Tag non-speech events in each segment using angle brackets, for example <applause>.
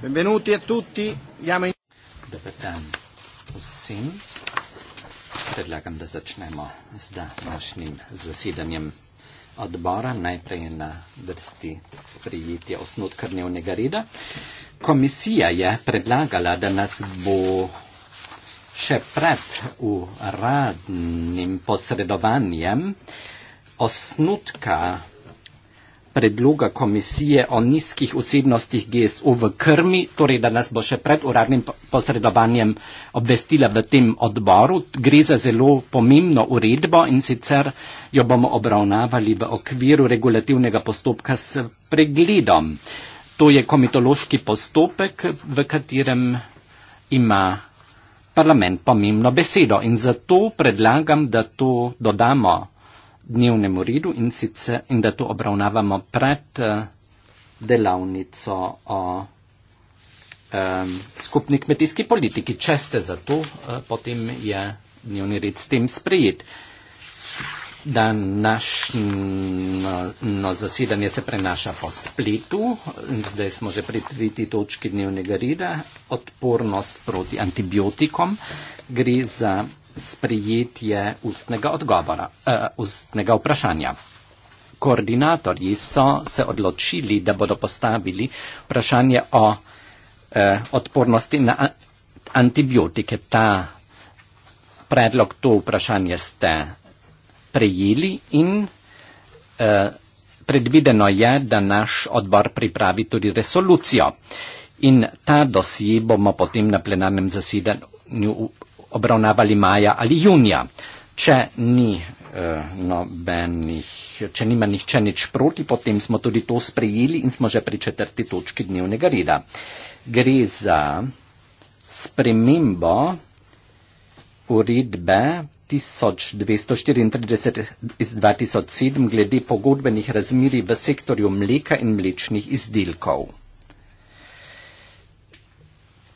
Benvenuti a tutti, diamo in... Dobar dan vsem. Predlagam, da začnemo z današnjim zasedanjem odbora. Najprej na vrsti sprejetje osnutka dnevnega reda. Komisija je predlagala, da nas bo še pred uradnim posredovanjem osnutka predloga komisije o nizkih osebnostih GSO v krmi, torej da nas bo še pred uradnim posredovanjem obvestila v tem odboru. Gre za zelo pomembno uredbo in sicer jo bomo obravnavali v okviru regulativnega postopka s pregledom. To je komitološki postopek, v katerem ima parlament pomembno besedo in zato predlagam, da to dodamo dnevnemu redu in, sice, in da to obravnavamo pred uh, delavnico o um, skupni kmetijski politiki. Če ste za to, uh, potem je dnevni red s tem sprejet. Da naš no, zasedanje se prenaša po spletu, zdaj smo že pri tretji točki dnevnega reda, odpornost proti antibiotikom. Gre za sprejetje ustnega, odgovora, uh, ustnega vprašanja. Koordinatorji so se odločili, da bodo postavili vprašanje o uh, odpornosti na antibiotike. Ta predlog, to vprašanje ste prejeli in uh, predvideno je, da naš odbor pripravi tudi resolucijo. In ta dosji bomo potem na plenarnem zasedanju obravnavali maja ali junija. Če ni eh, nobenih, če nima nihče nič proti, potem smo tudi to sprejeli in smo že pri četrti točki dnevnega reda. Gre za spremembo uredbe 1234 iz 2007 glede pogodbenih razmerij v sektorju mleka in mlečnih izdelkov.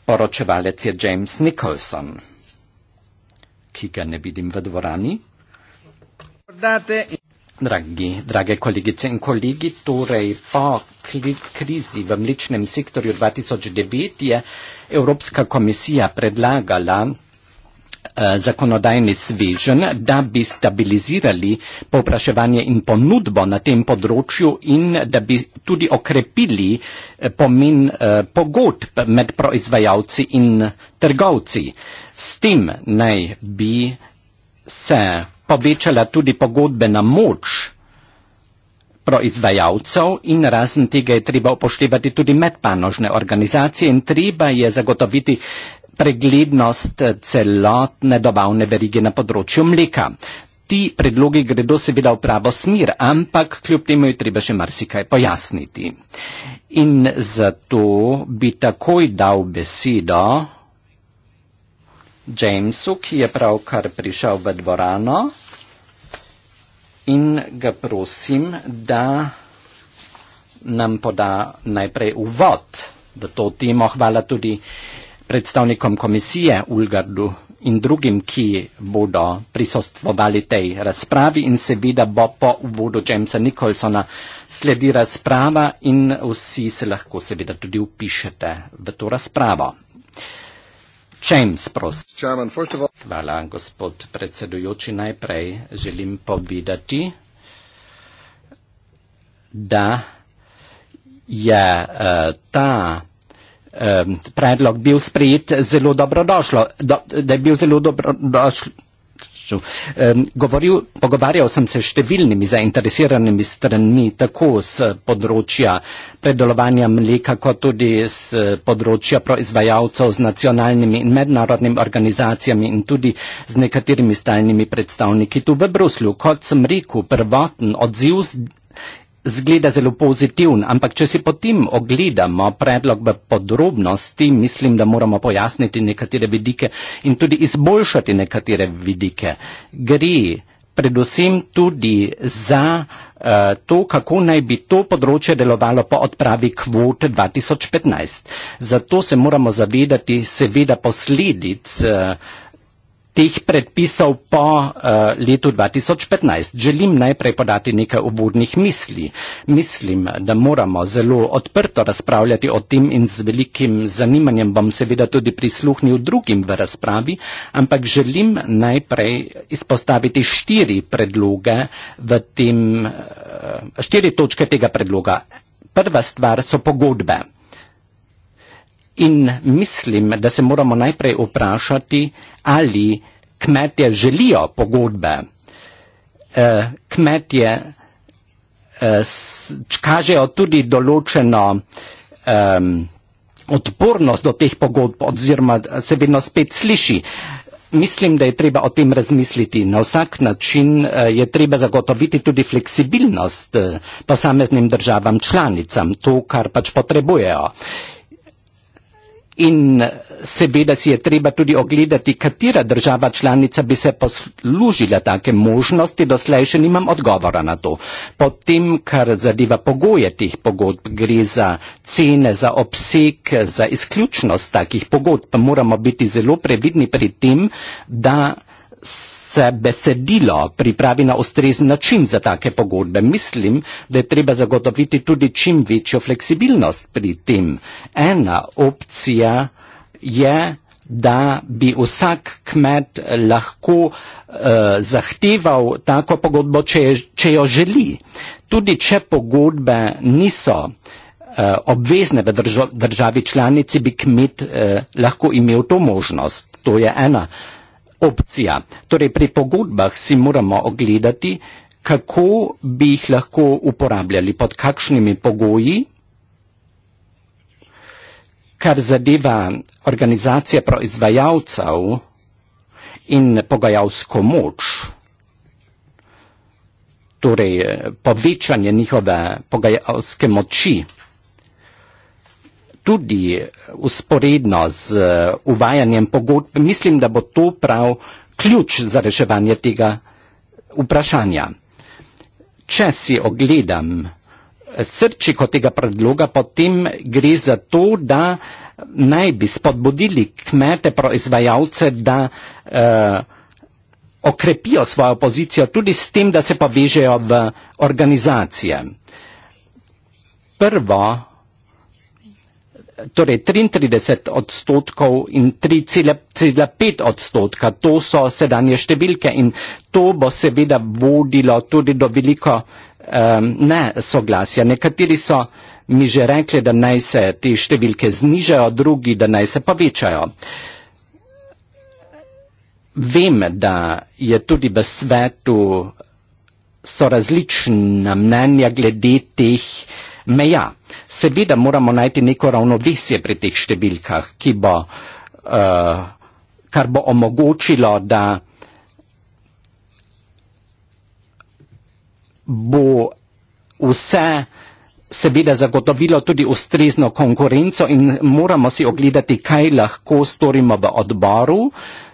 Poročevalec je James Nicholson ki ga ne vidim v dvorani. Dragi, drage kolegice in kolegi, torej po krizi v mličnem sektorju 2009 je Evropska komisija predlagala Eh, zakonodajni svežen, da bi stabilizirali povpraševanje in ponudbo na tem področju in da bi tudi okrepili eh, pomen eh, pogodb med proizvajalci in trgovci. S tem naj bi se povečala tudi pogodbena moč proizvajalcev in razen tega je treba upoštevati tudi medpanožne organizacije in treba je zagotoviti preglednost eh, celotne dobavne verige na področju mleka. Ti predlogi gredo seveda v pravo smer, ampak kljub temu je treba še marsikaj pojasniti. In zato bi takoj dal besedo Jamesu, ki je pravkar prišel v dvorano in ga prosim, da nam poda najprej uvod v to temo. Hvala tudi predstavnikom komisije Ulgardu in drugim, ki bodo prisostvovali tej razpravi in seveda bo po uvodu Jamesa Nicholsona sledi razprava in vsi se lahko seveda tudi upišete v to razpravo. James, prosim. Hvala, gospod predsedujoči. Najprej želim povedati, da je uh, ta eh, predlog bil sprejet zelo dobrodošlo, do, da je bil zelo dobrodošlo. Ehm, govoril, pogovarjal sem se s številnimi zainteresiranimi stranmi, tako z področja predelovanja mleka, kot tudi z področja proizvajalcev, z nacionalnimi in mednarodnimi organizacijami in tudi z nekaterimi stalnimi predstavniki tu v Bruslju. Kot sem rekel, prvoten odziv Zgleda zelo pozitiven, ampak če si potem ogledamo predlog v podrobnosti, mislim, da moramo pojasniti nekatere vidike in tudi izboljšati nekatere vidike. Gre predvsem tudi za uh, to, kako naj bi to področje delovalo po odpravi kvot 2015. Zato se moramo zavedati seveda posledic. Uh, teh predpisov po uh, letu 2015. Želim najprej podati nekaj obudnih misli. Mislim, da moramo zelo odprto razpravljati o tem in z velikim zanimanjem bom seveda tudi prisluhnil drugim v razpravi, ampak želim najprej izpostaviti štiri predloge v tem, uh, štiri točke tega predloga. Prva stvar so pogodbe. In mislim, da se moramo najprej vprašati, ali kmetje želijo pogodbe. Eh, kmetje eh, kažejo tudi določeno ehm, odpornost do teh pogodb oziroma se vedno spet sliši. Mislim, da je treba o tem razmisliti. Na vsak način eh, je treba zagotoviti tudi fleksibilnost posameznim državam članicam, to, kar pač potrebujejo. In eh, seveda si je treba tudi ogledati, katera država članica bi se poslužila take možnosti, doslej še nimam odgovora na to. Potem, kar zadeva pogoje teh pogodb, gre za cene, za obseg, za izključnost takih pogodb, moramo biti zelo previdni pri tem, da se besedilo pripravi na ustrezen način za take pogodbe. Mislim, da je treba zagotoviti tudi čim večjo fleksibilnost pri tem. Ena opcija je, da bi vsak kmet lahko eh, zahteval tako pogodbo, če, če jo želi. Tudi če pogodbe niso eh, obvezne v držav, državi članici, bi kmet eh, lahko imel to možnost. To je ena. Eh, opcija. Torej, pri pogodbah si moramo ogledati, kako bi jih lahko uporabljali, pod kakšnimi pogoji, kar zadeva organizacije proizvajalcev in pogajalsko moč, torej povečanje njihove pogajalske moči tudi usporedno z eh, uvajanjem pogodb, mislim, da bo to prav ključ za reševanje tega vprašanja. Če si ogledam eh, srčiko tega predloga, potem gre za to, da naj bi spodbudili kmete, proizvajalce, da eh, okrepijo svojo pozicijo tudi s tem, da se povežejo v organizacije. Prvo, torej 33 odstotkov in 3,5 odstotka. To so sedanje številke in to bo seveda vodilo tudi do veliko um, nesoglasja. Nekateri so mi že rekli, da naj se te številke znižajo, drugi, da naj se povečajo. Vem, da je tudi v svetu so različna mnenja glede teh uh, meja. Seveda moramo najti neko ravnovesje pri teh številkah, ki bo, uh, kar bo omogočilo, da bo vse seveda zagotovilo tudi ustrezno konkurenco in moramo si ogledati, kaj lahko storimo v odboru,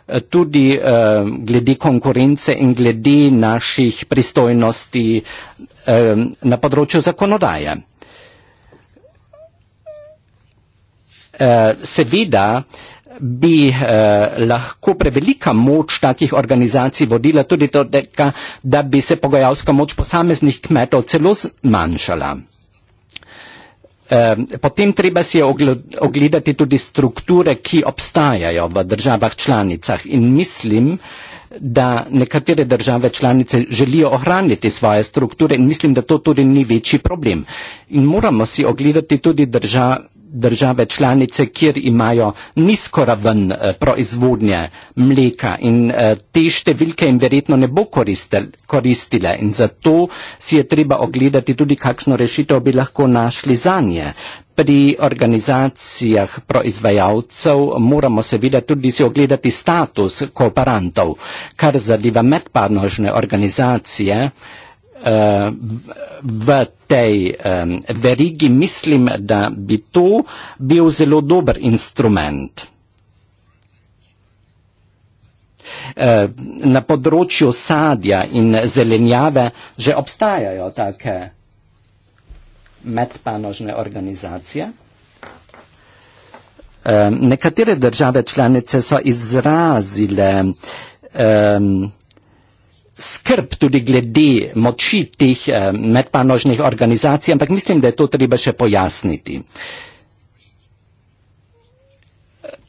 eh, tudi eh, glede konkurence in glede naših pristojnosti eh, na področju zakonodaje. Eh, seveda bi eh, lahko prevelika moč takih organizacij vodila tudi to, da bi se pogajalska moč posameznih kmetov celo zmanjšala. Eh, potem treba si ogledati tudi strukture, ki obstajajo v državah članicah in mislim, da nekatere države članice želijo ohraniti svoje strukture in mislim, da to tudi ni večji problem. In moramo si ogledati tudi država, države članice, kjer imajo nizko raven eh, proizvodnje mleka in eh, te številke jim verjetno ne bo koristile in zato si je treba ogledati tudi, kakšno rešitev bi lahko našli za nje. Pri organizacijah proizvajalcev moramo seveda tudi si ogledati status kooperantov, kar zadeva medpanožne organizacije v tej verigi mislim, da bi to bil zelo dober instrument. Na področju sadja in zelenjave že obstajajo take medpanožne organizacije. Nekatere države članice so izrazile um, skrb tudi glede moči teh eh, medpanožnih organizacij, ampak mislim, da je to treba še pojasniti.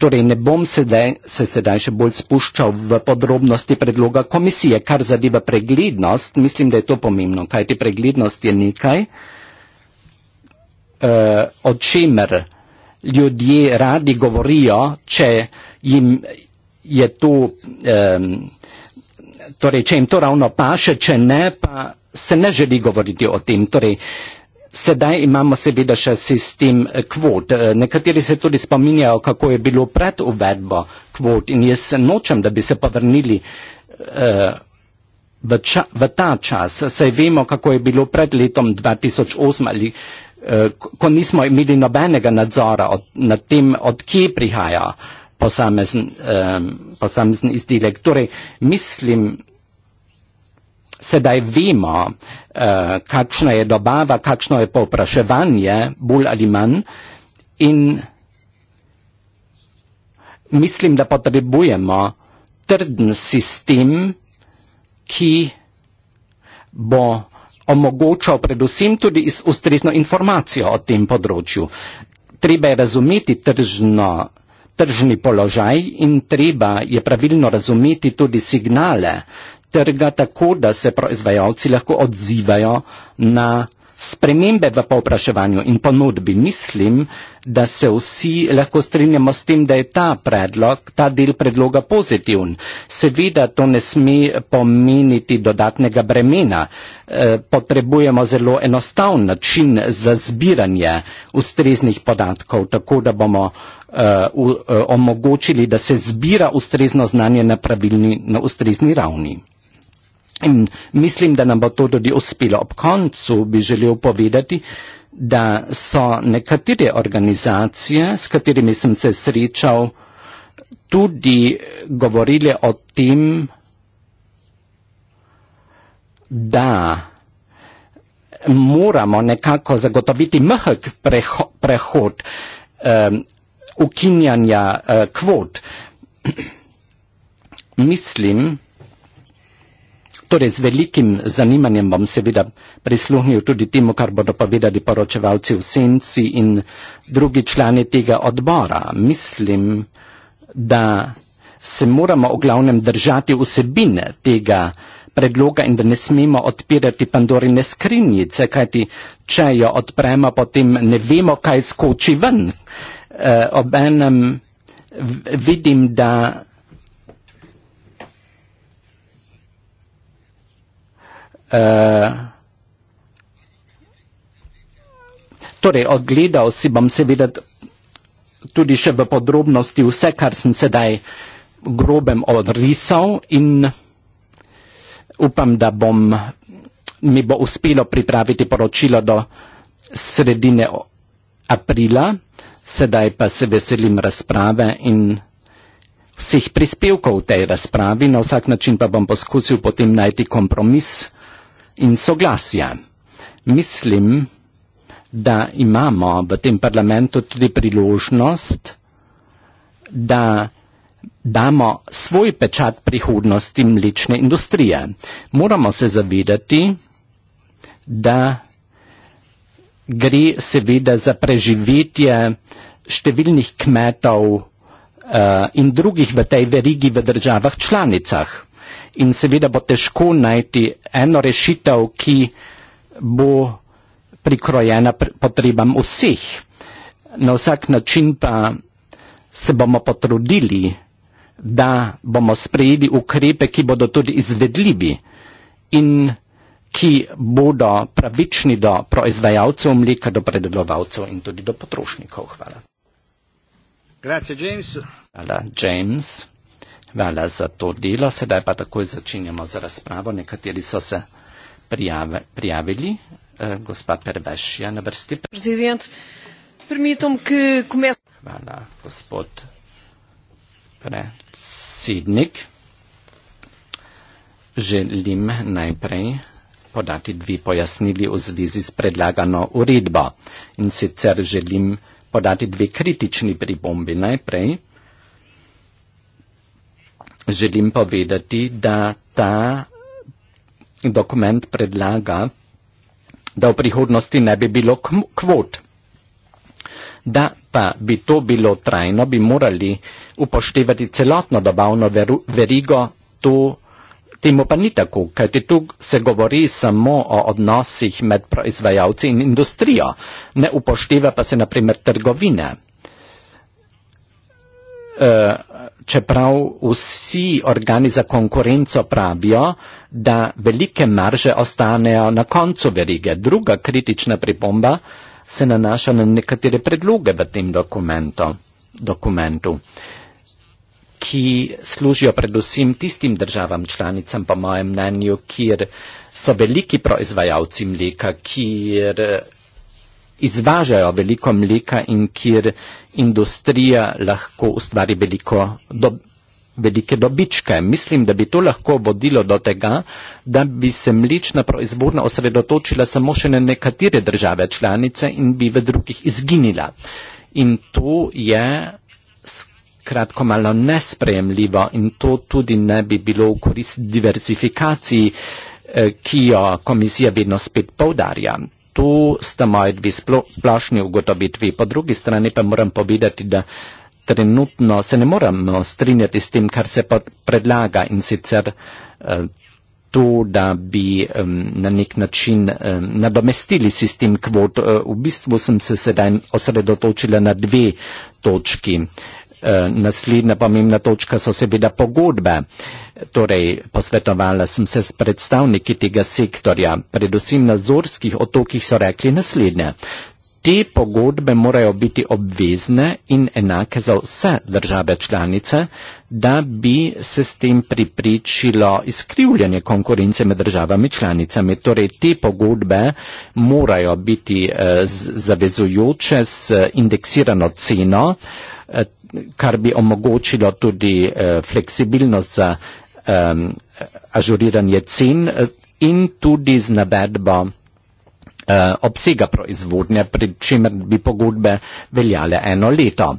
Torej, ne bom sedaj, se sedaj še bolj spuščal v podrobnosti predloga komisije, kar zadeva preglednost, mislim, da je to pomembno, kajti preglednost je nekaj, eh, o čemer ljudje radi govorijo, če jim je to. Eh, torej, če jim to ravno paše, če ne, pa se ne želi govoriti o tem. Torej, sedaj imamo seveda še sistem eh, kvot. Eh, nekateri se tudi spominjajo, kako je bilo pred uvedbo kvot in jaz nočem, da bi se povrnili. Uh, eh, V, ča, v ta čas se vemo, kako je bilo pred letom 2008, ali, eh, ko nismo imeli nobenega nadzora od, nad tem, odkje prihajajo posamezen, eh, posamezen izdelek. Torej, mislim, sedaj vemo, eh, kakšna je dobava, kakšno je povpraševanje, bolj ali manj, in mislim, da potrebujemo trden sistem, ki bo omogočal predvsem tudi ustrezno informacijo o tem področju. Treba je razumeti tržno tržni položaj in treba je pravilno razumeti tudi signale trga tako, da se proizvajalci lahko odzivajo na spremembe v povpraševanju in ponudbi. Mislim, da se vsi lahko strinjamo s tem, da je ta predlog, ta del predloga pozitivn. Seveda to ne sme pomeniti dodatnega bremena. E, potrebujemo zelo enostavn način za zbiranje ustreznih podatkov, tako da bomo uh, uh, omogočili, da se zbira ustrezno znanje na pravilni, na ustrezni ravni. In mislim, da nam bo to tudi uspelo. Ob koncu bi želel povedati, da so nekatere organizacije, s katerimi sem se srečal, tudi govorile o tem, da moramo nekako zagotoviti mehak preho prehod. Um, ukinjanja uh, kvot. <clears throat> Mislim, torej z velikim zanimanjem bom seveda prisluhnil tudi temu, kar bodo povedali poročevalci v Senci in drugi člani tega odbora. Mislim, da se moramo v glavnem držati vsebine tega predloga in da ne smemo odpirati pandorine skrinjice, kajti če jo odpremo, potem ne vemo, kaj skoči ven. Uh, uh, ob enem vidim, da uh, Torej, ogledal si bom seveda tudi še v podrobnosti vse, kar sem sedaj grobem odrisal in upam, da bom, mi bo uspelo pripraviti poročilo do sredine aprila sedaj pa se veselim razprave in vseh prispevkov v tej razpravi, na vsak način pa bom poskusil potem najti kompromis in soglasje. Mislim, da imamo v tem parlamentu tudi priložnost, da damo svoj pečat prihodnosti mlečne industrije. Moramo se zavedati, da gre seveda za preživetje številnih kmetov uh, in drugih v tej verigi v državah članicah. In seveda bo težko najti eno rešitev, ki bo prikrojena potrebam vseh. Na vsak način pa se bomo potrudili, da bomo sprejeli ukrepe, ki bodo tudi izvedljivi. In ki bodo pravični do proizvajalcev mleka, do predelovalcev in tudi do potrošnikov. Hvala. Grazie, James. Hvala, James. Hvala za to delo. Sedaj pa takoj začenjamo z razpravo. Nekateri so se prijave, prijavili. Eh, gospa Perveš je na vrsti. Prezident, permitom, ki komet. Hvala, gospod predsednik. Želim najprej podati dve pojasnili v zvezi s predlagano uredbo. In sicer želim podati dve kritični pribombi najprej. Želim povedati, da ta dokument predlaga, da v prihodnosti ne bi bilo kvot. Da pa bi to bilo trajno, bi morali upoštevati celotno dobavno verigo, to Temu pa ni tako, kajti tu se govori samo o odnosih med proizvajalci in industrijo, ne upošteva pa se naprimer trgovine. E, čeprav vsi organi za konkurenco pravijo, da velike marže ostanejo na koncu verige. Druga kritična pripomba se nanaša na nekatere predloge v tem dokumentu. dokumentu ki služijo predvsem tistim državam članicam, po mojem mnenju, kjer so veliki proizvajalci mleka, kjer izvažajo veliko mleka in kjer industrija lahko ustvari veliko do, velike dobičke. Mislim, da bi to lahko vodilo do tega, da bi se mlečna proizvodnja osredotočila samo še na nekatere države članice in bi v drugih izginila. In to je kratko malo nespremljivo in to tudi ne bi bilo v korist diversifikaciji, eh, ki jo komisija vedno spet povdarja. Tu sta moji dve splošni ugotovitvi. Po drugi strani pa moram povedati, da trenutno se ne moramo strinjati s tem, kar se predlaga in sicer eh, to, da bi um, na nek način um, nadomestili sistem kvot. Uh, v bistvu sem se sedaj osredotočila na dve točki. Uh, Eh, naslednja pomembna točka so seveda pogodbe. Torej, posvetovala sem se s predstavniki tega sektorja. Predvsem na Zorskih otokih so rekli naslednje. Te pogodbe morajo biti obvezne in enake za vse države članice, da bi se s tem pripričilo izkrivljanje konkurence med državami članicami. Torej, te pogodbe morajo biti eh, zavezujoče z indeksirano ceno, eh, kar bi omogočilo tudi eh, fleksibilnost za ažuriranje cen in tudi z navedbo Eh, obsega proizvodnje, pri čemer bi pogodbe veljale eno leto.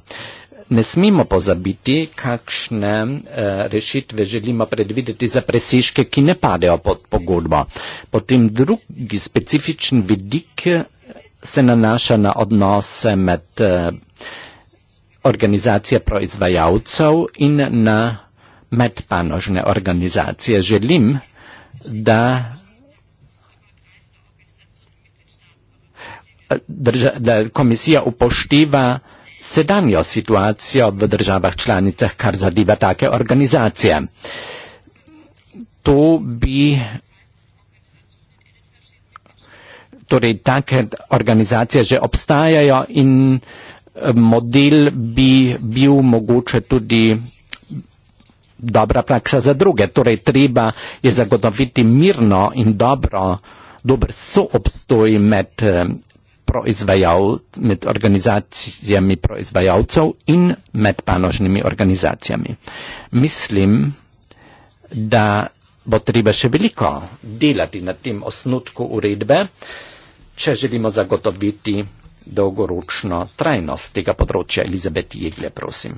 Ne smemo pozabiti, kakšne eh, rešitve želimo predvideti za presežke, ki ne padejo pod pogodbo. Potem drugi specifičen vidik eh, se nanaša na odnose med organizacije proizvajalcev in na medpanožne organizacije. Želim, da drža, da komisija upošteva sedanjo situacijo v državah članicah, kar zadeva take organizacije. To bi. Torej, take organizacije že obstajajo in eh, model bi bil mogoče tudi dobra praksa za druge. Torej, treba je zagotoviti mirno in dobro, dober soobstoj med eh, proizvajal, med organizacijami proizvajalcev in med panožnimi organizacijami. Mislim, da bo treba še veliko delati na tem osnutku uredbe, če želimo zagotoviti dolgoročno trajnost tega področja. Elizabet Jegle, prosim.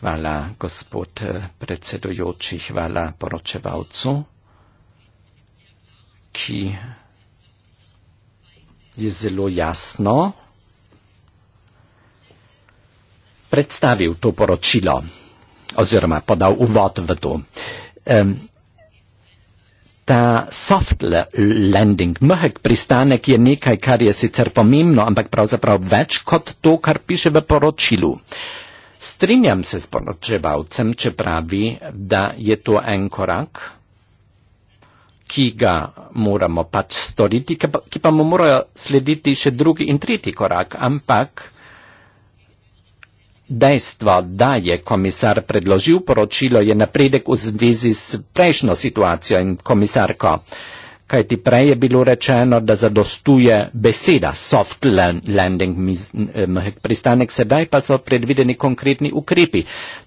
Hvala, gospod eh, predsedujoči, hvala poročevalcu ki je zelo jasno predstavil to poročilo oziroma podal uvod v to. Um, ta soft landing, mehek pristanek je nekaj, kar je sicer pomembno, ampak pravzaprav več kot to, kar piše v poročilu. Strinjam se s poročevalcem, če pravi, da je to en korak, ki ga moramo pač storiti, ki pa, ki pa mu morajo slediti še drugi in tretji korak, ampak dejstvo, da je komisar predložil poročilo, je napredek v zvezi s prejšnjo situacijo in komisarko. Uh, kajti prej je bilo rečeno, da zadostuje beseda soft landing eh, pristanek, sedaj pa so predvideni konkretni ukrepi.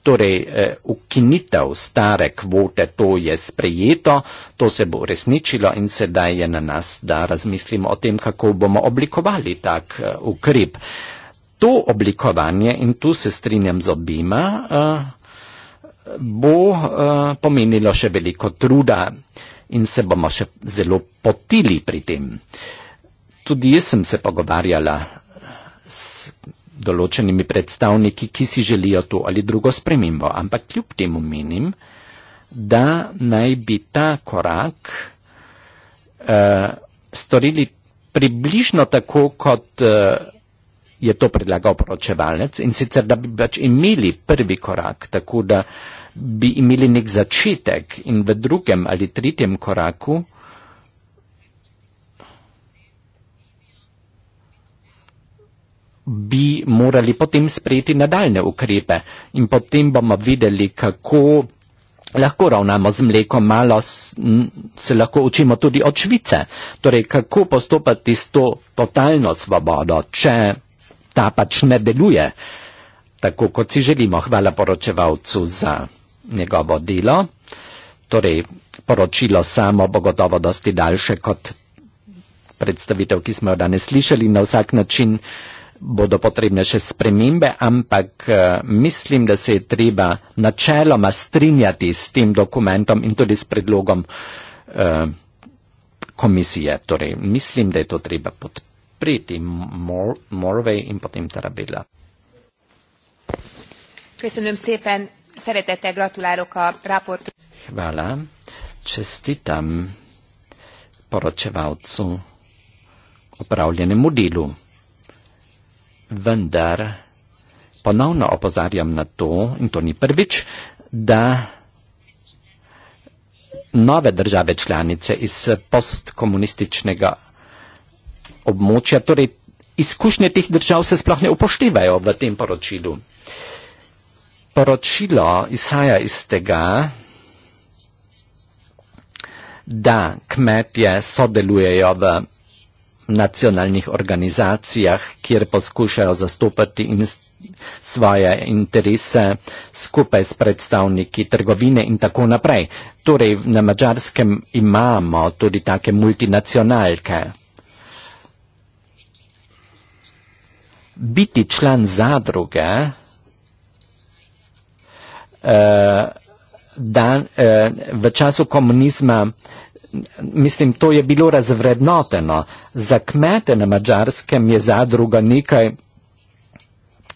Torej, eh, ukinitev stare kvote, to je sprejeto, to se bo resničilo in sedaj je na nas, da razmislimo o tem, kako bomo oblikovali tak eh, ukrep. To oblikovanje, in tu se strinjam z obima, bo pomenilo še veliko truda in se bomo še zelo potili pri tem. Tudi jaz sem se pogovarjala s določenimi predstavniki, ki si želijo to ali drugo spremembo, ampak kljub temu menim, da naj bi ta korak uh, storili približno tako, kot uh, je to predlagal poročevalec in sicer, da bi pač imeli prvi korak, tako da uh, bi imeli nek začetek in v drugem ali tretjem koraku bi morali potem sprejeti nadaljne ukrepe in potem bomo videli, kako lahko ravnamo z mlekom, malo se lahko učimo tudi od Švice, torej kako postopati s to totalno svobodo, če ta pač ne deluje. Tako kot si želimo, hvala poročevalcu za njegovo delo, torej poročilo samo bo gotovo dosti daljše kot predstavitev, ki smo jo danes slišali. Na vsak način bodo potrebne še spremembe, ampak eh, mislim, da se je treba načeloma strinjati s tem dokumentom in tudi s predlogom eh, komisije. Torej, mislim, da je to treba podpreti Mor Morvej in potem Tarabela. Köszönöm szépen! szeretettel gratulálok a raportra. Vála, csesztítem Paracsevácu a Praulieni Mudilu. Vendár, ponovno opozárjam na to, in to ni prvič, da nove države članice iz postkomunističnega območja, torej izkušnje teh držav se sploh ne upoštevajo v tem poročilu. Uh, poročilo Isaja iz tega, da kmetje sodelujejo v nacionalnih organizacijah, kjer poskušajo zastopati in svoje interese skupaj s predstavniki trgovine in tako naprej. Torej, na mačarskem imamo tudi take multinacionalke. Biti član zadruge uh, dan, uh, v času komunizma, mislim, to je bilo razvrednoteno. Za kmete na mačarskem je zadruga nekaj,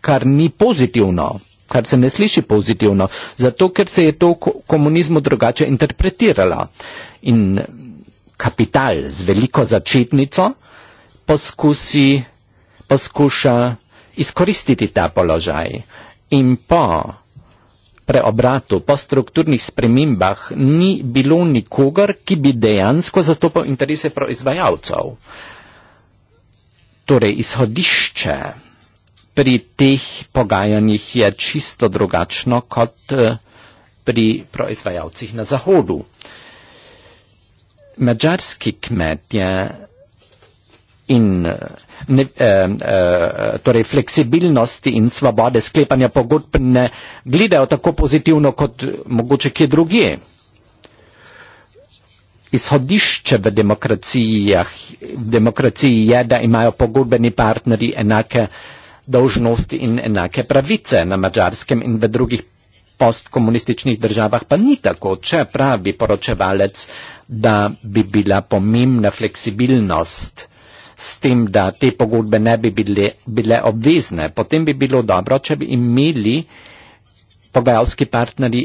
kar ni pozitivno, kar se ne sliši pozitivno, zato ker se je to komunizmu drugače interpretiralo. In kapital z veliko začetnico poskusi, poskuša izkoristiti ta položaj. In po preobratu, po strukturnih spremembah ni bilo nikogar, ki bi dejansko zastopal interese proizvajalcev. Torej, izhodišče pri teh pogajanjih je čisto drugačno kot eh, pri proizvajalcih na Zahodu. Mačarski kmet je in eh, ne, eh, eh, torej fleksibilnosti in svobode sklepanja pogodb ne gledajo tako pozitivno kot mogoče kje drugje. Izhodišče v demokraciji je, da imajo pogodbeni partnerji enake dolžnosti in enake pravice na mačarskem in v drugih postkomunističnih državah pa ni tako, če pravi poročevalec, da bi bila pomembna fleksibilnost eh, s tem, da te pogodbe ne bi bile, bile obvezne. Potem bi bilo dobro, če bi imeli pogajalski partnerji,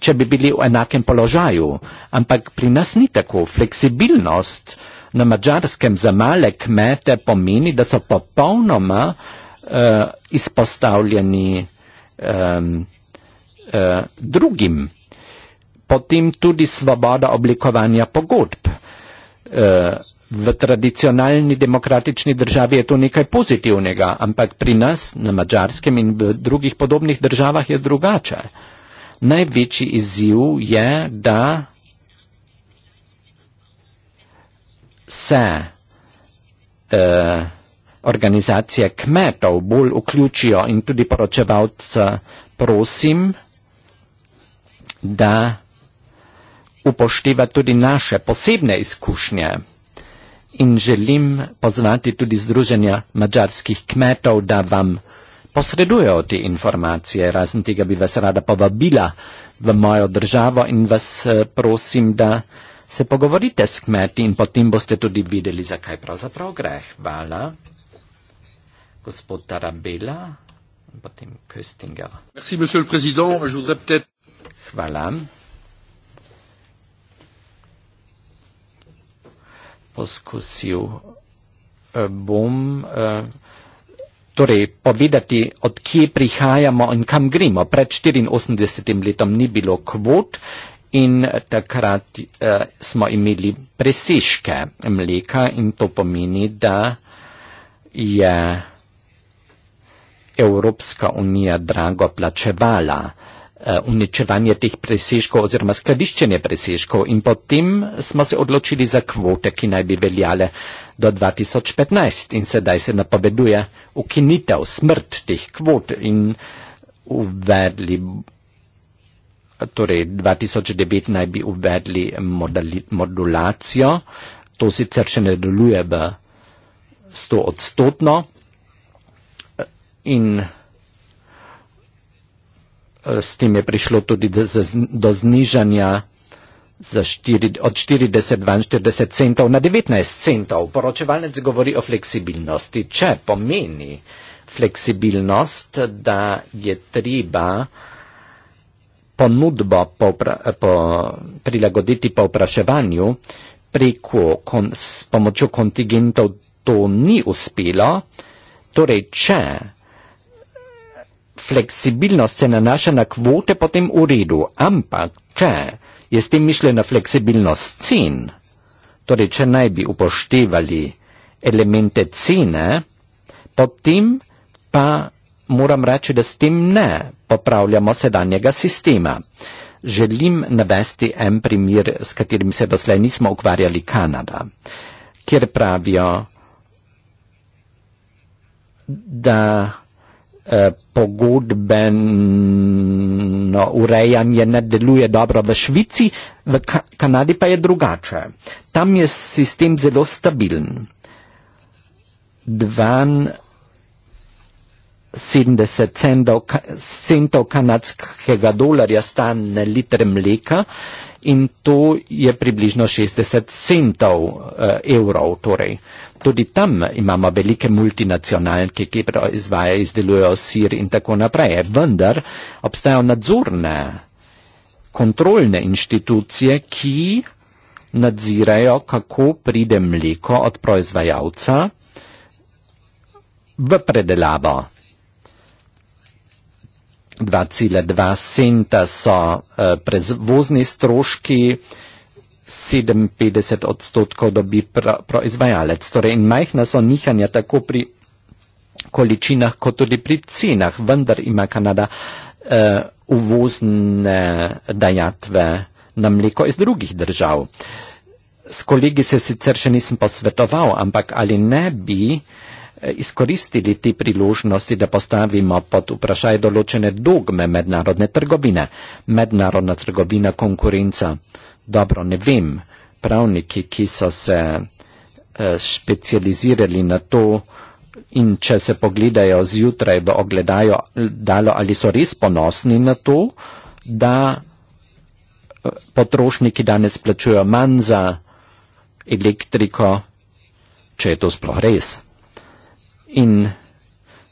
če bi bili v enakem položaju. Ampak pri nas ni tako. Fleksibilnost na mačarskem za male kmete pomeni, da so popolnoma uh, izpostavljeni um, uh, drugim. Potem tudi svoboda oblikovanja pogodb. Uh, v tradicionalni demokratični državi je to nekaj pozitivnega, ampak pri nas, na mačarskem in v drugih podobnih državah je drugače. Največji izziv je, da se eh, organizacije kmetov bolj vključijo in tudi poročevalce prosim, da upošteva tudi naše posebne izkušnje in želim pozvati tudi Združenja mađarskih kmetov, da vam posredujo te informacije. Razen tega bi vas rada povabila v mojo državo in vas eh, prosim, da se pogovorite s kmeti in potem boste tudi videli, zakaj pravzaprav gre. Hvala. Gospod Tarabela, potem Köstinger. Merci, Hvala. poskusil, eh, bom eh, torej povedati, odkje prihajamo in kam gremo. Pred 84 letom ni bilo kvot in takrat eh, smo imeli presežke mleka in to pomeni, da je Evropska unija drago plačevala. Eh, uničevanje teh presežkov oziroma skladiščenje presežkov in potem smo se odločili za kvote, ki naj bi veljale do 2015 in sedaj se napoveduje ukinitev, smrt teh kvot in uvedli, torej 2009 naj bi uvedli modulacijo, to sicer še ne deluje v 100 odstotno in s tem je prišlo tudi do, do znižanja štiri, od 40 do 42 centov na 19 centov. Poročevalec govori o fleksibilnosti. Če pomeni fleksibilnost, da je treba ponudbo po, po, prilagoditi po vpraševanju, preko kon, s pomočjo kontingentov to ni uspelo, torej če fleksibilnost se nanaša na kvote, potem v redu, ampak če je s tem mišljena fleksibilnost cen, torej če naj bi upoštevali elemente cene, potem pa moram reči, da s tem ne popravljamo sedanjega sistema. Želim navesti en primer, s katerim se doslej nismo ukvarjali Kanada, kjer pravijo, da Eh, pogodbeno urejanje ne deluje dobro v Švici, v Kanadi pa je drugače. Tam je sistem zelo stabilen. 72 centov, centov kanadskega dolarja stane liter mleka. Uh, in to je približno 60 centov uh, evrov. Torej. Tudi tam imamo velike multinacionalke, ki proizvajajo, izdelujejo sir in tako naprej. Vendar obstajajo nadzorne, kontrolne inštitucije, ki nadzirajo, kako pride mleko od proizvajalca v predelavo. 2,2 centa so eh, prezvozni stroški, 57 odstotkov dobi pro, proizvajalec. Torej, in majhna so nihanja tako pri količinah, kot tudi pri cenah, vendar ima Kanada eh, uvozne dajatve na mleko iz drugih držav. S kolegi se sicer še nisem posvetoval, ampak ali ne bi eh, izkoristili ti priložnosti, da postavimo pod vprašaj določene dogme mednarodne trgovine. Mednarodna trgovina, konkurenca. Dobro, ne vem, pravniki, ki so se eh, specializirali na to in če se pogledajo zjutraj v ogledajo, dalo, ali so res ponosni na to, da eh, potrošniki danes plačujo manj za elektriko, če je to sploh res. In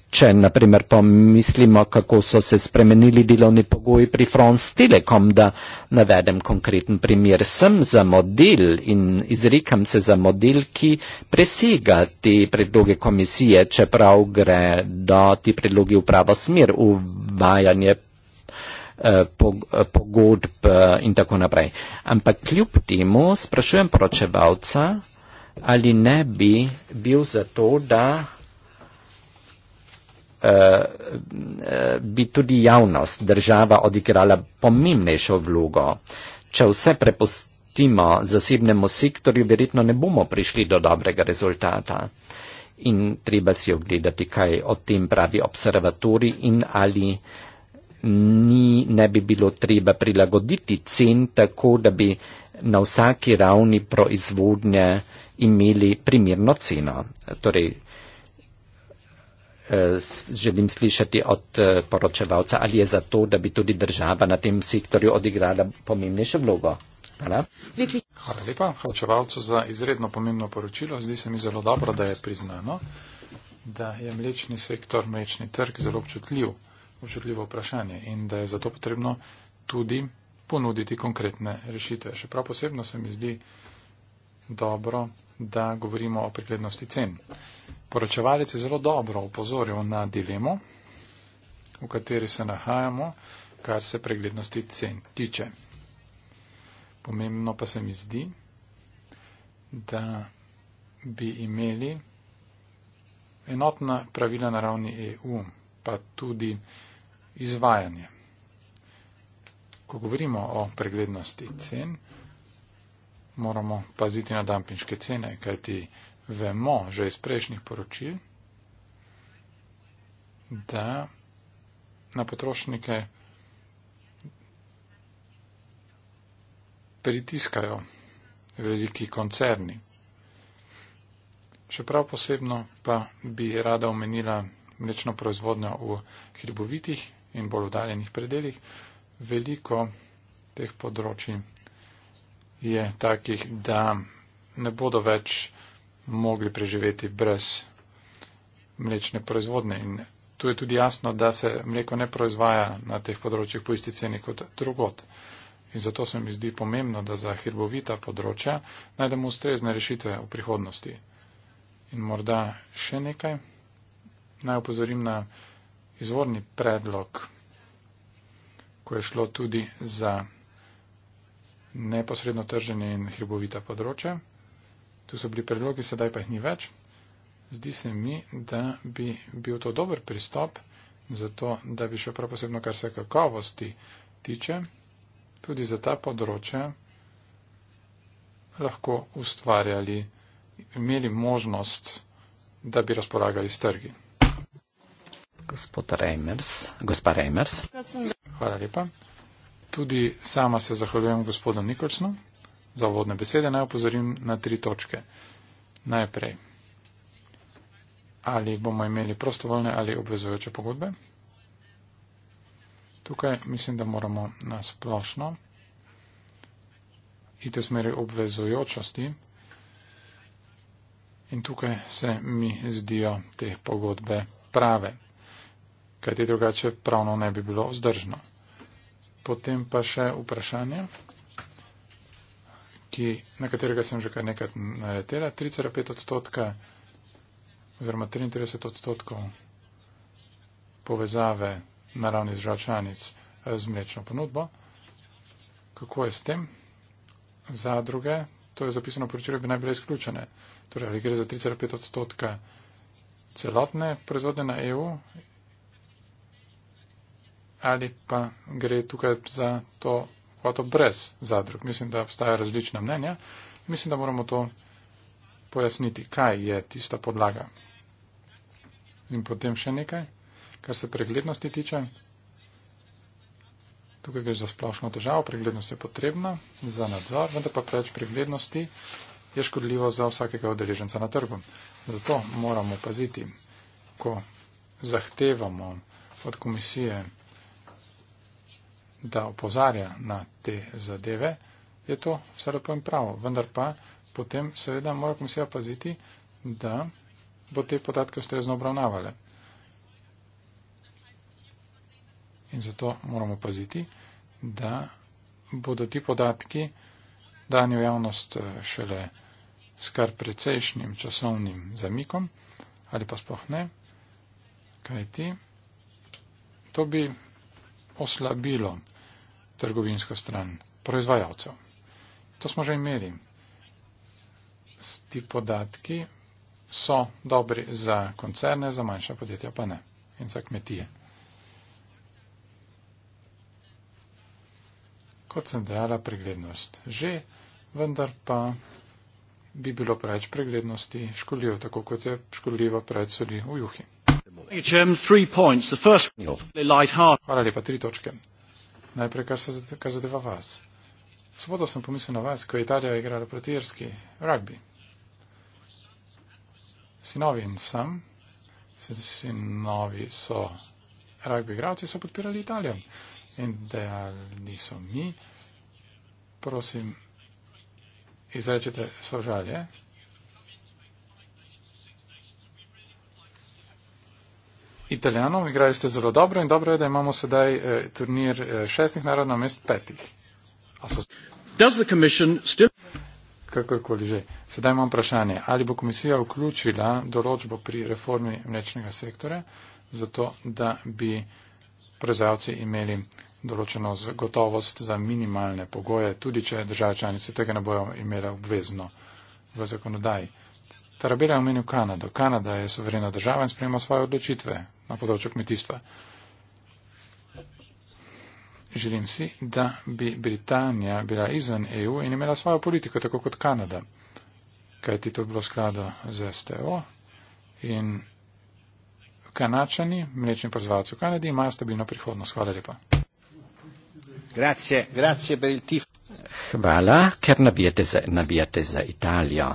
če naprimer pomislimo, kako so se spremenili delovni pogoji pri Frons Telekom, da navedem konkreten primer, sem za model in izrikam se za model, ki presega te predloge komisije, čeprav gre do ti predlogi v pravo smer, uvajanje eh, pogodb eh, in tako naprej. Ampak kljub temu sprašujem poročevalca, ali ne bi bil za to, da bi tudi javnost, država odigrala pomembnejšo vlogo. Če vse prepustimo zasebnemu sektorju, verjetno ne bomo prišli do dobrega rezultata. In treba si ogledati, kaj o tem pravi observatori in ali ni, ne bi bilo treba prilagoditi cen tako, da bi na vsaki ravni proizvodnje imeli primirno ceno. Torej, Eh, želim slišati od eh, poročevalca, ali je za to, da bi tudi država na tem sektorju odigrala pomembnejšo vlogo. Hvala. Hvala lepa, poročevalcu, za izredno pomembno poročilo. Zdi se mi zelo dobro, da je priznano, da je mlečni sektor, mlečni trg zelo občutljiv, občutljivo vprašanje in da je zato potrebno tudi ponuditi konkretne rešitve. Še prav posebno se mi zdi dobro, da govorimo o preglednosti cen. Poročevalec je zelo dobro upozoril na dilemo, v kateri se nahajamo, kar se preglednosti cen tiče. Pomembno pa se mi zdi, da bi imeli enotna pravila na ravni EU, pa tudi izvajanje. Ko govorimo o preglednosti cen, moramo paziti na dampinške cene, kajti vemo že iz prejšnjih poročil, da na potrošnike pritiskajo veliki koncerni. Še prav posebno pa bi rada omenila mlečno proizvodnjo v hribovitih in bolj udaljenih predeljih. Veliko teh področji je takih, da ne bodo več mogli preživeti brez mlečne proizvodne. In tu je tudi jasno, da se mleko ne proizvaja na teh področjih po isti ceni kot drugot. In zato se mi zdi pomembno, da za hirbovita področja najdemo ustrezne rešitve v prihodnosti. In morda še nekaj. Naj upozorim na izvorni predlog, ko je šlo tudi za neposredno trženje in hirbovita področja. Tu so bili predlogi, sedaj pa jih ni več. Zdi se mi, da bi bil to dober pristop za to, da bi še prav posebno, kar se kakovosti tiče, tudi za ta področja lahko ustvarjali, imeli možnost, da bi razpolagali s trgi. Reimers, Reimers. Hvala lepa. Tudi sama se zahvaljujem gospodu Nikolsnu za vodne besede naj opozorim na tri točke. Najprej, ali bomo imeli prostovoljne ali obvezujoče pogodbe. Tukaj mislim, da moramo na splošno iti v smeri obvezujočosti in tukaj se mi zdijo te pogodbe prave, kajti drugače pravno ne bi bilo vzdržno. Potem pa še vprašanje ki, na katerega sem že kar nekrat naletela, 3,5 odstotka oziroma 33 odstotkov povezave naravnih držav članic eh, z mlečno ponudbo. Kako je s tem? Zadruge, to je zapisano v poročilu, bi naj bile izključene. Torej, ali gre za 3,5 odstotka celotne proizvodnje na EU ali pa gre tukaj za to hotel brez zadrug. Mislim, da obstajajo različna mnenja. Mislim, da moramo to pojasniti, kaj je tista podlaga. In potem še nekaj, kar se preglednosti tiče. Tukaj gre za splošno težavo, preglednost je potrebna za nadzor, vendar pa preveč preglednosti je škodljivo za vsakega odeleženca na trgu. Zato moramo paziti, ko zahtevamo od komisije da opozarja na te zadeve, je to vse lepo in pravo. Vendar pa potem seveda mora komisija paziti, da bo te podatke ustrezno obravnavale. In zato moramo paziti, da bodo ti podatki dani v javnost eh, šele s kar precejšnjim časovnim zamikom ali pa sploh ne, kajti to bi oslabilo trgovinsko stran proizvajalcev. To smo že imeli. Ti podatki so dobri za koncerne, za manjša podjetja pa ne in za kmetije. Kot sem dejala, preglednost že, vendar pa bi bilo preveč preglednosti škodljivo, tako kot je škodljivo preveč soli v juhi. Hvala lepa, tri točke. Najprej, kar, se, kar zadeva vas. V soboto sem pomislil na vas, ko je Italija igrala proti irski rugby. Sinovi in sam, sinovi so rugby igralci, so podpirali Italijo. In da niso mi, prosim, izrečete sožalje. Eh? Italijanom igrali ste zelo dobro in dobro je, da imamo sedaj eh, turnir eh, šestih narodov namest petih. So... Still... Kakorkoli že. Sedaj imam vprašanje, ali bo komisija vključila določbo pri reformi mlečnega sektorja, zato da bi proizvajalci imeli določeno gotovost za minimalne pogoje, tudi če države članice tega ne bojo imele obvezno v zakonodaji. Tarabera je omenil Kanado. Kanada je soverena država in sprejema svoje odločitve na področju kmetijstva. Želim si, da bi Britanija bila izven EU in imela svojo politiko, tako kot Kanada. Kaj ti to bilo sklado z STO? In kanačani, mlečni proizvajalci v Kanadi, imajo stabilno prihodnost. Hvala lepa. Grazie, grazie per il tifo. Hvala, ker nabijate za, nabijate za Italijo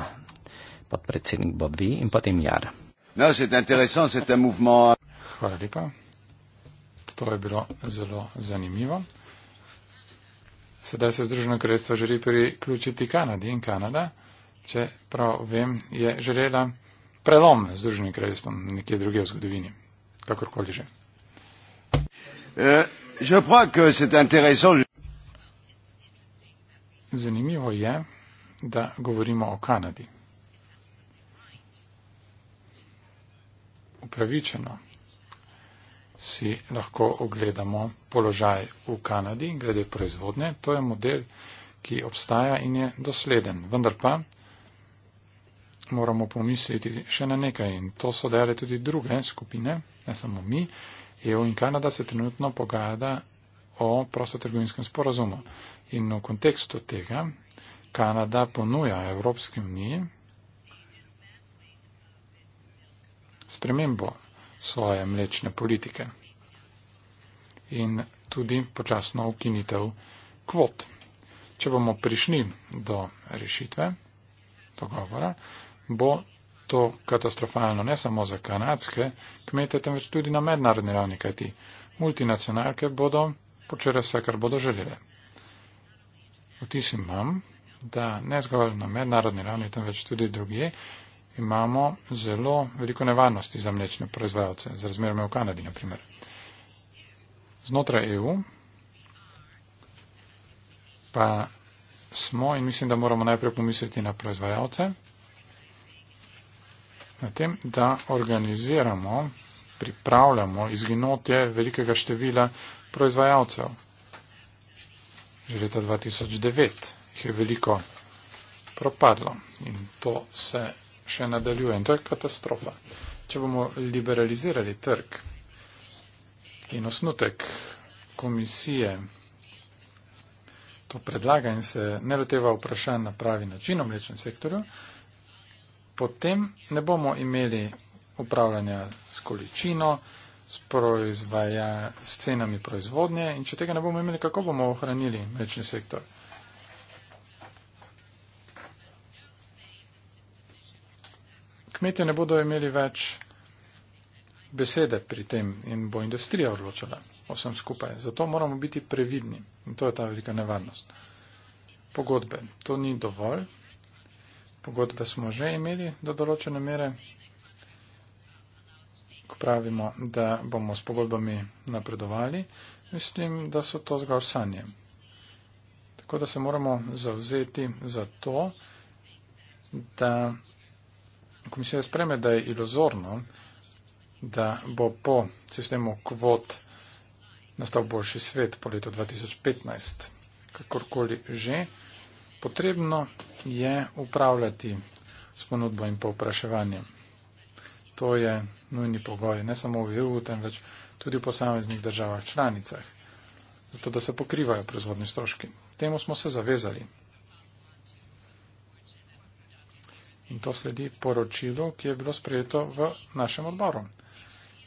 podpredsednik Bob Vi in potem Jar. No, movement... Hvala lepa. To je bilo zelo zanimivo. Sedaj se Združeno kraljestvo želi priključiti Kanadi in Kanada, če prav vem, je želela prelom z Združenim kraljestvom nekje druge v zgodovini, kakorkoli že. Euh, zanimivo je, da govorimo o Kanadi. upravičeno. Si lahko ogledamo položaj v Kanadi glede proizvodnje. To je model, ki obstaja in je dosleden. Vendar pa moramo pomisliti še na nekaj in to so dejale tudi druge skupine, ne samo mi. EU in Kanada se trenutno pogajata o prostotrgovinskem sporazumu. In v kontekstu tega Kanada ponuja Evropski uniji spremembo svoje mlečne politike in tudi počasno ukinitev kvot. Če bomo prišli do rešitve, dogovora, bo to katastrofalno ne samo za kanadske kmete, temveč tudi na mednarodni ravni, kajti multinacionalke bodo počele vse, kar bodo želele. Vtis imam, da ne zgolj na mednarodni ravni, temveč tudi drugje, imamo zelo veliko nevarnosti za mlečne proizvajalce, z razmerami v Kanadi, na primer. Znotraj EU pa smo in mislim, da moramo najprej pomisliti na proizvajalce, na tem, da organiziramo, pripravljamo izginotje velikega števila proizvajalcev. Že leta 2009 jih je veliko propadlo in to se še nadaljuje. In to je katastrofa. Če bomo liberalizirali trg in osnutek komisije to predlaga in se ne loteva vprašanj na pravi način v mlečnem sektorju, potem ne bomo imeli upravljanja s količino, s, proizvaja, s cenami proizvodnje in če tega ne bomo imeli, kako bomo ohranili mlečni sektor? kmetje ne bodo imeli več besede pri tem in bo industrija odločila o vsem skupaj. Zato moramo biti previdni in to je ta velika nevarnost. Pogodbe. To ni dovolj. Pogodbe smo že imeli do določene mere. Ko pravimo, da bomo s pogodbami napredovali, mislim, da so to zgolj sanje. Tako da se moramo zauzeti za to, da komisija spreme, da je iluzorno, da bo po sistemu kvot nastal boljši svet po letu 2015. Kakorkoli že, potrebno je upravljati s ponudbo in povpraševanjem. To je nujni pogoj, ne samo v EU, temveč tudi v posameznih državah članicah, zato da se pokrivajo proizvodni stroški. Temu smo se zavezali. In to sledi poročilo, ki je bilo sprejeto v našem odboru.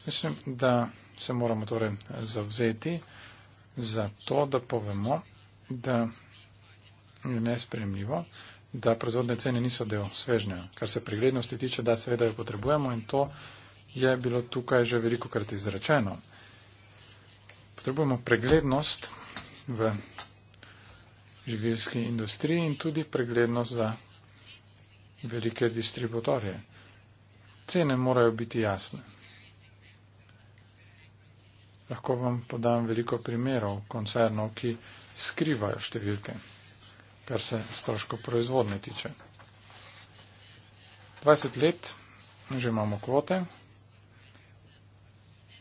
Mislim, da se moramo torej zavzeti za to, da povemo, da je nespremljivo, da proizvodne cene niso del svežnja. Kar se preglednosti tiče, da seveda jo potrebujemo in to je bilo tukaj že veliko krat izrečeno. Potrebujemo preglednost v živilski industriji in tudi preglednost za velike distributorje. Cene morajo biti jasne. Lahko vam podam veliko primerov koncernov, ki skrivajo številke, kar se stroško proizvodne tiče. 20 let že imamo kvote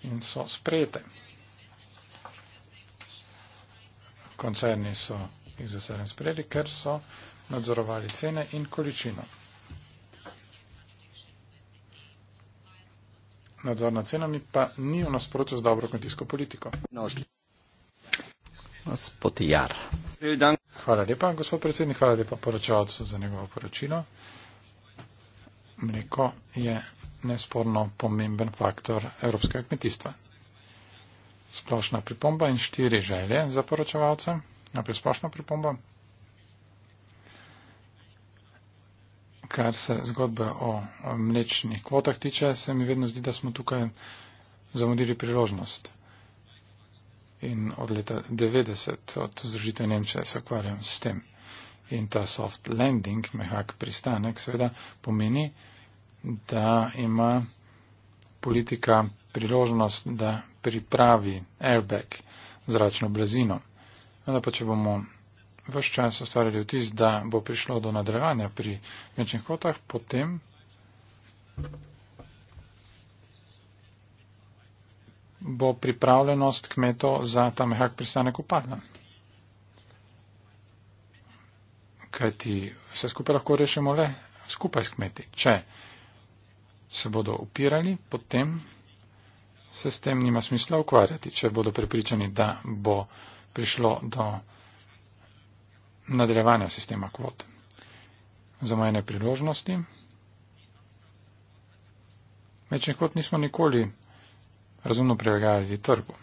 in so sprejete. Koncerni so jih za sedem sprejeli, ker so nadzorovali cene in količino. nadzor nad cenami pa ni v nasprotju z dobro kmetijsko politiko. Hvala lepa, gospod predsednik, hvala lepa poročevalcu za njegovo poročilo. Mleko je nesporno pomemben faktor evropskega kmetijstva. Splošna pripomba in štiri želje za poročevalce. Najprej splošna pripomba, kar se zgodbe o mlečnih kvotah tiče, se mi vedno zdi, da smo tukaj zamudili priložnost. In od leta 90, od Združite Nemčije, se ukvarjam s tem. In ta soft landing, mehak pristanek, seveda pomeni, da ima politika priložnost, da pripravi airbag zračno blazino. Pa, če bomo vse čas ustvarjali vtis, da bo prišlo do nadrevanja pri večjih kotah, potem. bo pripravljenost kmetov za ta mehak pristanek upadla. Kaj ti vse skupaj lahko rešimo le skupaj s kmeti. Če se bodo upirali, potem se s tem nima smisla ukvarjati. Če bodo prepričani, da bo prišlo do nadaljevanja sistema kvot. Za mojene priložnosti. Mečnih kvot nismo nikoli razumno prilagajali trgu.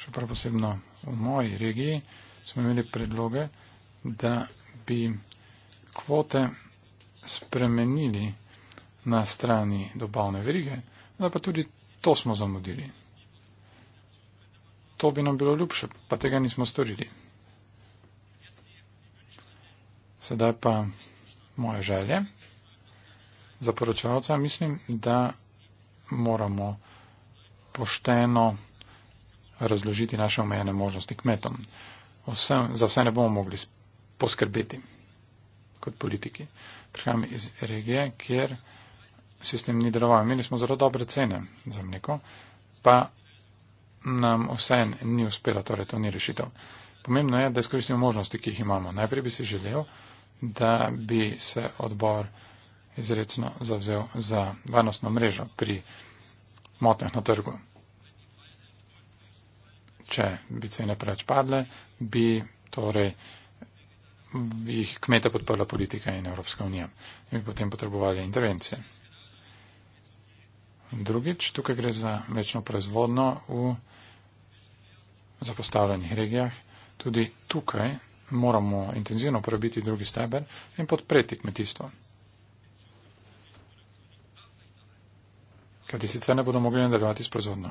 Še prav posebno v moji regiji smo imeli predloge, da bi kvote spremenili na strani dobavne verige, da pa tudi to smo zamudili to bi nam bilo ljubše, pa tega nismo storili. Sedaj pa moje želje. Za poročevalca mislim, da moramo pošteno razložiti naše omejene možnosti kmetom. Vsem, za vse ne bomo mogli poskrbeti kot politiki. Prihajam iz regije, kjer sistem ni deloval. Imeli smo zelo dobre cene za mleko, pa nam vsajen ni uspelo, torej to ni rešitev. Pomembno je, da izkoristimo možnosti, ki jih imamo. Najprej bi si želel, da bi se odbor izredno zavzel za varnostno mrežo pri motnjah na trgu. Če bi cene preveč padle, bi torej jih kmete podprla politika in Evropska unija. In bi potem potrebovali intervencije. Drugič, tukaj gre za mlečno proizvodno v zapostavljenih regijah, tudi tukaj moramo intenzivno uporabiti drugi steber in podpreti kmetijstvo. Kajti sicer ne bodo mogli nadaljevati s proizvodnjo.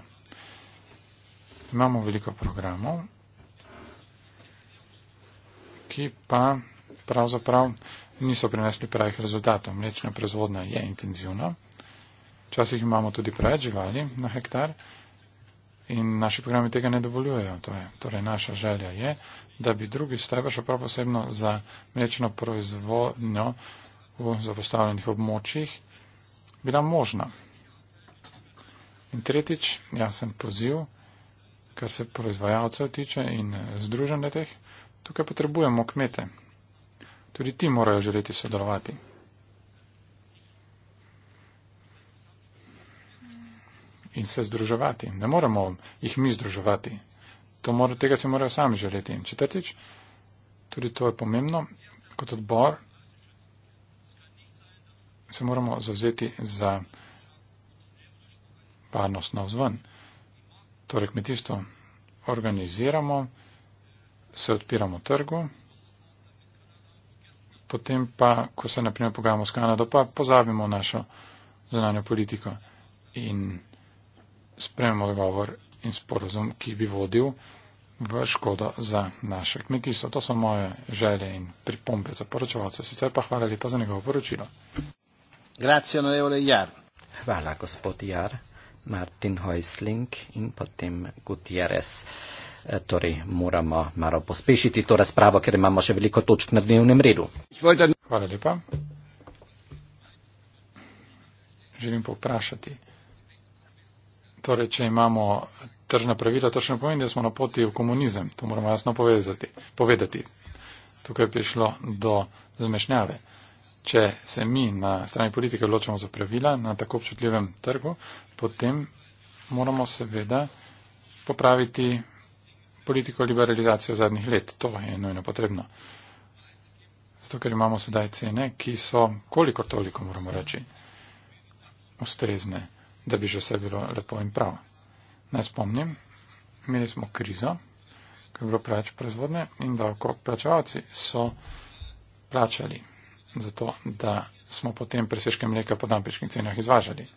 Imamo veliko programov, ki pa pravzaprav niso prinesli pravih rezultatov. Mlečna proizvodnja je intenzivna. Včasih imamo tudi preveč živali na hektar in naši programi tega ne dovoljujejo. Torej, naša želja je, da bi drugi steber, še prav posebno za mlečno proizvodnjo v zapostavljenih območjih, bila možna. In tretjič, jasen poziv, kar se proizvajalcev tiče in eh, združenje teh, tukaj potrebujemo kmete. Tudi ti morajo želeti sodelovati. in se združevati. Ne moramo jih mi združevati. Mora, tega se morajo sami želeti. In četrtič, tudi to je pomembno, kot odbor se moramo zavzeti za varnost na vzven. Torej, kmetijstvo organiziramo, se odpiramo trgu, potem pa, ko se naprimer pogajamo s Kanado, pa pozabimo našo zunanjo politiko. In sprejemamo odgovor in sporozum, ki bi vodil v škodo za naše kmetijstvo. To so moje želje in pripombe za poročevalce. Sicer pa hvala lepa za njegovo poročilo. Grazie, onorevole Jar. Hvala, gospod Jar, Martin Hoisling in potem Gutierrez. E, torej, moramo malo pospešiti to razpravo, ker imamo še veliko točk na dnevnem redu. Hvala lepa. Želim povprašati. Torej, če imamo tržna pravila, to še ne pomeni, da smo na poti v komunizem. To moramo jasno povezati, povedati. Tukaj je prišlo do zmešnjave. Če se mi na strani politike odločamo za pravila na tako občutljivem trgu, potem moramo seveda popraviti politiko liberalizacije zadnjih let. To je nujno potrebno. Zato, ker imamo sedaj cene, ki so, kolikor toliko moramo reči, ustrezne da bi že vse bilo lepo in prav. Naj spomnim, imeli smo krizo, ko je bilo preveč proizvodne in da okrog plačevalci so plačali za to, da smo potem presežke mleka po dampičkih cenah izvažali.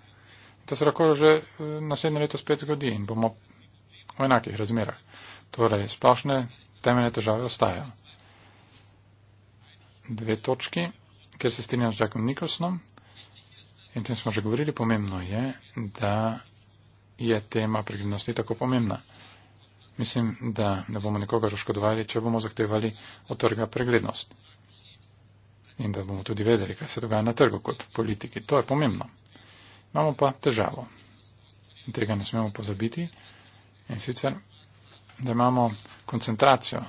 To se lahko že eh, naslednje leto spet zgodi in bomo v enakih razmerah. Torej, splošne temeljne težave ostajajo. Dve točki, kjer se strinjam z Jackom Nicholsonom, In tem smo že govorili, pomembno je, da je tema pregrednosti tako pomembna. Mislim, da ne bomo nikoga oškodovali, če bomo zahtevali od trga preglednost. In da bomo tudi vedeli, kaj se dogaja na trgu kot politiki. To je pomembno. Imamo pa težavo. In tega ne smemo pozabiti. In sicer, da imamo koncentracijo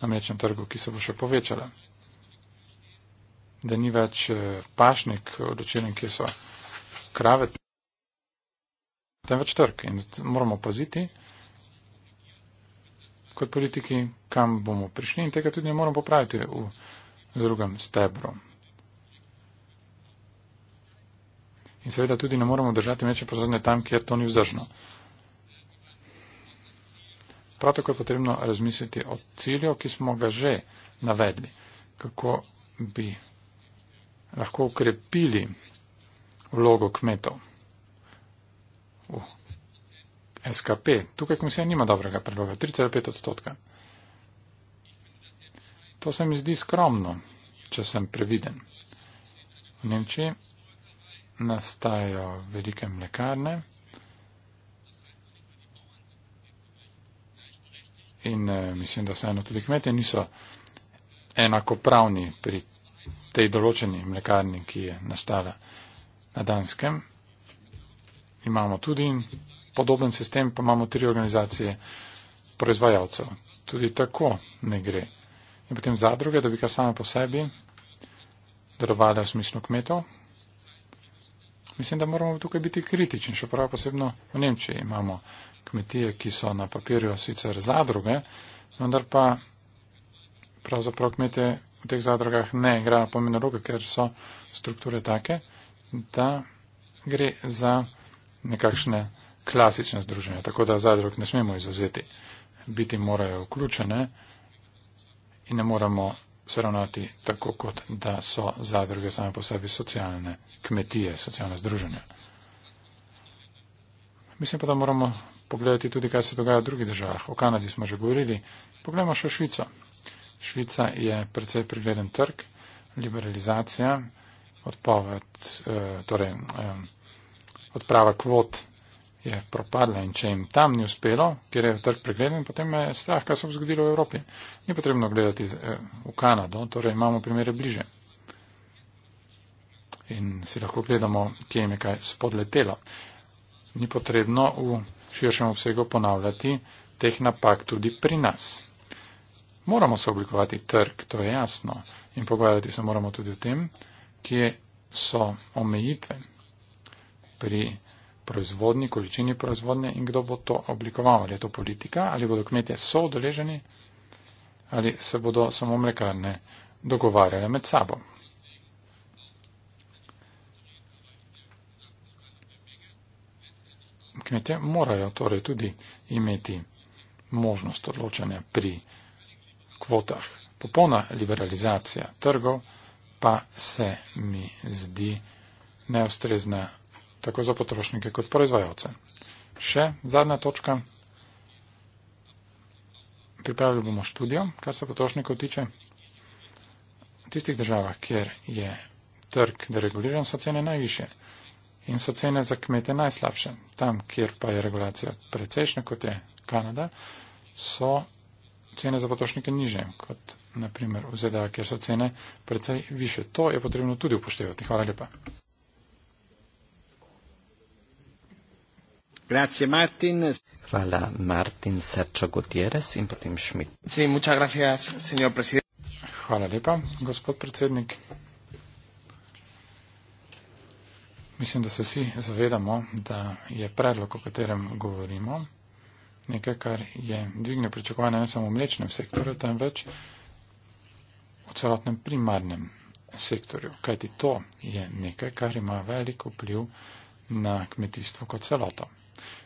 na mlečnem trgu, ki se bo še povečala. Da ni več eh, pašnik odločen, kje so krave, temveč trg. In moramo paziti kot politiki, kam bomo prišli in tega tudi ne moramo popraviti v drugem stebru. In seveda tudi ne moramo držati meče pozornje tam, kjer to ni vzdržno. Prav tako je potrebno razmisliti o cilju, ki smo ga že navedli, kako bi lahko ukrepili vlogo kmetov. Uh, SKP, tukaj komisija nima dobrega predloga, 3,5 odstotka. To se mi zdi skromno, če sem previden. V Nemčiji nastajajo velike mlekarne in eh, mislim, da vseeno tudi kmetje niso enakopravni pri tej določeni mlekarni, ki je nastala na Danskem imamo tudi podoben sistem, pa imamo tri organizacije proizvajalcev. Tudi tako ne gre. In potem zadruge, da bi kar same po sebi darovali v smislu kmetov. Mislim, da moramo tukaj biti kritični, še prav posebno v Nemčiji imamo kmetije, ki so na papirju sicer zadruge, vendar pa pravzaprav kmete v teh zadrugah ne igrajo pomembne roke, ker so strukture take da gre za nekakšne klasične združenja, tako da zadrug ne smemo izuzeti. Biti morajo vključene in ne moramo se ravnati tako, kot da so zadruge same po sebi socialne kmetije, socialne združenja. Mislim pa, da moramo pogledati tudi, kaj se dogaja v drugih državah. O Kanadi smo že govorili. Poglejmo še Švico. Švica je precej prigleden trg, liberalizacija odpoved, eh, torej odprava kvot je propadla in če jim tam ni uspelo, kjer je trg pregleden, potem je strah, kaj se bo zgodilo v Evropi. Ni potrebno gledati eh, v Kanado, torej imamo primere bliže. In si lahko gledamo, kje jim je kaj spodletelo. Ni potrebno v širšem obsegu ponavljati teh napak tudi pri nas. Moramo se oblikovati trg, to je jasno. In pogovarjati se moramo tudi o tem, kje so omejitve pri proizvodni, količini proizvodnje in kdo bo to oblikoval. Ali je to politika, ali bodo kmetje soodeleženi, ali se bodo samo mlekarne dogovarjale med sabo. Kmetje morajo torej tudi imeti možnost odločanja pri kvotah. Popolna liberalizacija trgov pa se mi zdi neustrezna tako za potrošnike kot proizvajalce. Še zadnja točka. Pripravili bomo študijo, kar se potrošnikov tiče. V tistih državah, kjer je trg dereguliran, so cene najviše in so cene za kmete najslabše. Tam, kjer pa je regulacija precejšnja, kot je Kanada, so cene za potrošnike niže, kot naprimer v ZDA, kjer so cene precej više. To je potrebno tudi upoštevati. Hvala lepa. Grazie Martin. Hvala Martin Sarčo Gutierrez in potem Šmit. Sí, muchas gracias, señor presidente. Hvala lepa, gospod predsednik. Mislim, da se vsi zavedamo, da je predlog, o katerem govorimo, nekaj, kar je dvignil pričakovanja ne samo v mlečnem sektorju, temveč v celotnem primarnem sektorju. Kajti to je nekaj, kar ima velik vpliv na kmetijstvo kot celoto.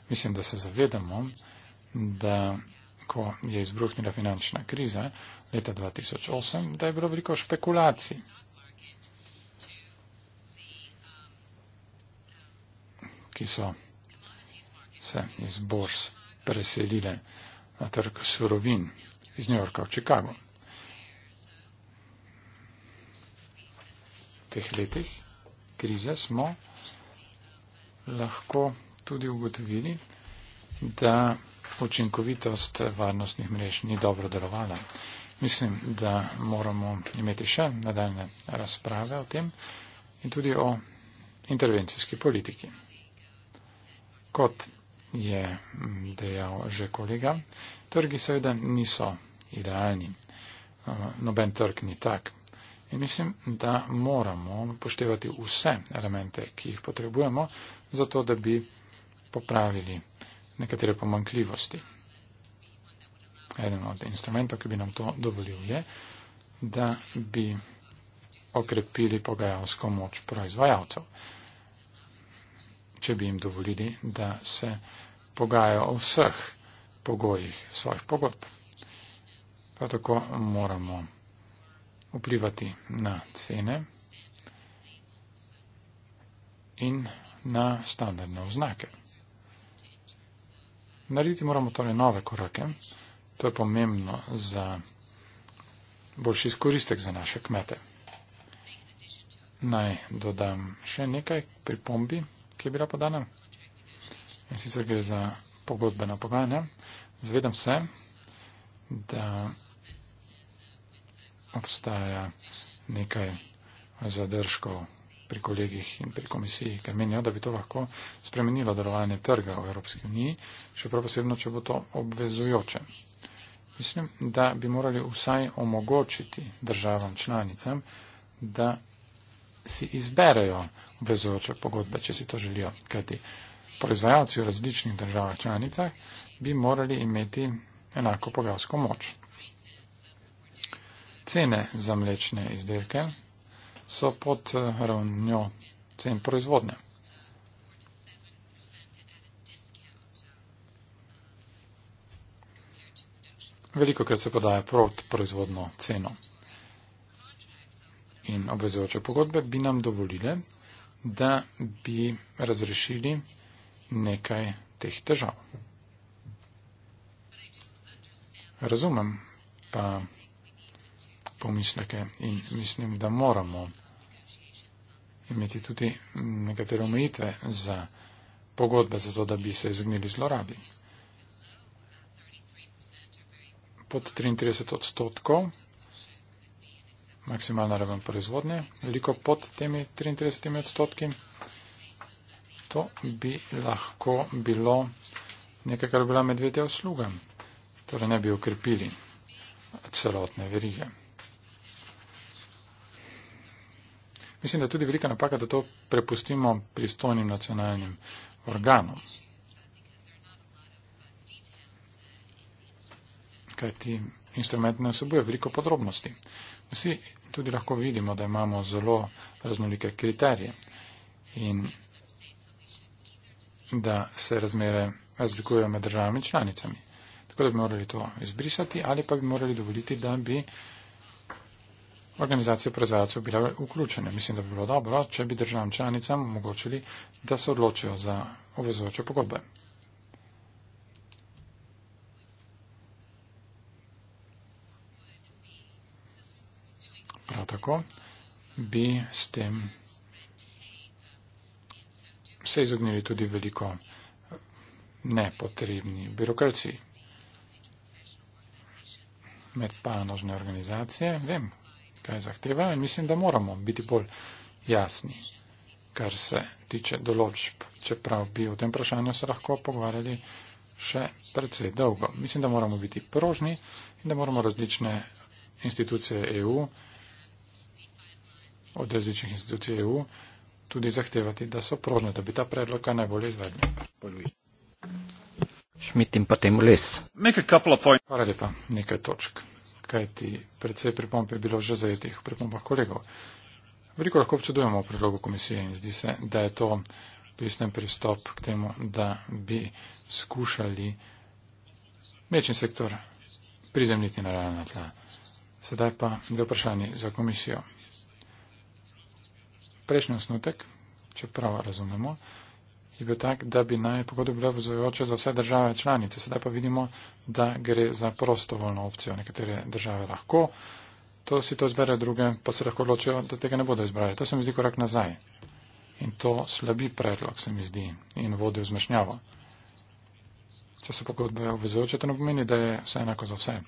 Mislim, da se zavedamo, da ko je izbruhnila finančna kriza leta 2008, da je bilo veliko špekulacij. ki so se iz borz preselile na trg surovin iz New Yorka v Chicago. V teh letih krize smo lahko tudi ugotovili, da učinkovitost varnostnih mrež ni dobro delovala. Mislim, da moramo imeti še nadaljne razprave o tem in tudi o intervencijski politiki. Kot je dejal že kolega. Trgi seveda niso idealni. Eh, noben trg ni tak. In mislim, da moramo poštevati vse elemente, ki jih potrebujemo, zato da bi popravili nekatere pomankljivosti. Eden od instrumentov, ki bi nam to dovolil, je, da bi okrepili pogajalsko moč proizvajalcev če bi jim dovolili, da se pogajajo o vseh pogojih svojih pogodb. Pa tako moramo vplivati na cene in na standardne oznake. Narediti moramo torej nove korake. To je pomembno za boljši izkoristek za naše kmete. Naj dodam še nekaj pripombi ki je bila podana. In sicer gre za pogodbena pogajanja. Zavedam se, da obstaja nekaj zadržkov pri kolegih in pri komisiji, ker menijo, da bi to lahko spremenilo delovanje trga v Evropski uniji, še prav posebno, če bo to obvezujoče. Mislim, da bi morali vsaj omogočiti državam članicam, da si izberejo obvezujoče pogodbe, če si to želijo. Kajti proizvajalci v različnih državah članicah bi morali imeti enako pogalsko moč. Cene za mlečne izdelke so pod eh, ravnjo cen proizvodnje. Veliko krat se podaja prot proizvodno ceno. In obvezujoče pogodbe bi nam dovolile, da bi razrešili nekaj teh težav. Razumem pa pomisleke in mislim, da moramo imeti tudi nekatere omejitve za pogodbe, zato da bi se izognili zlorabi. Pod 33 odstotkov maksimalna raven proizvodnje, veliko pod temi 33 odstotki. To bi lahko bilo nekaj, kar bi bila medvedja usluga. Torej ne bi ukrepili celotne verige. Mislim, da je tudi velika napaka, da to prepustimo pristojnim nacionalnim organom. Kaj ti instrument ne vsebuje veliko podrobnosti. Vsi tudi lahko vidimo, da imamo zelo raznolike kriterije in da se razmere razlikujejo med državami članicami. Tako da bi morali to izbrisati ali pa bi morali dovoliti, da bi organizacije proizvajalcev bile vključene. Mislim, da bi bilo dobro, če bi državam članicam omogočili, da se odločijo za obvezujoče pogodbe. Prav tako bi s tem se izognili tudi veliko nepotrebni birokraciji. Med panožne organizacije vem, kaj zahtevajo in mislim, da moramo biti bolj jasni, kar se tiče določb. Čeprav bi o tem vprašanju se lahko pogovarjali še precej dolgo. Mislim, da moramo biti prožni in da moramo različne institucije EU od različnih institucij EU tudi zahtevati, da so prožne, da bi ta predlog kaj najbolje izvedli. Šmit in potem les. Hvala lepa, nekaj točk. Kaj ti predvsej pripomp je bilo že zajetih v pripombah kolegov. Veliko lahko občudujemo v predlogu komisije in zdi se, da je to pristen pristop k temu, da bi skušali mlečni sektor prizemniti na realna tla. Sedaj pa dve vprašanje za komisijo prejšnji osnutek, če prav razumemo, je bil tak, da bi naj pogodbo bila vzvojoče za vse države članice. Sedaj pa vidimo, da gre za prostovoljno opcijo. Nekatere države lahko, to si to izberejo druge, pa se lahko odločijo, da tega ne bodo izbrali. To se mi zdi korak nazaj. In to slabi predlog, se mi zdi, in vodi v zmešnjavo. Če so pogodbe obvezujoče, to ne pomeni, da je vse enako za vse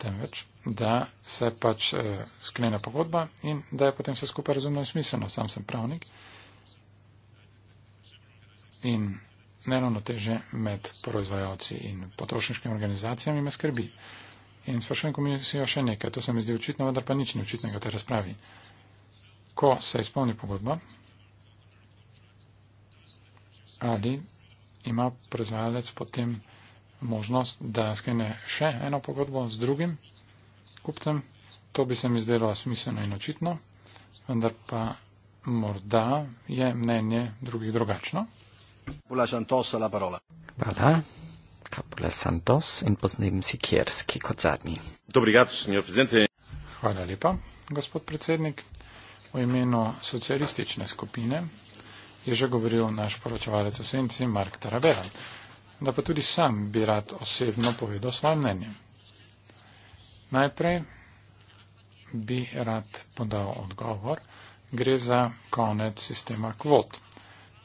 temveč da se pač eh, sklene pogodba in da je potem vse skupaj razumno in smiselno. Sam sem pravnik in neravno teže med proizvajalci in potrošniškimi organizacijami me skrbi. In sprašujem komisijo še nekaj, to se mi zdi očitno, vendar pa nič ni očitnega v tej razpravi. Ko se izpolni pogodba, ali ima proizvajalec potem možnost, da sklene še eno pogodbo z drugim kupcem. To bi se mi zdelo smiselno in očitno, vendar pa morda je mnenje drugih drugačno. Hvala, Santos, la parola. Hvala. Kapula Santos in poznim si Kjerski kot zadnji. Dobrigato, senjor prezidente. Hvala lepa, gospod predsednik. V imenu socialistične skupine je že govoril naš poročevalec o senci Mark Tarabela da pa tudi sam bi rad osebno povedal svoje mnenje. Najprej bi rad podal odgovor. Gre za konec sistema kvot.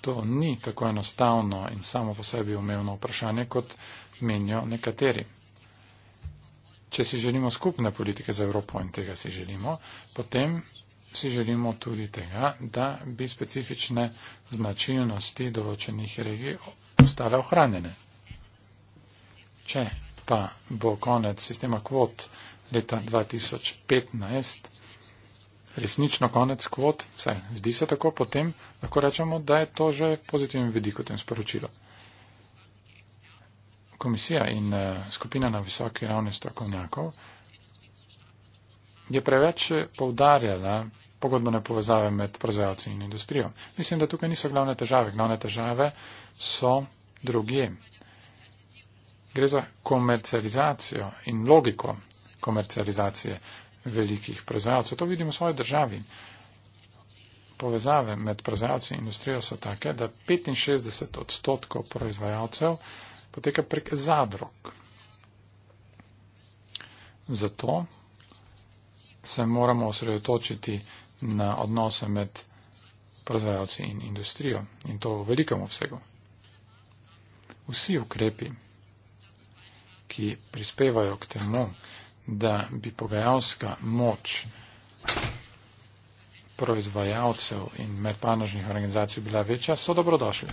To ni tako enostavno in samo po sebi umevno vprašanje, kot menijo nekateri. Če si želimo skupne politike za Evropo in tega si želimo, potem si želimo tudi tega, da bi specifične značilnosti določenih regij ostale ohranjene. Če pa bo konec sistema kvot leta 2015 resnično konec kvot, vse zdi se tako, potem lahko rečemo, da je to že pozitiven vidik v tem sporočilu. Komisija in eh, skupina na visoki ravni strokovnjakov je preveč eh, poudarjala pogodbene povezave med proizvajalci in industrijo. Mislim, da tukaj niso glavne težave. Glavne težave so druge. Gre za komercializacijo in logiko komercializacije velikih proizvajalcev. To vidimo v svoji državi. Povezave med proizvajalci in industrijo so take, da 65 odstotkov proizvajalcev poteka prek zadrug. Zato se moramo osredotočiti na odnose med proizvajalci in industrijo in to v velikem obsegu. Vsi ukrepi, ki prispevajo k temu, da bi pogajalska moč proizvajalcev in medpanožnih organizacij bila večja, so dobrodošli.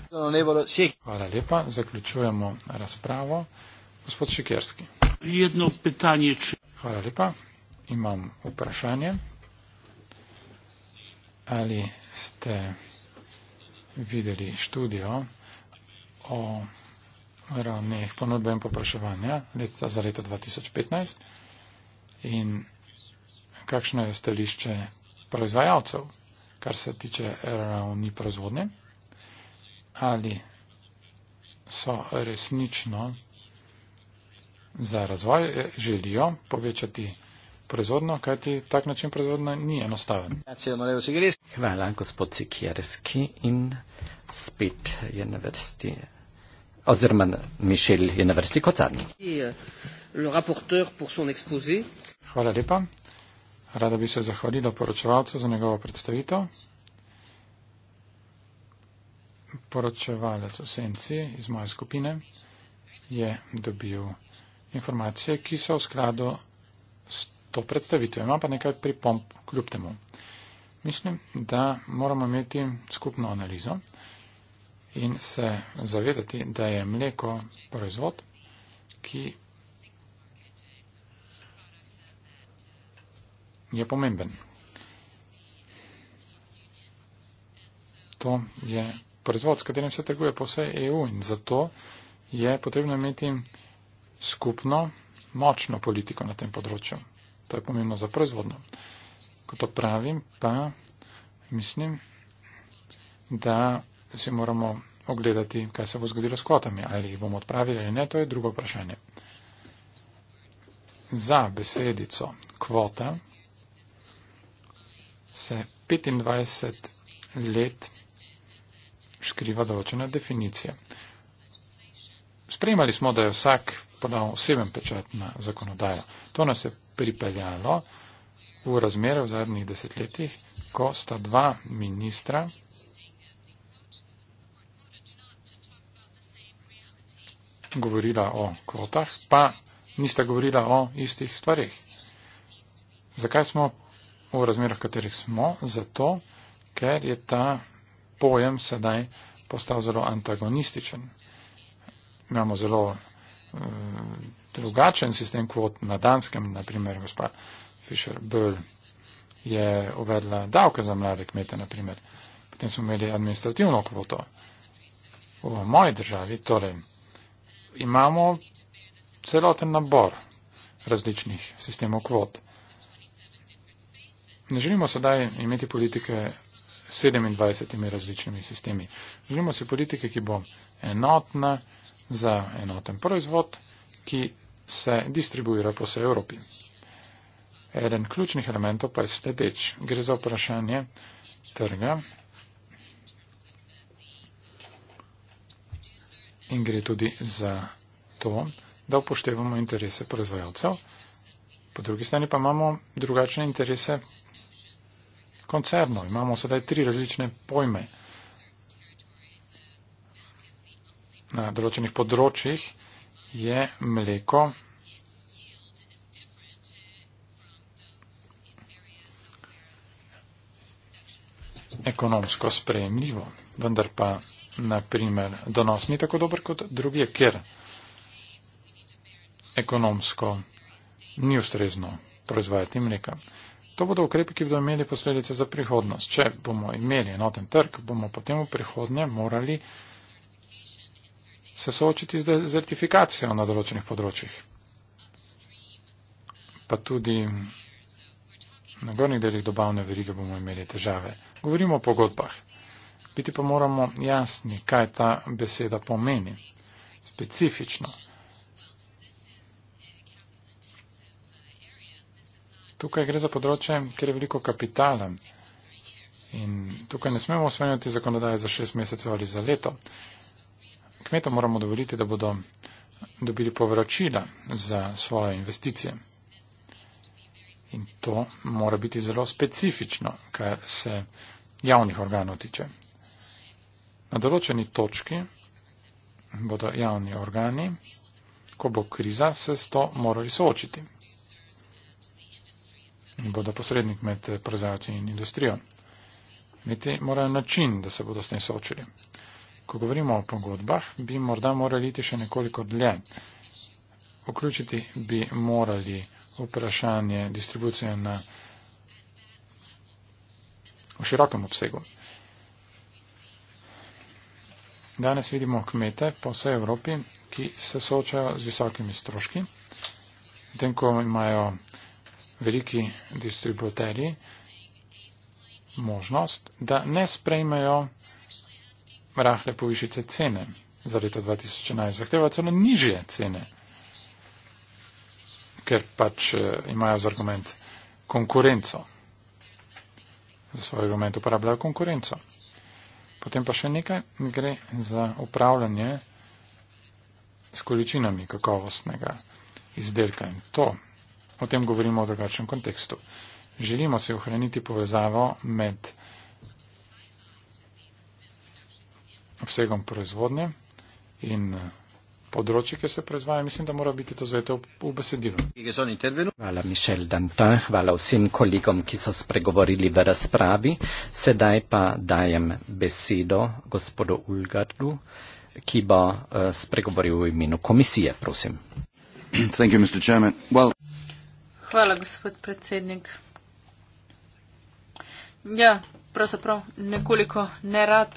Hvala lepa, zaključujemo razpravo. Gospod Šikerski. Jedno pitanje. Hvala lepa, imam vprašanje ali ste videli študijo o ravneh ponudbe in popraševanja leta, za leto 2015 in kakšno je stališče proizvajalcev, kar se tiče ravni proizvodnje, ali so resnično za razvoj, eh, želijo povečati proizvodno, kajti tak način proizvodna ni enostaven. Hvala, gospod Sikjerski in spet je na vrsti, oziroma Mišel je na vrsti kot zadnji. Hvala lepa. Rada bi se zahvalila poročevalcu za njegovo predstavitev. Poročevalec Osenci iz moje skupine je dobil informacije, ki so v skladu s to predstavitev. Imam pa nekaj pripomp kljub temu. Mislim, da moramo imeti skupno analizo in se zavedati, da je mleko proizvod, ki je pomemben. To je proizvod, s katerim se trguje po vsej EU in zato je potrebno imeti skupno močno politiko na tem področju. To je pomembno za proizvodno. Ko to pravim, pa mislim, da se moramo ogledati, kaj se bo zgodilo s kvotami. Ali jih bomo odpravili ali ne, to je drugo vprašanje. Za besedico kvota se 25 let skriva določena definicija. Sprejemali smo, da je vsak podal oseben pečat na zakonodajo. To nas je pripeljalo v razmere v zadnjih desetletjih, ko sta dva ministra govorila o kvotah, pa nista govorila o istih stvarih. Zakaj smo v razmerah, v katerih smo? Zato, ker je ta pojem sedaj postal zelo antagonističen. Imamo zelo Eh, drugačen sistem kvot na Danskem, naprimer gospa Fischer Böll je uvedla davke za mlade kmete, naprimer. Potem smo imeli administrativno kvoto v moji državi, torej imamo celoten nabor različnih sistemov kvot. Ne želimo sedaj imeti politike s 27 različnimi sistemi. Želimo si politike, ki bo enotna, za enoten proizvod, ki se distribuira po vsej Evropi. Eden ključnih elementov pa je sledeč. Gre za vprašanje trga in gre tudi za to, da upoštevamo interese proizvajalcev. Po drugi strani pa imamo drugačne interese koncernov. Imamo sedaj tri različne pojme. na določenih področjih je mleko ekonomsko sprejemljivo, vendar pa naprimer donos ni tako dober kot drugi, ker ekonomsko ni ustrezno proizvajati mleka. To bodo ukrepi, ki bodo imeli posledice za prihodnost. Če bomo imeli enoten trg, bomo potem v prihodnje morali se soočiti z dezertifikacijo na določenih področjih. Pa tudi na gornjih delih dobavne verige bomo imeli težave. Govorimo o pogodbah. Biti pa moramo jasni, kaj ta beseda pomeni. Specifično. Tukaj gre za področje, kjer je veliko kapitala. In tukaj ne smemo osvojiti zakonodaje za šest mesecev ali za leto. Kmetom moramo dovoliti, da bodo dobili povračila za svoje investicije. In to mora biti zelo specifično, kar se javnih organov tiče. Na določeni točki bodo javni organi, ko bo kriza, se s to morali soočiti. In bodo posrednik med proizvajalci in industrijo. Imeti morajo način, da se bodo s tem soočili. Ko govorimo o pogodbah, bi morda morali iti še nekoliko dlje. Vključiti bi morali vprašanje distribucije na, v širokem obsegu. Danes vidimo kmete po vsej Evropi, ki se soočajo z visokimi stroški. Tem, ko imajo veliki distributerji možnost, da ne sprejmejo rahle povišice cene za leto 2011. Zahteva celo nižje cene, ker pač eh, imajo za argument konkurenco. Za svoj argument uporabljajo konkurenco. Potem pa še nekaj gre za upravljanje s količinami kakovostnega izdelka in to. O tem govorimo v drugačnem kontekstu. Želimo se ohraniti povezavo med obsegom proizvodnje in eh, področji, kjer se proizvaja, mislim, da mora biti to zajeto v besedilo. Hvala, Mišel Dantan, hvala vsem kolegom, ki so spregovorili v razpravi. Sedaj pa dajem besedo gospodu Ulgardu, ki bo eh, spregovoril v imenu komisije, prosim. You, well... Hvala, gospod predsednik. Ja, pravzaprav nekoliko nerad.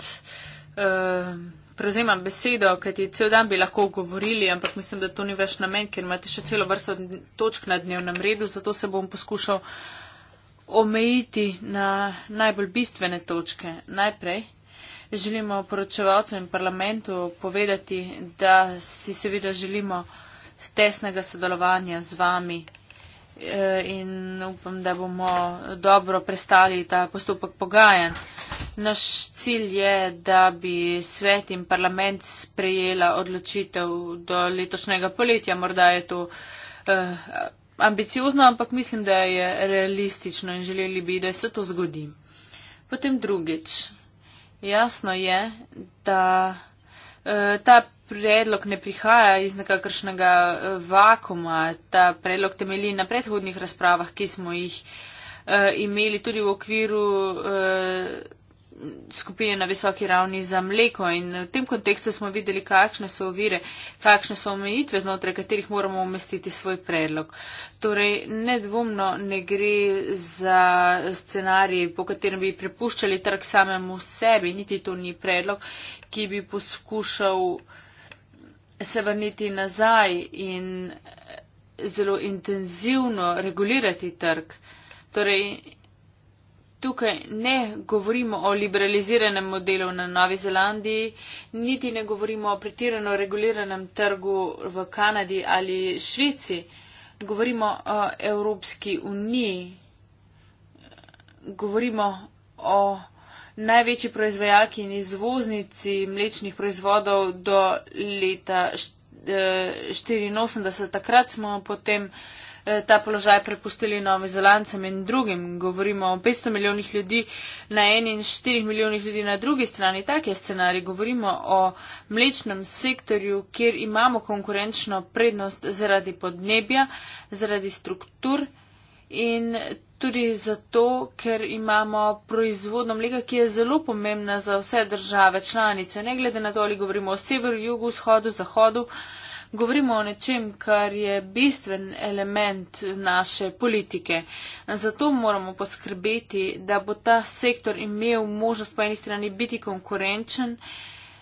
Ehm, prevzemam besedo, kajti cel dan bi lahko govorili, ampak mislim, da to ni več namen, ker imate še celo vrsto točk na dnevnem redu, zato se bom poskušal omejiti na najbolj bistvene točke. Najprej želimo poročevalcem in parlamentu povedati, da si seveda želimo tesnega sodelovanja z vami eh, in upam, da bomo dobro prestali ta postopek pogajanj. Naš cilj je, da bi svet in parlament sprejela odločitev do letošnjega poletja. Morda je to eh, ambiciozno, ampak mislim, da je realistično in želeli bi, da se to zgodi. Potem drugič. Jasno je, da eh, ta predlog ne prihaja iz nekakršnega eh, vakuma. Ta predlog temelji na predhodnih razpravah, ki smo jih eh, imeli tudi v okviru. Eh, skupine na visoki ravni za mleko in v tem kontekstu smo videli, kakšne so ovire, kakšne so omejitve, znotraj katerih moramo umestiti svoj predlog. Torej, nedvomno ne gre za scenarij, po katerem bi prepuščali trg samemu sebi, niti to ni predlog, ki bi poskušal se vrniti nazaj in zelo intenzivno regulirati trg. Torej, tukaj ne govorimo o liberaliziranem modelu na Novi Zelandiji, niti ne govorimo o pretirano reguliranem trgu v Kanadi ali Švici. Govorimo o Evropski uniji, govorimo o največji proizvajalki in izvoznici mlečnih proizvodov do leta 1984. Eh, Takrat smo potem Eh, ta položaj prepustili novizelancem in drugim. Govorimo o 500 milijonih ljudi na eni in 4 milijonih ljudi na drugi strani. Tak je scenarij. Govorimo o mlečnem sektorju, kjer imamo konkurenčno prednost zaradi podnebja, zaradi struktur in tudi zato, ker imamo proizvodno mleka, ki je zelo pomembna za vse države članice. Ne glede na to, ali govorimo o severu, jugu, vzhodu, zahodu. Eh, govorimo o nečem, kar je bistven element naše politike. Zato moramo poskrbeti, da bo ta sektor imel možnost po eni strani biti konkurenčen,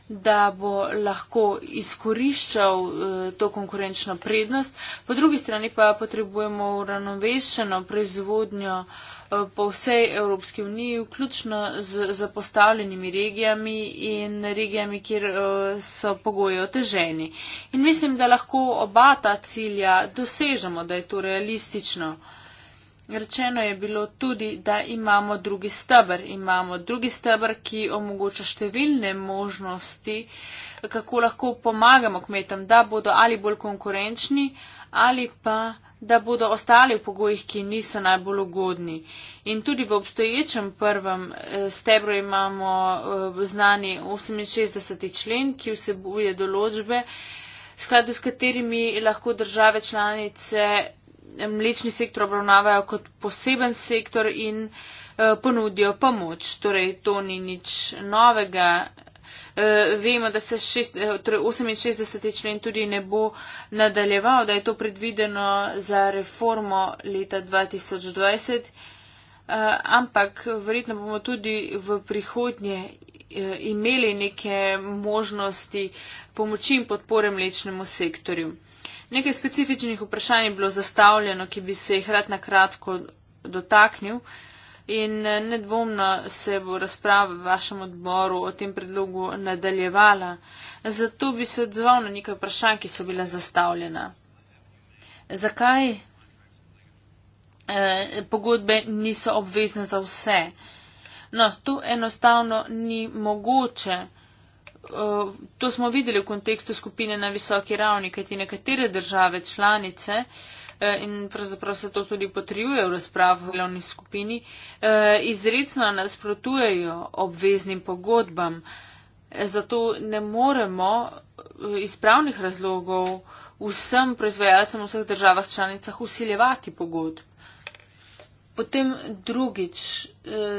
da bo lahko izkoriščal eh, to konkurenčno prednost, po drugi strani pa potrebujemo uravnovešeno proizvodnjo. Eh, po vsej Evropski uniji, vključno z zapostavljenimi regijami in regijami, kjer eh, so pogoji oteženi. In mislim, da lahko oba ta cilja dosežemo, da je to realistično. Rečeno je bilo tudi, da imamo drugi stebr. Imamo drugi stebr, ki omogoča številne možnosti, kako lahko pomagamo kmetom, da bodo ali bolj konkurenčni ali pa da bodo ostali v pogojih, ki niso najbolj ugodni. In tudi v obstoječem prvem eh, stebru imamo eh, znani 68. člen, ki vsebuje določbe, skladu s katerimi lahko države članice eh, mlečni sektor obravnavajo kot poseben sektor in ponudijo pomoč. Torej, to ni nič novega, Eh, vemo, da se 68. Eh, torej člen tudi ne bo nadaljeval, da je to predvideno za reformo leta 2020, eh, ampak verjetno bomo tudi v prihodnje imeli neke možnosti pomoči in podpore mlečnemu sektorju. Nekaj specifičnih vprašanj je bilo zastavljeno, ki bi se jih rad na kratko dotaknil. Uh, in eh, nedvomno se bo razprava v vašem odboru o tem predlogu nadaljevala. Zato bi se odzval na nekaj vprašanj, ki so bila zastavljena. Zakaj e, pogodbe niso obvezne za vse? No, to enostavno ni mogoče. E, to smo videli v kontekstu skupine na visoki ravni, kajti nekatere države članice. Eh, in pravzaprav se to tudi potrjuje v razpravah v glavni skupini, eh, izredno nasprotujejo obveznim pogodbam. Eh, zato ne moremo iz pravnih razlogov vsem proizvajalcem v vseh državah članicah usiljevati pogodb. Potem drugič,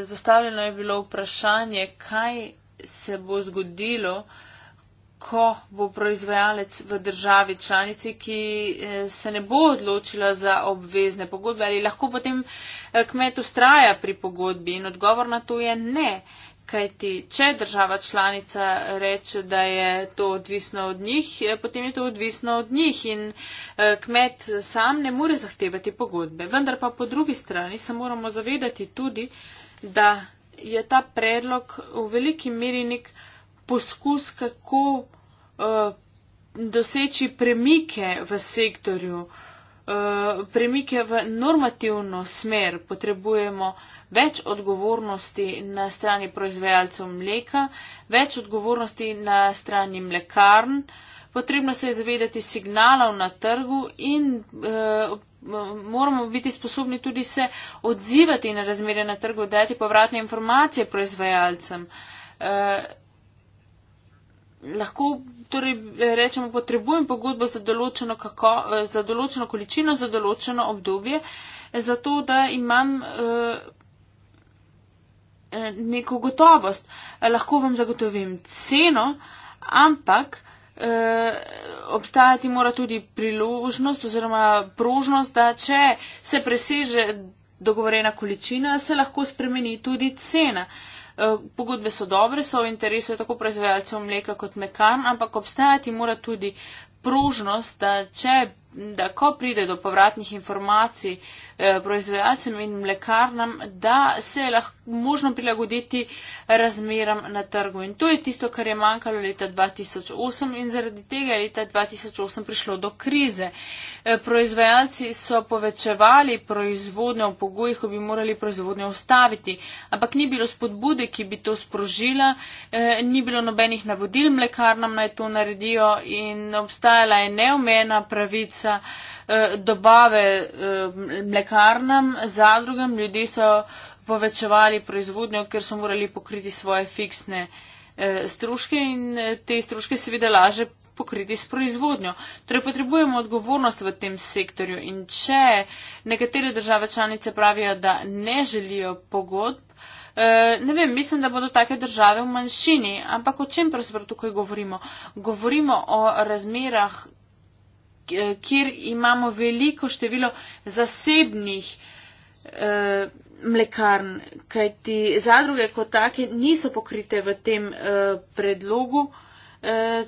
zastavljeno je bilo vprašanje, kaj se bo zgodilo, ko bo proizvajalec v državi članici, ki eh, se ne bo odločila za obvezne pogodbe, ali lahko potem eh, kmet ustraja pri pogodbi in odgovor na to je ne. Kajti, če država članica reče, da je to odvisno od njih, eh, potem je to odvisno od njih in kmet sam ne more zahtevati pogodbe. Vendar pa po drugi strani se moramo zavedati tudi, da je ta predlog v veliki meri nek poskus, kako uh, doseči premike v sektorju, uh, premike v normativno smer. Potrebujemo več odgovornosti na strani proizvajalcev mleka, več odgovornosti na strani mlekarn. Potrebno se je zavedati signalov na trgu in e, moramo biti sposobni tudi se odzivati na razmere na trgu, dati povratne informacije proizvajalcem. E, lahko torej, rečemo, potrebujem pogodbo za določeno, kako, eh, za določeno količino, za določeno obdobje, zato da imam eh, eh, neko gotovost. Lahko vam zagotovim ceno, ampak obstajati mora tudi priložnost oziroma prožnost, da če se preseže dogovorena količina, se lahko spremeni tudi cena. Uh, Eh, pogodbe so dobre, so v interesu tako proizvajalcev mleka kot mekan, ampak obstajati mora tudi prožnost, da če da ko pride do povratnih informacij eh, proizvajalcem in mlekarnam, da se je lahko možno prilagoditi razmeram na trgu. In to je tisto, kar je manjkalo leta 2008 in zaradi tega je leta 2008 prišlo do krize. Eh, proizvajalci so povečevali proizvodnjo v pogojih, ko bi morali proizvodnjo ustaviti, ampak ni bilo spodbude, ki bi to sprožila, eh, ni bilo nobenih navodil mlekarnam naj to naredijo in obstajala je neomena pravica posledica eh, dobave eh, mlekarnam, zadrugam, ljudje so povečevali proizvodnjo, ker so morali pokriti svoje fiksne eh, stroške in te stroške seveda laže pokriti s proizvodnjo. Torej potrebujemo odgovornost v tem sektorju in če nekatere države članice pravijo, da ne želijo pogodb, ne vem, mislim, da bodo take države v manjšini, ampak o čem pravzaprav tukaj govorimo? Govorimo o razmerah, kjer imamo veliko število zasebnih eh, mlekarn, kajti zadruge kot take niso pokrite v tem eh, predlogu, eh,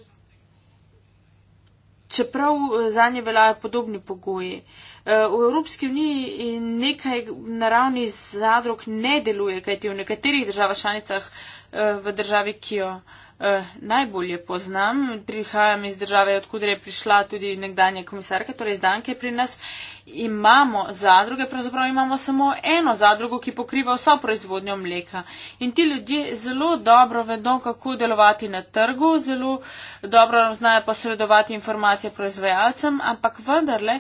čeprav eh, za nje veljajo podobni pogoji. Eh, v Evropski uniji nekaj naravni zadrug ne deluje, kajti v nekaterih državah članicah eh, v državi, ki jo eh, najbolje poznam. Prihajam iz države, odkud je prišla tudi nekdanja komisarka, torej zdanke pri nas. Imamo zadruge, pravzaprav imamo samo eno zadrugo, ki pokriva vso proizvodnjo mleka. In ti ljudje zelo dobro vedo, kako delovati na trgu, zelo dobro znajo posredovati informacije proizvajalcem, ampak vendarle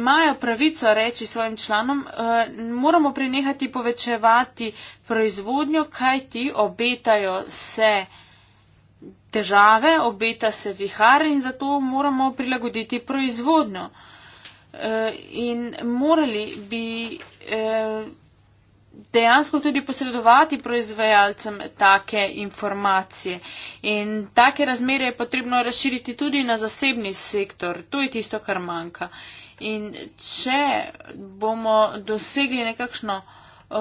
imajo pravico reči svojim članom, eh, moramo prenehati povečevati proizvodnjo, kaj ti obetajo se težave, obeta se vihar in zato moramo prilagoditi proizvodnjo. E, in morali bi e, dejansko tudi posredovati proizvajalcem take informacije. In take razmere je potrebno razširiti tudi na zasebni sektor. To je tisto, kar manjka. In če bomo dosegli nekakšno uh,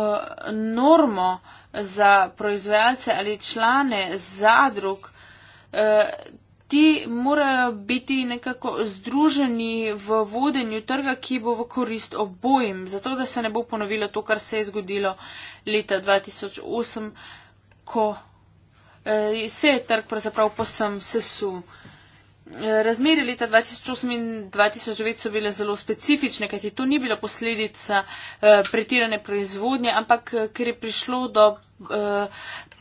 normo za proizvajalce ali člane zadrug, uh, ti morajo biti nekako združeni v vodenju trga, ki bo v korist obojim, zato da se ne bo ponovilo to, kar se je zgodilo leta 2008, ko eh, se je trg pravzaprav posem sesul. Eh, razmere leta 2008 in 2009 so bile zelo specifične, kajti to ni bila posledica eh, pretirane proizvodnje, ampak ker je prišlo do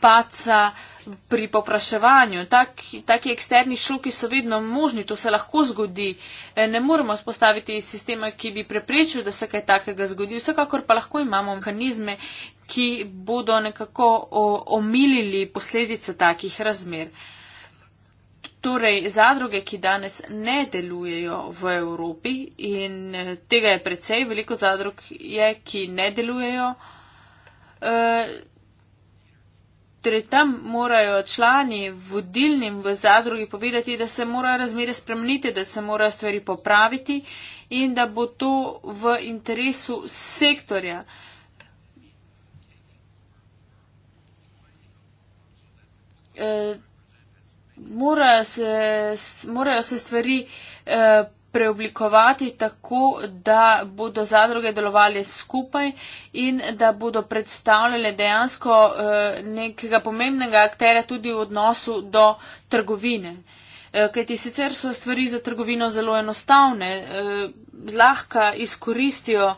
paca pri popraševanju. Tak, taki eksterni šoki so vedno možni, to se lahko zgodi. E, ne moremo spostaviti sistema, ki bi preprečil, da se kaj takega zgodi. Vsekakor pa lahko imamo mehanizme, ki bodo nekako omilili posledice takih razmer. Torej, zadruge, ki danes ne delujejo v Evropi in e, tega je precej, veliko zadrug je, ki ne delujejo. E, Torej, tam morajo člani vodilnim v zadrugi povedati, da se morajo razmere spremeniti, da se morajo stvari popraviti in da bo to v interesu sektorja. E, eh, morajo, se, morajo se stvari e, preoblikovati tako, da bodo zadruge delovali skupaj in da bodo predstavljale dejansko eh, nekega pomembnega akterja tudi v odnosu do trgovine. Eh, Kaj ti sicer so stvari za trgovino zelo enostavne, eh, zlahka izkoristijo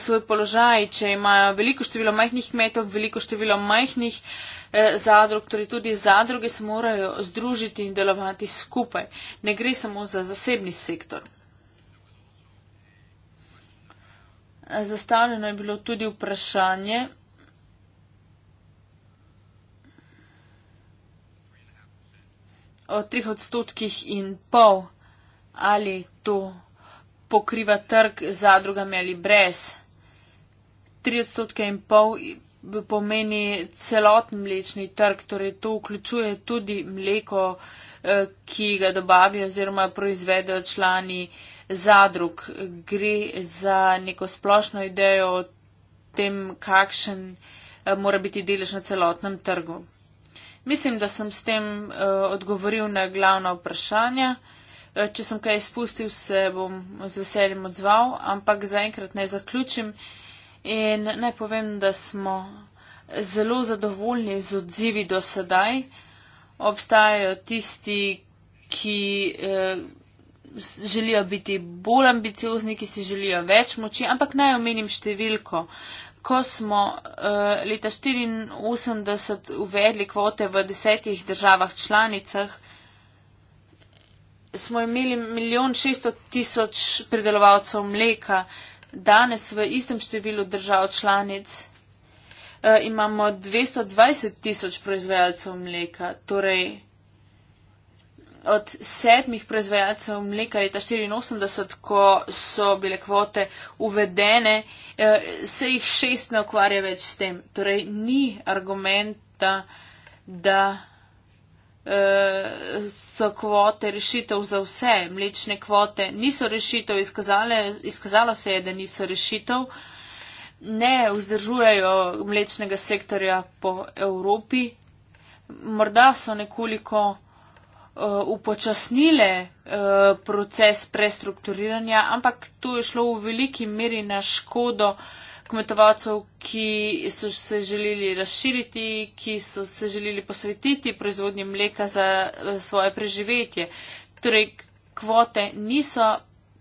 svoj položaj, če imajo veliko število majhnih kmetov, veliko število majhnih eh, Eh, zadrug, torej tudi zadruge se morajo združiti in delovati skupaj. Ne gre samo za zasebni sektor. Zastavljeno je bilo tudi vprašanje. O trih odstotkih in pol, ali to pokriva trg z zadrugami ali brez. Tri odstotke in pol pomeni celoten mlečni trg, torej to vključuje tudi mleko, eh, ki ga dobavijo oziroma proizvedejo člani zadrug. Gre za neko splošno idejo o tem, kakšen eh, mora biti delež na celotnem trgu. Mislim, da sem s tem eh, odgovoril na glavna vprašanja. Če sem kaj izpustil, se bom z veseljem odzval, ampak zaenkrat ne zaključim. In naj povem, da smo zelo zadovoljni z odzivi do sedaj. Obstajajo tisti, ki eh, želijo biti bolj ambiciozni, ki si želijo več moči, ampak naj omenim številko. Ko smo eh, leta 1984 uvedli kvote v desetih državah članicah, smo imeli milijon šeststo tisoč pridelovalcev mleka, eh, danes v istem številu držav članic eh, imamo 220 tisoč proizvajalcev mleka, torej od sedmih proizvajalcev mleka leta 84, ko so bile kvote uvedene, eh, se jih šest ne ukvarja več s tem. Torej ni argumenta, da, da Eh, so kvote rešitev za vse. Mlečne kvote niso rešitev, izkazale, izkazalo se je, da niso rešitev. Ne vzdržujejo mlečnega sektorja po Evropi. Morda so nekoliko uh, upočasnile uh, proces prestrukturiranja, ampak to je šlo v veliki meri na škodo uh, kmetovalcev, ki so se želeli razširiti, ki so se želeli posvetiti proizvodnje mleka za eh, svoje preživetje. Torej, kvote niso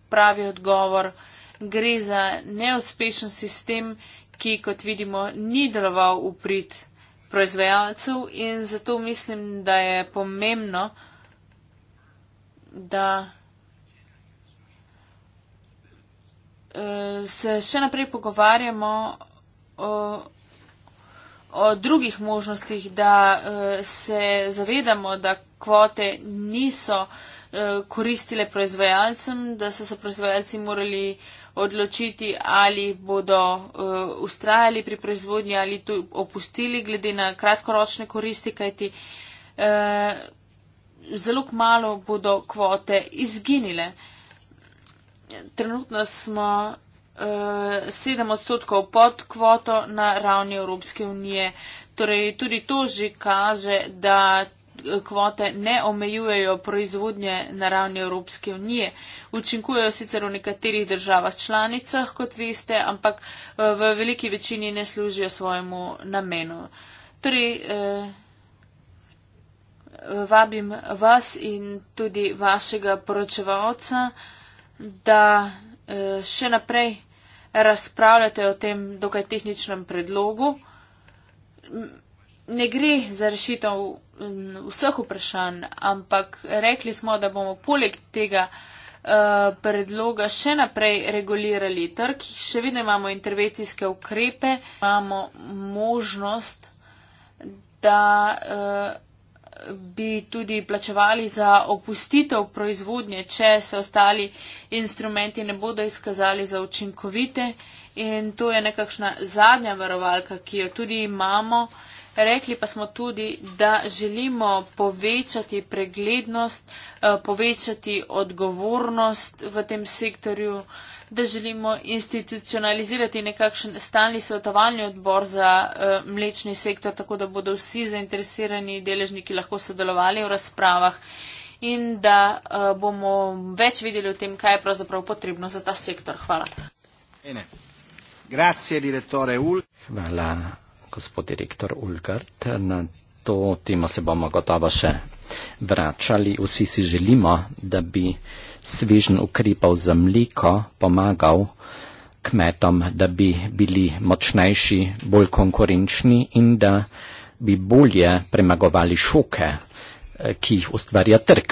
pravi odgovor, gre za neuspešen sistem, ki, kot vidimo, ni deloval v prid proizvajalcev in zato mislim, da je pomembno, da. se še naprej pogovarjamo o, o drugih možnostih, da eh, se zavedamo, da kvote niso eh, koristile proizvajalcem, da so se proizvajalci morali odločiti, ali bodo uh, eh, ustrajali pri proizvodnji ali to opustili glede na kratkoročne koristi, kajti uh, zelo kmalo bodo kvote izginile. Uh, trenutno smo uh, eh, 7 odstotkov pod kvoto na ravni Evropske unije. Torej, tudi to že kaže, da eh, kvote ne omejujejo proizvodnje na ravni Evropske unije. Učinkujejo sicer v nekaterih državah članicah, kot veste, ampak eh, v veliki večini ne služijo svojemu namenu. Torej, eh, vabim vas in tudi vašega poročevalca. Eh, da uh, še naprej razpravljate o tem dokaj tehničnem predlogu. Ne gre za rešitev vseh vprašanj, ampak rekli smo, da bomo poleg tega uh, predloga še naprej regulirali trg. Še vedno imamo intervencijske ukrepe, imamo možnost, da. Uh, bi tudi plačevali za opustitev proizvodnje, če se ostali instrumenti ne bodo izkazali za učinkovite. In to je nekakšna zadnja varovalka, ki jo tudi imamo. Rekli pa smo tudi, da želimo povečati preglednost, eh, povečati odgovornost v tem sektorju, da želimo institucionalizirati nekakšen stalni svetovalni odbor za uh, mlečni sektor, tako da bodo vsi zainteresirani deležniki lahko sodelovali v razpravah in da uh, bomo več videli o tem, kaj je pravzaprav potrebno za ta sektor. Hvala. Ene. Grazie, direttore Ul. Hvala, gospod direktor Ulgard. Na to temo se bomo gotovo še vračali. Vsi si želimo, da bi svežen ukrepov za mleko pomagal kmetom, da bi bili močnejši, bolj konkurenčni in da bi bolje premagovali šoke, eh, ki jih ustvarja trg.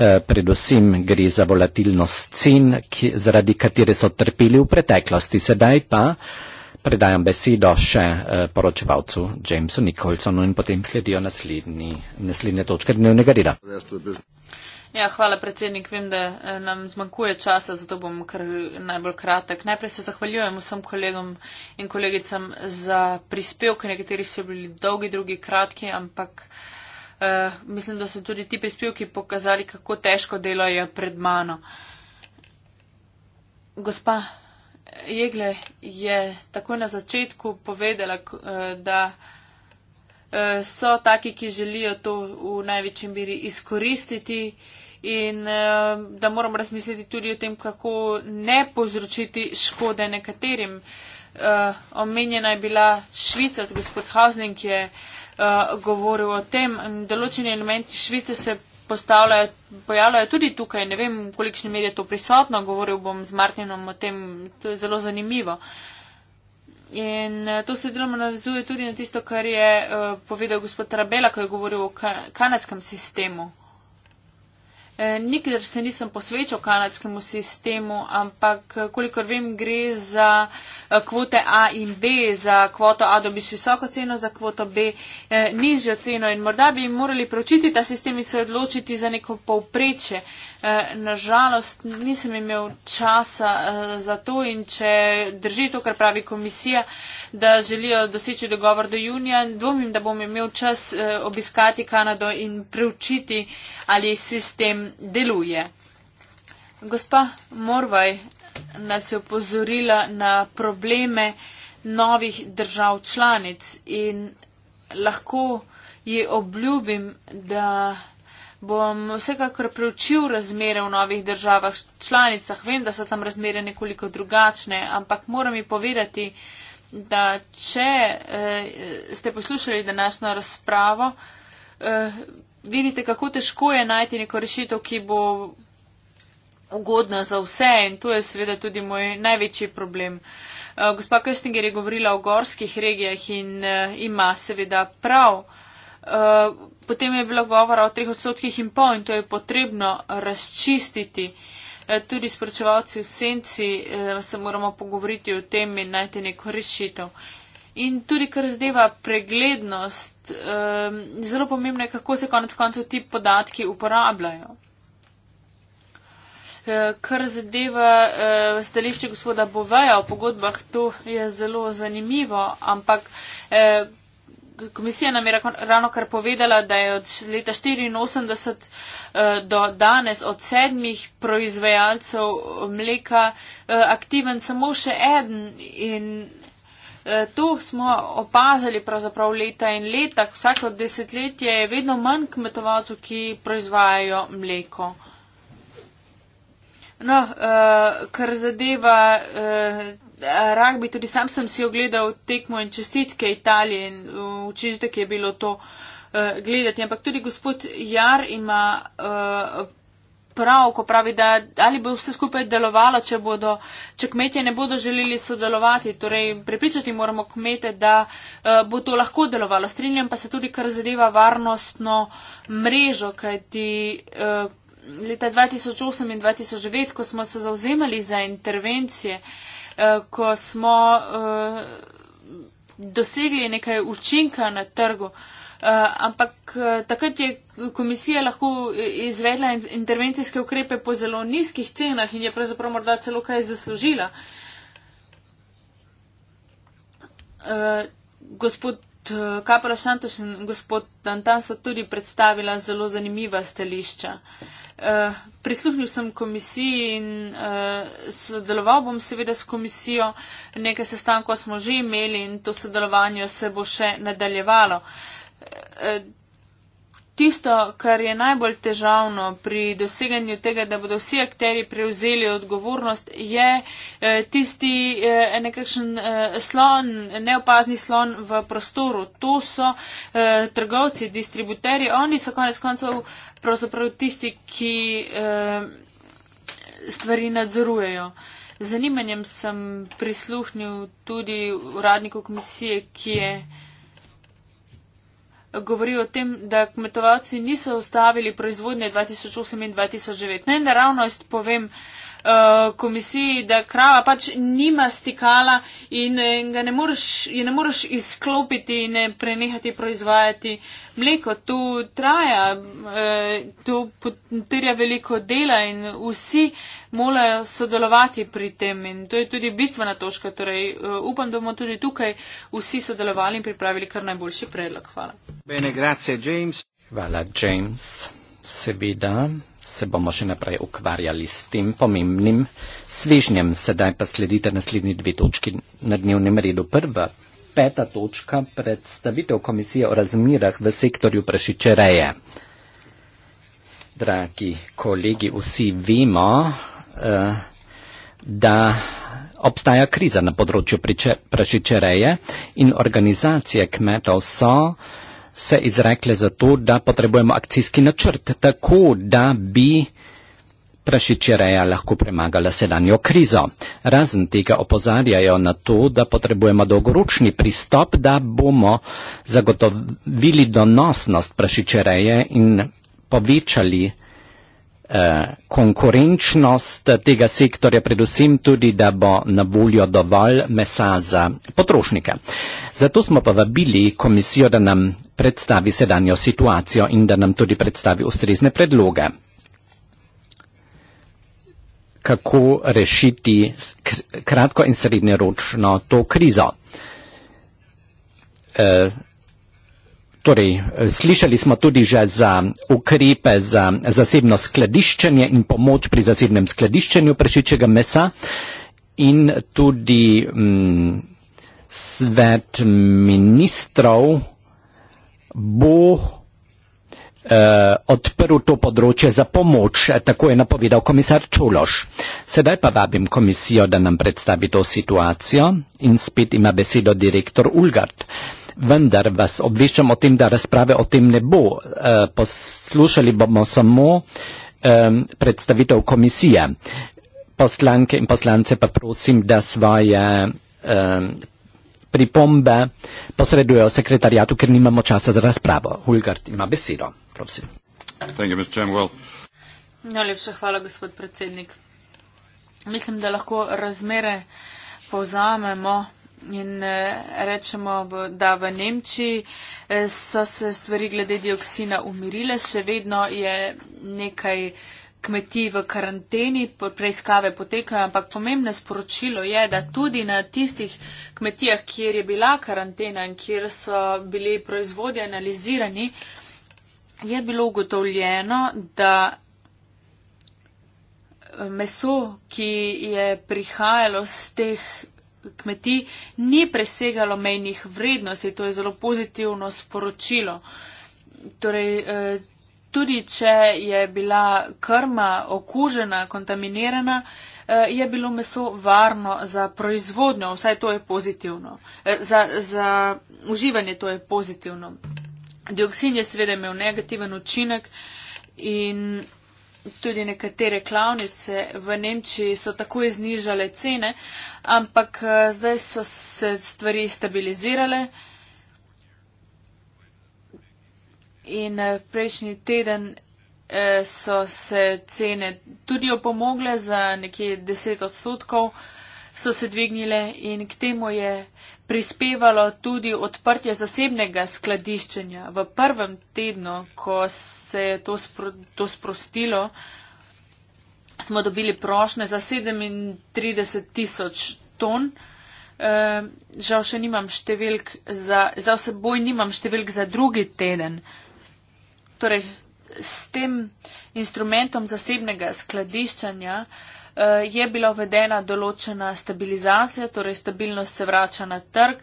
Eh, predvsem gre za volatilnost cen, ki, zaradi katere so trpeli v preteklosti. Sedaj pa predajam besedo še eh, poročevalcu Jamesu Nicholsonu in potem sledijo naslednje točke dnevnega reda. Ja, hvala, predsednik. Vem, da eh, nam zmanjkuje časa, zato bom kar najbolj kratek. Najprej se zahvaljujem vsem kolegom in kolegicam za prispevke. Nekateri so bili dolgi, drugi kratki, ampak uh, mislim, da so tudi ti prispevki pokazali, kako težko delo je pred mano. Gospa Jegle je takoj na začetku povedala, uh, da so taki, ki želijo to v največji meri izkoristiti in eh, da moramo razmisliti tudi o tem, kako ne povzročiti škode nekaterim. Eh, omenjena je bila Švica, gospod Hausling je eh, govoril o tem, določeni elementi Švice se postavljajo, pojavljajo tudi tukaj, ne vem, v kolikšni meri je to prisotno, govoril bom z Martinom o tem, to je zelo zanimivo. Uh, In eh, to se deloma navezuje tudi na tisto, kar je uh, povedal gospod Trabela, ko je govoril o ka kanadskem sistemu. E, nikdar se nisem posvečal kanadskemu sistemu, ampak kolikor vem, gre za kvote A in B, za kvoto A dobiš visoko ceno, za kvoto B e, nižjo ceno in morda bi morali pročiti ta sistem in se odločiti za neko povpreče. Eh, Nažalost, nisem imel časa eh, za to in če drži to, kar pravi komisija, da želijo doseči dogovor do junija, dvomim, da bom imel čas eh, obiskati Kanado in preučiti, ali sistem deluje. Gospa Morvaj nas je opozorila na probleme novih držav članic in lahko ji obljubim, da bom vsekakor preučil razmere v novih državah članicah. Vem, da so tam razmere nekoliko drugačne, ampak moram mi povedati, da če eh, ste poslušali današnjo razpravo, eh, vidite, kako težko je najti neko rešitev, ki bo ugodna za vse in to je seveda tudi moj največji problem. Eh, gospa Köstinger je govorila o gorskih regijah in eh, ima seveda prav. Eh, potem je bilo govora o treh odstotkih in pol in to je potrebno razčistiti. E, tudi spročevalci v senci e, se moramo pogovoriti o tem in najti neko rešitev. In tudi, kar zdeva preglednost, e, zelo pomembno je, kako se konec koncev ti podatki uporabljajo. Kar zadeva stališče gospoda Boveja o pogodbah, to je zelo zanimivo, ampak komisija nam je ravno kar povedala, da je od leta 84 eh, do danes od sedmih proizvajalcev eh, mleka eh, aktiven samo še eden in to smo opazili pravzaprav leta in leta, vsako desetletje je vedno manj kmetovalcev, ki proizvajajo mleko. No, kar zadeva rugby, tudi sam sem si ogledal tekmo in čestitke Italije in uh, učitek je bilo to uh, gledati. Ampak tudi gospod Jar ima uh, prav, ko pravi, da ali bo vse skupaj delovalo, če, bodo, če kmetje ne bodo želeli sodelovati. Torej, prepričati moramo kmete, da uh, bo to lahko delovalo. Strinjam pa se tudi, kar zadeva varnostno mrežo, kajti. Uh, Leta 2008 in 2009, ko smo se zauzemali za intervencije, uh, Eh, ko smo eh, dosegli nekaj učinka na trgu. Eh, ampak takrat je komisija lahko izvedla intervencijske ukrepe po zelo nizkih cenah in je pravzaprav morda celo kaj zaslužila. Gospod Kapra Šantoš in gospod Dantan so tudi predstavila zelo zanimiva stališča. Uh, prisluhnil sem komisiji in uh, sodeloval bom seveda s komisijo. Nekaj sestankov smo že imeli in to sodelovanje se bo še nadaljevalo. Uh, tisto, kar je najbolj težavno pri doseganju tega, da bodo vsi akteri prevzeli odgovornost, je eh, tisti eh, nekakšen eh, slon, neopazni slon v prostoru. To so trgovci, distributeri, oni so konec koncev pravzaprav tisti, ki stvari nadzorujejo. Zanimanjem sem prisluhnil tudi uradniku komisije, ki je govori o tem, da kmetovalci niso ustavili proizvodnje 2008 in 2009. Naj naravnost povem, Eh, komisiji, da krava pač nima stikala in eh, ga ne moreš, ne moreš izklopiti in ne eh, prenehati proizvajati mleko. To traja, to potrja veliko dela in vsi morajo sodelovati pri tem in to je tudi bistvena točka. Torej, upam, da bomo tudi tukaj vsi sodelovali in pripravili kar najboljši predlog. Hvala. Bene, grazie, James. Hvala, James. Seveda se bomo še naprej ukvarjali s tem pomembnim svežnjem. Sedaj pa sledite naslednji dve točki na dnevnem redu. Prva, peta točka, predstavitev komisije o razmirah v sektorju prašičereje. Dragi kolegi, vsi vemo, eh, da obstaja kriza na področju prašičereje in organizacije kmetov so se izrekle za to, da potrebujemo akcijski načrt, tako da bi prašičereja lahko premagala sedanjo krizo. Razen tega opozarjajo na to, da potrebujemo dolgoročni pristop, da bomo zagotovili donosnost prašičereje in povečali eh, konkurenčnost tega sektorja, predvsem tudi, da bo na voljo dovolj mesa za potrošnike. Zato smo povabili komisijo, da nam predstavi sedanjo situacijo in da nam tudi predstavi ustrezne predloge, kako rešiti kratko in srednjeročno to krizo. Eh, Torej, eh, slišali smo tudi že za ukrepe za zasebno skladiščenje in pomoč pri zasebnem skladiščenju prešičega mesa in tudi mm, svet ministrov bo eh, odprl to področje za pomoč, eh, tako je napovedal komisar Čuloš. Sedaj pa vabim komisijo, da nam predstavi to situacijo in spet ima besedo direktor Ulgard vendar vas obveščam o tem, da razprave o tem ne bo. E, poslušali bomo samo e, predstavitev komisije. Poslanke in poslance pa prosim, da svoje e, pripombe posredujejo sekretarijatu, ker nimamo časa za razpravo. Hulgard ima besedo. Prosim. Najlepša hvala, gospod predsednik. Mislim, da lahko razmere povzamemo. In eh, rečemo, da v Nemčiji eh, so se stvari glede dioksina umirile, še vedno je nekaj kmetij v karanteni, preiskave potekajo, ampak pomembno sporočilo je, da tudi na tistih kmetijah, kjer je bila karantena in kjer so bili proizvodje analizirani, je bilo ugotovljeno, da meso, ki je prihajalo z teh kmetij ni presegalo mejnih vrednosti. To je zelo pozitivno sporočilo. Torej, eh, tudi če je bila krma okužena, kontaminirana, eh, je bilo meso varno za proizvodnjo, vsaj to je pozitivno. Eh, za, za uživanje to je pozitivno. Dioksin je seveda imel negativen učinek in tudi nekatere klavnice v Nemčiji so takoj znižale cene, ampak eh, zdaj so se stvari stabilizirale. In eh, prejšnji teden eh, so se cene tudi opomogle za nekje 10 odstotkov so se dvignile in k temu je prispevalo tudi odprtje zasebnega skladiščenja. V prvem tednu, ko se je to, spro, to sprostilo, smo dobili prošnje za 37 tisoč ton. E, žal še nimam številk za, za vseboj, nimam številk za drugi teden. Torej, s tem instrumentom zasebnega skladiščanja. Eh, je bila uvedena določena stabilizacija, torej stabilnost se vrača na trg,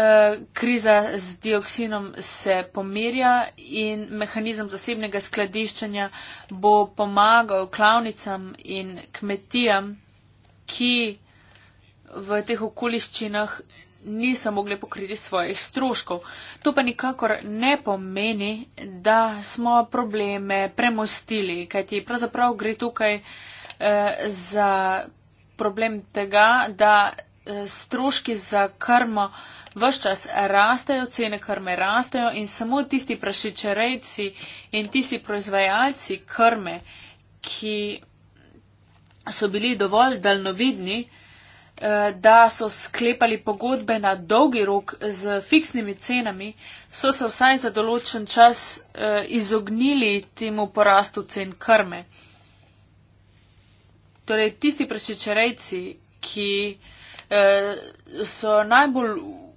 eh, kriza z dioksinom se pomirja in mehanizem zasebnega skladiščanja bo pomagal klavnicam in kmetijam, ki v teh okoliščinah niso mogli pokriti svojih stroškov. To pa nikakor ne pomeni, da smo probleme premostili, kajti pravzaprav gre tukaj uh, Eh, za problem tega, da eh, stroški za krmo vse čas rastejo, cene krme rastejo in samo tisti prašičerejci in tisti proizvajalci krme, ki so bili dovolj daljnovidni, eh, da so sklepali pogodbe na dolgi rok z fiksnimi cenami, so se vsaj za določen čas izognili temu porastu cen krme torej tisti prašičarejci, ki eh, so najbolj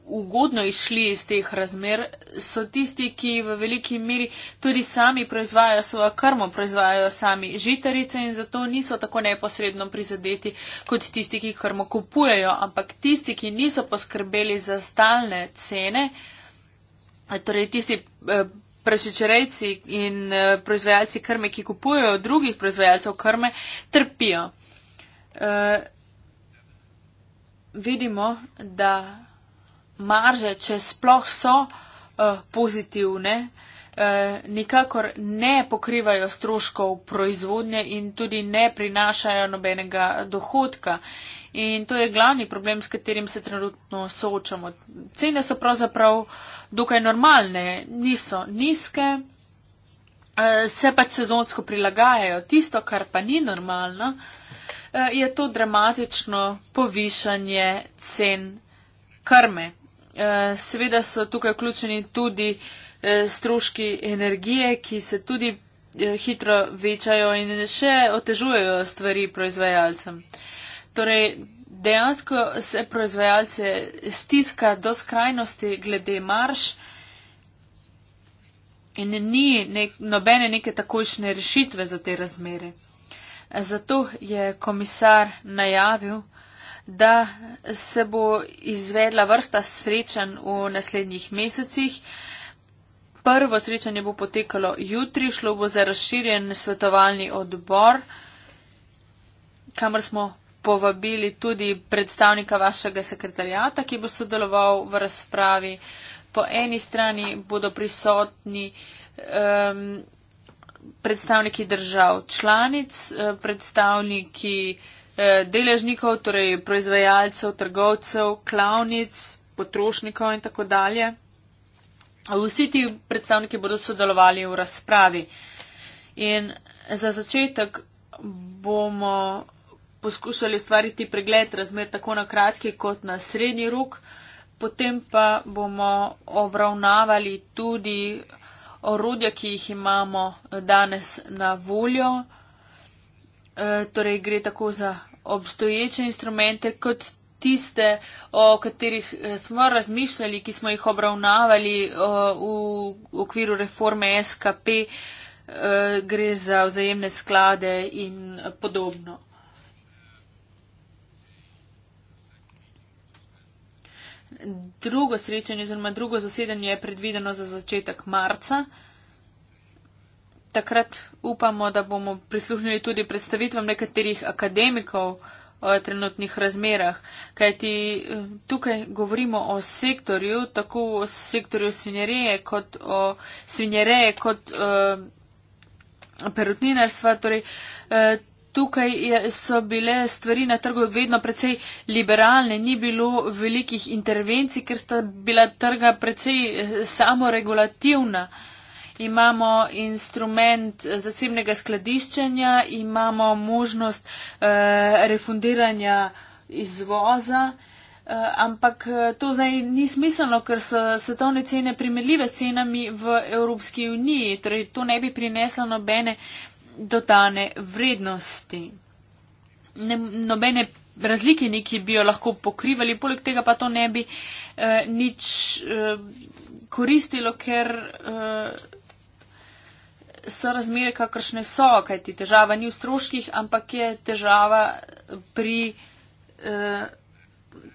ugodno išli iz teh razmer, so tisti, ki v veliki meri tudi sami proizvajajo svojo krmo, proizvajajo sami žitarice in zato niso tako neposredno prizadeti kot tisti, ki krmo kupujejo, ampak tisti, ki niso poskrbeli za stalne cene, torej tisti. Eh, prašičerejci in eh, proizvajalci krme, ki kupujejo od drugih proizvajalcev krme, trpijo. Uh, vidimo, da marže, če sploh so uh, pozitivne, uh, nikakor ne pokrivajo stroškov proizvodnje in tudi ne prinašajo nobenega dohodka. In to je glavni problem, s katerim se trenutno soočamo. Cene so pravzaprav dokaj normalne, niso nizke, eh, se pač sezonsko prilagajajo. Tisto, kar pa ni normalno, eh, je to dramatično povišanje cen krme. Eh, seveda so tukaj vključeni tudi stroški energije, ki se tudi hitro večajo in še otežujejo stvari proizvajalcem. Torej, dejansko se proizvajalce stiska do skrajnosti glede marš in ni nek, nobene neke takočne rešitve za te razmere. Zato je komisar najavil, da se bo izvedla vrsta srečanj v naslednjih mesecih. Prvo srečanje bo potekalo jutri, šlo bo za razširjen svetovalni odbor, kamor smo povabili tudi predstavnika vašega sekretarjata, ki bo sodeloval v razpravi. Po eni strani bodo prisotni um, predstavniki držav članic, eh, predstavniki eh, deležnikov, torej proizvajalcev, trgovcev, klavnic, potrošnikov in tako dalje. Vsi ti predstavniki bodo sodelovali v razpravi. In za začetek bomo poskušali ustvariti pregled razmer tako na kratki kot na srednji rok, potem pa bomo obravnavali tudi orodja, ki jih imamo danes na voljo. E, torej gre tako za obstoječe instrumente kot tiste, o katerih e, smo razmišljali, ki smo jih obravnavali o, v, v okviru reforme SKP, e, gre za vzajemne sklade in podobno. drugo srečanje oziroma drugo zasedanje je predvideno za začetek marca. Takrat upamo, da bomo prisluhnili tudi predstavitvam nekaterih akademikov o trenutnih razmerah, kajti eh, tukaj govorimo o sektorju, tako o sektorju svinjereje kot o svinjereje kot o eh, perutninarstva. Torej, eh, tukaj je, so bile stvari na trgu vedno precej liberalne, ni bilo velikih intervencij, ker sta bila trga precej eh, samoregulativna. Imamo instrument eh, zasebnega skladiščenja, imamo možnost eh, refundiranja izvoza, eh, ampak eh, to zdaj ni smiselno, ker so svetovne cene primerljive s cenami v Evropski uniji, torej to ne bi prineslo nobene dodane vrednosti. Ne, nobene razlike ni, ki bi jo lahko pokrivali, poleg tega pa to ne bi eh, nič eh, koristilo, ker eh, so razmere, kakršne so, kajti težava ni v stroških, ampak je težava pri. Eh,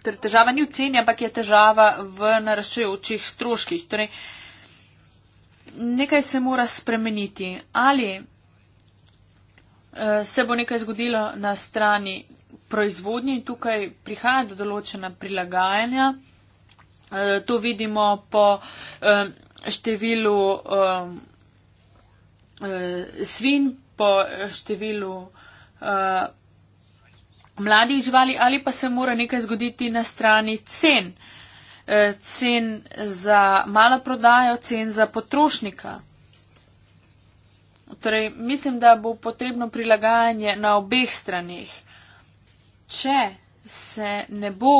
Težava ni v ceni, ampak je težava v naraščajočih stroških. Torej, nekaj se mora spremeniti. Ali Eh, se bo nekaj zgodilo na strani proizvodnje in tukaj prihaja do določena prilagajanja. Eh, to vidimo po eh, številu svin, po številu mladih živali ali pa se mora nekaj zgoditi na strani cen. Cen za malo prodajo, cen za potrošnika. Torej, mislim, da bo potrebno prilagajanje na obeh stranih. Če se ne bo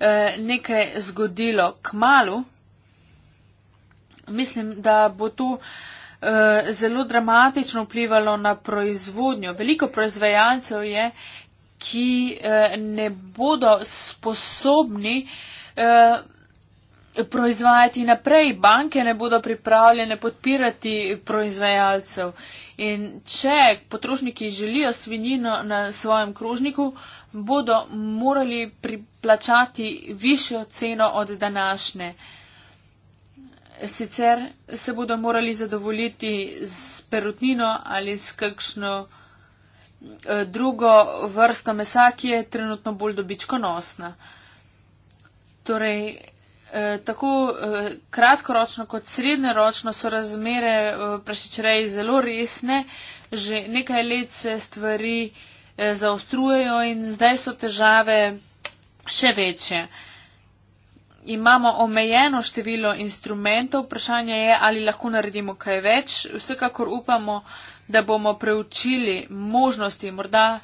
eh, nekaj zgodilo k malu, mislim, da bo to eh, zelo dramatično vplivalo na proizvodnjo. Veliko proizvajalcev je, ki eh, ne bodo sposobni eh, proizvajati naprej, banke ne bodo pripravljene podpirati proizvajalcev. In če potrošniki želijo svinjino na svojem krožniku, bodo morali priplačati višjo ceno od današnje. Sicer se bodo morali zadovoljiti z perutnino ali s kakšno eh, drugo vrsto mesa, ki je trenutno bolj dobičkonosna. Torej, eh, tako eh, kratkoročno kot srednjeročno so razmere v eh, prašičereji zelo resne. Že nekaj let se stvari eh, zaostrujejo in zdaj so težave še večje. Imamo omejeno število instrumentov, vprašanje je, ali lahko naredimo kaj več. Vsekakor upamo, da bomo preučili možnosti, morda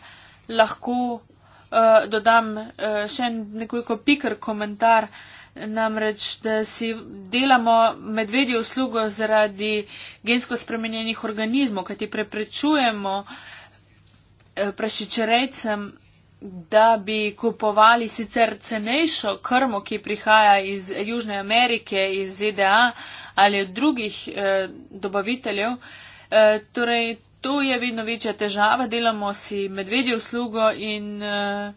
lahko uh, dodam uh, še nekoliko pikr komentar. Uh, namreč, da si delamo medvedje uslugo zaradi gensko spremenjenih organizmov, kaj ti preprečujemo eh, prašičerejcem, da bi kupovali sicer cenejšo krmo, ki prihaja iz Južne Amerike, iz ZDA ali od drugih eh, dobaviteljev. Eh, torej, to je vedno večja težava, delamo si medvedje uslugo in. Eh,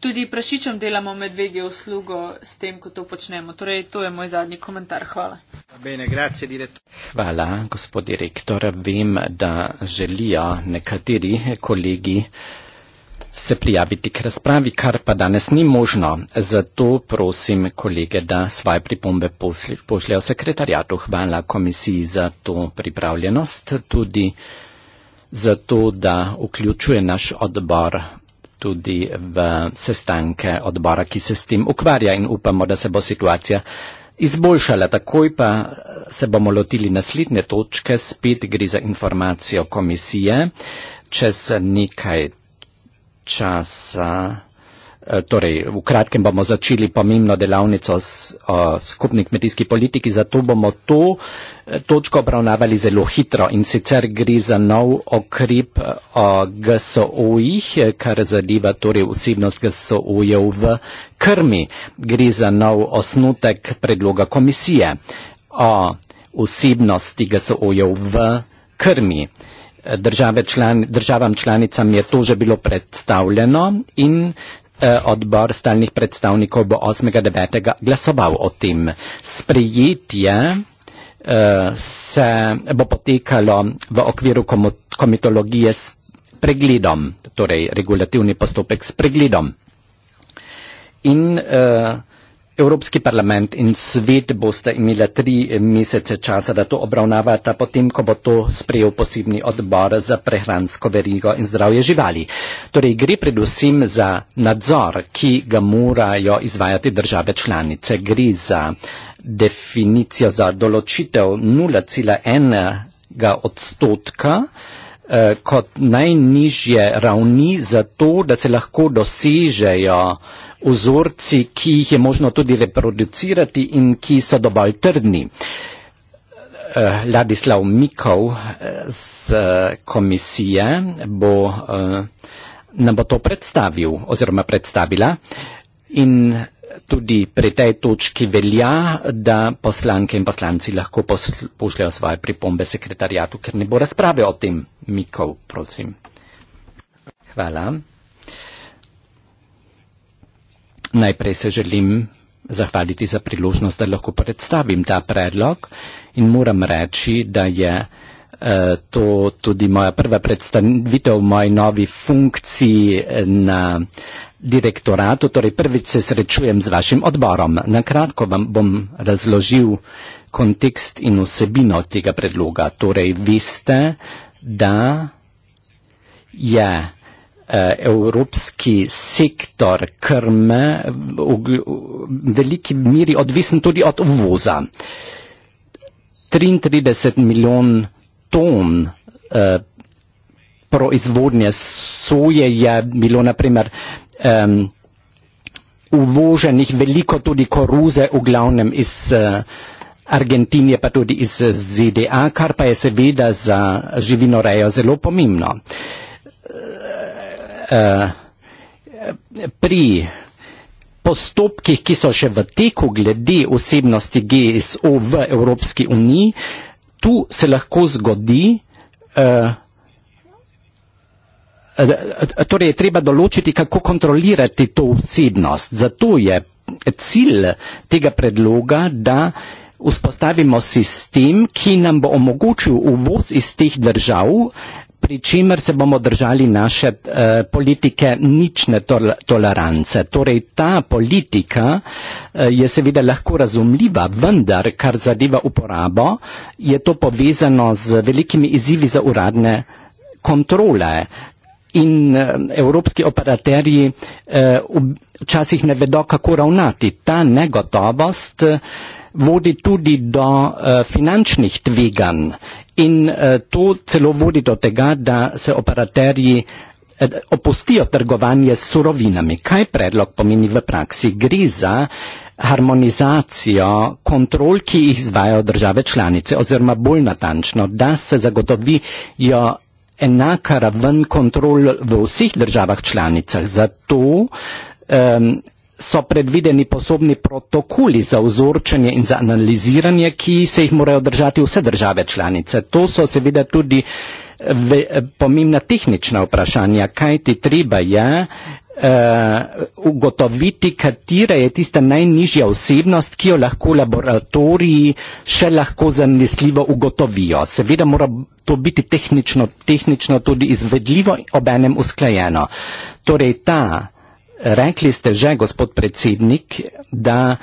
Tudi prašičem delamo medvedje uslugo s tem, ko to počnemo. Torej, to je moj zadnji komentar. Hvala. Bene, grazie, Hvala, gospod direktor. Vem, da želijo nekateri kolegi se prijaviti k razpravi, kar pa danes ni možno. Zato prosim kolege, da svoje pripombe pošljajo sekretarjatu. Hvala komisiji za to pripravljenost, tudi zato, da vključuje naš odbor tudi v sestanke odbora, ki se s tem ukvarja in upamo, da se bo situacija izboljšala. Takoj pa eh, se bomo lotili naslednje točke, spet gre za informacijo komisije. Čez nekaj časa. Eh, torej, v kratkem bomo začeli pomembno delavnico s, o skupni kmetijski politiki, zato bomo to eh, točko obravnavali zelo hitro in sicer gre za nov okrep eh, o GSO-jih, kar zadeva torej vsebnost GSO-jev v krmi. Gre za nov osnutek predloga komisije o vsebnosti GSO-jev v krmi. Član, državam članicam je to že bilo predstavljeno in Eh, odbor stalnih predstavnikov bo 8.9. glasoval o tem. Sprijetje eh, se bo potekalo v okviru komitologije s pregledom, torej regulativni postopek s pregledom. In uh, Evropski parlament in svet boste imeli tri mesece časa, da to obravnavata, potem, ko bo to sprejel posebni odbor za prehransko verigo in zdravje živali. Torej, gre predvsem za nadzor, ki ga morajo izvajati države članice. Gre za definicijo, za določitev 0,1 odstotka eh, kot najnižje ravni za to, da se lahko dosežejo eh, vzorci, ki jih je možno tudi reproducirati in ki so dovolj trdni. Eh, Ladislav Mikov eh, z komisije bo, eh, nam bo to predstavil oziroma predstavila in tudi pri tej točki velja, da poslanke in poslanci lahko pošljajo svoje pripombe sekretarjatu, ker ne bo razprave o tem. Mikov, prosim. Hvala. Najprej se želim zahvaliti za priložnost, da lahko predstavim ta predlog in moram reči, da je eh, to tudi moja prva predstavitev v moji novi funkciji eh, na direktoratu, torej prvič se srečujem z vašim odborom. Nakratko vam bom razložil kontekst in vsebino tega predloga. Torej, veste, da je Eh, evropski sektor krme v veliki meri odvisen tudi od uvoza. 33 milijon ton eh, proizvodnje soje je bilo naprimer um, uvoženih veliko tudi koruze, v glavnem iz uh, Argentinije, pa tudi iz ZDA, kar pa je seveda za živino rejo zelo pomembno. Eh, pri postopkih, ki so še v teku glede osebnosti GSO v Evropski uniji, tu se lahko zgodi, eh, torej je treba določiti, kako kontrolirati to osebnost. Zato je cilj tega predloga, da vzpostavimo sistem, ki nam bo omogočil uvoz iz teh držav pri čemer se bomo držali naše uh, politike nične tol tolerance. Torej, ta politika uh, je seveda lahko razumljiva, vendar, kar zadeva uporabo, je to povezano z velikimi izzivi za uradne kontrole. In uh, evropski operaterji uh, včasih ne vedo, kako ravnati. Ta negotovost. Uh, vodi tudi do uh, finančnih tveganj in uh, to celo vodi do tega, da se operaterji uh, opustijo trgovanje s surovinami. Kaj predlog pomeni v praksi? Gre za harmonizacijo kontrol, ki jih izvajo države članice oziroma bolj natančno, da se zagotovijo enaka raven kontrol v vseh državah članicah. Zato um, so predvideni posobni protokoli za vzorčenje in za analiziranje, ki se jih morajo držati vse države članice. To so seveda tudi ve, pomembna tehnična vprašanja, kaj ti treba je uh, ugotoviti, katera je tista najnižja osebnost, ki jo lahko laboratoriji še lahko zanesljivo ugotovijo. Seveda mora to biti tehnično, tehnično tudi izvedljivo, obenem usklajeno. Torej ta Rekli ste že, gospod predsednik, da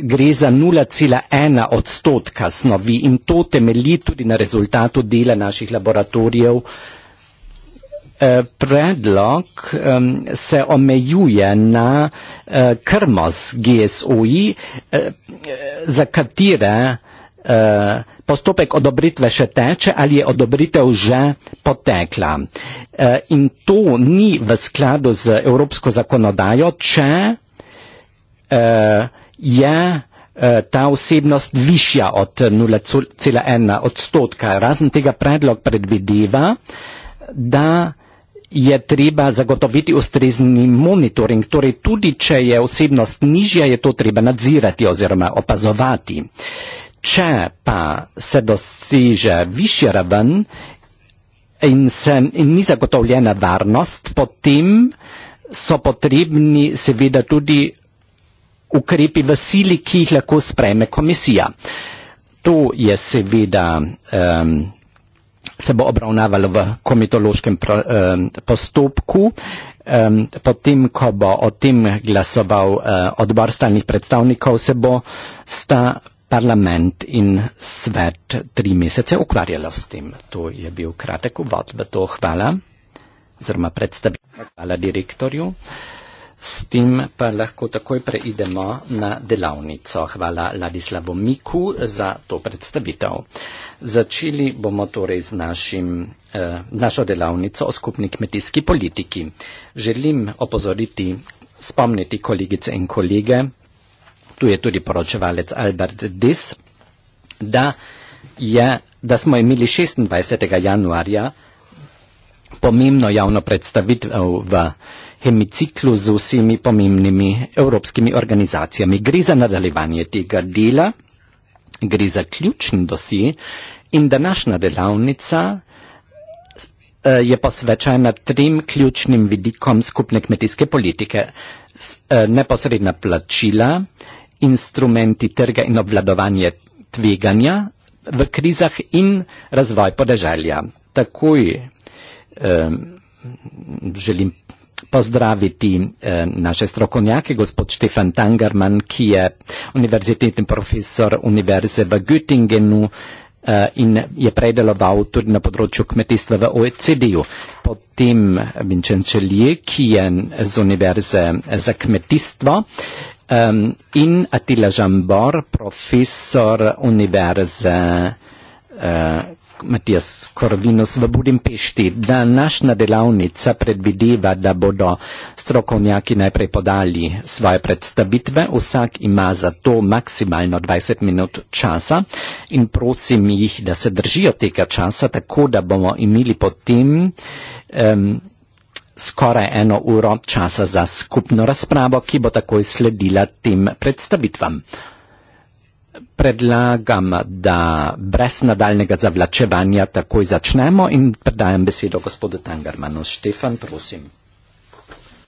gre za 0,1 odstotka snovi in to temelji tudi na rezultatu dela naših laboratorijev. E, predlog se omejuje na e, krmos GSOI, e, za katere postopek odobritve še teče ali je odobritev že potekla. E, in to ni v skladu z evropsko zakonodajo, če e, je e, ta osebnost višja od 0,1 odstotka. Razen tega predlog predvideva, da je treba zagotoviti ustrezni monitoring, torej tudi če je osebnost nižja, je to treba nadzirati oziroma opazovati. Če pa se dosiže višji raven in, se, in ni zagotovljena varnost, potem so potrebni seveda tudi ukrepi v sili, ki jih lahko sprejme komisija. To je seveda, um, se bo obravnavalo v komitološkem pro, um, postopku, um, potem, ko bo o tem glasoval uh, odbor stalnih predstavnikov, se bo sta parlament in svet tri mesece ukvarjala s tem. To je bil kratek uvod v to. Hvala, oziroma predstavitev. Hvala direktorju. S tem pa lahko takoj preidemo na delavnico. Hvala Ladislavu Miku za to predstavitev. Začeli bomo torej z našim, eh, našo delavnico o skupni kmetijski politiki. Želim opozoriti, spomniti kolegice in kolege, tu je tudi poročevalec Albert Dis, da, je, da smo imeli 26. januarja pomembno javno predstavitev v hemiciklu z vsemi pomembnimi evropskimi organizacijami. Gre za nadaljevanje tega dela, gre za ključni dosje in današnja delavnica eh, je posvečena trim ključnim vidikom skupne kmetijske politike. Eh, neposredna plačila, instrumenti trga in obvladovanje tveganja v krizah in razvoj podeželja. Takoj eh, želim pozdraviti eh, naše strokovnjake, gospod Štefan Tangerman, ki je univerzitetni profesor univerze v Göttingenu eh, in je predeloval tudi na področju kmetijstva v OECD-ju. Potem Vincent Čelije, ki je z univerze eh, za kmetijstvo. Eh, Um, in Attila Jambor, professor Univerze uh, eh, Matijas Korvinus v Budimpešti, da naša delavnica predvideva, da bodo strokovnjaki najprej podali svoje predstavitve, vsak ima za to maksimalno 20 minut časa in prosim jih, da se držijo tega časa, tako da bomo imeli potem um, skoraj eno uro časa za skupno razpravo, ki bo takoj sledila tem predstavitvam. Predlagam, da brez nadaljnega zavlačevanja takoj začnemo in predajam besedo gospodu Tangermanu. Štefan, prosim.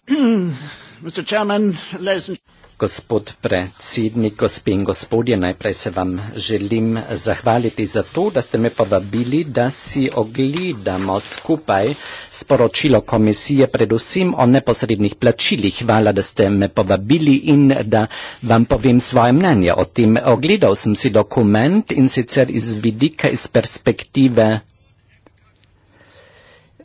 <clears throat> Gospod predsednik, gospe in gospodje, najprej se vam želim zahvaliti za to, da ste me povabili, da si ogledamo skupaj sporočilo komisije, predvsem o neposrednih plačilih. Hvala, da ste me povabili in da vam povem svoje mnenje o tem. Ogledal sem si dokument in sicer iz vidika, iz perspektive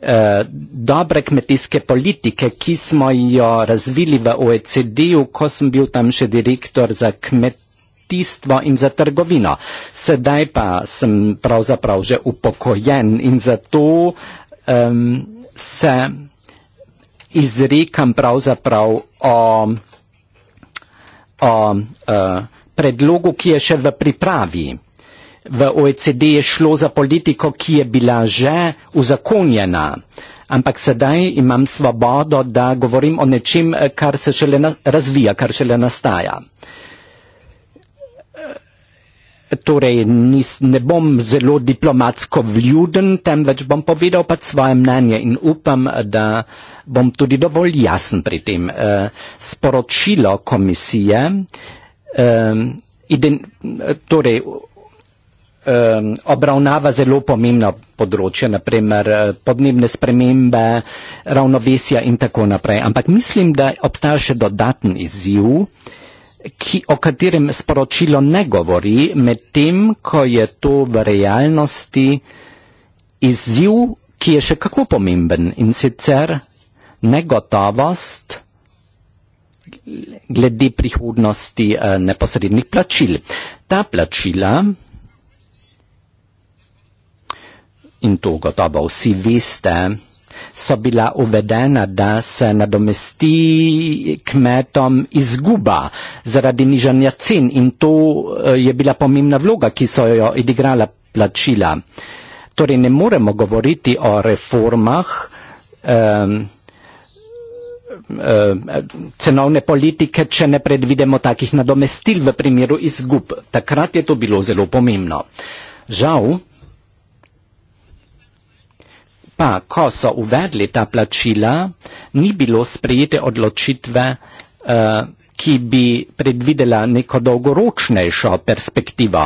Eh, dobre kmetijske politike, ki smo jo razvili v OECD-u, ko sem bil tam še direktor za kmetijstvo in za trgovino. Sedaj pa sem pravzaprav že upokojen in zato um, se izrekam pravzaprav o, o uh, predlogu, ki je še v pripravi v OECD je šlo za politiko, ki je bila že uzakonjena. Ampak sedaj imam svobodo, da govorim o nečem, kar se šele razvija, kar šele nastaja. Torej, nis, ne bom zelo diplomatsko vljuden, temveč bom povedal pa svoje mnenje in upam, da bom tudi dovolj jasen pri tem. Eh, sporočilo komisije, eh, torej, um, obravnava zelo pomembno področje, naprimer eh, podnebne spremembe, ravnovesja in tako naprej. Ampak mislim, da obstaja še dodaten izziv, ki, o katerem sporočilo ne govori, medtem ko je to v realnosti izziv, ki je še kako pomemben in sicer negotovost glede prihodnosti eh, neposrednih plačil. Ta plačila in to gotovo vsi veste, so bila uvedena, da se nadomesti kmetom izguba zaradi nižanja cen in to eh, je bila pomembna vloga, ki so jo odigrala plačila. Torej ne moremo govoriti o reformah cenovne politike, če ne predvidemo takih nadomestil v primeru izgub. Takrat je to bilo zelo pomembno. Žal, pa, ko so uvedli ta plačila, ni bilo sprejete odločitve, uh, ki bi predvidela neko dolgoročnejšo perspektivo,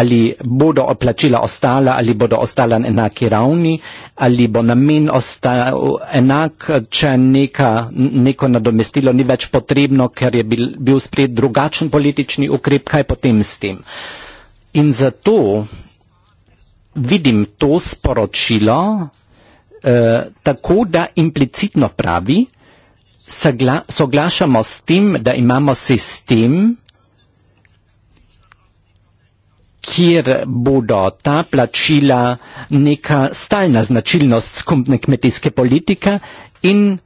ali bodo plačila ostala, ali bodo ostala na enaki ravni, ali bo namen ostal enak, če neka, neko nadomestilo ni več potrebno, ker je bil, bil sprejet drugačen politični ukrep, kaj potem s tem. In zato vidim to sporočilo Eh, tako da implicitno pravi, soglašamo s tem, da imamo sistem, kjer bodo ta plačila neka stalna značilnost skupne kmetijske politike in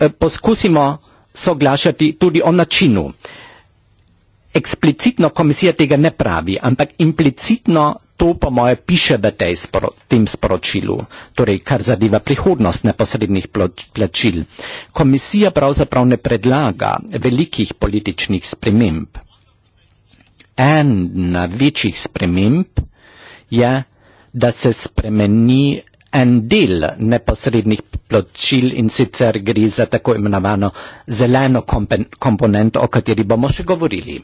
eh, poskusimo soglašati tudi o načinu. Eksplicitno komisija tega ne pravi, ampak implicitno to pa moje piše v spro, tem sporočilu, torej kar zadeva prihodnost neposrednih plačil. Komisija pravzaprav ne predlaga velikih političnih sprememb. Ena večjih sprememb je, da se spremeni en del neposrednih plačil in sicer gre za tako imenovano zeleno komponento, o kateri bomo še govorili.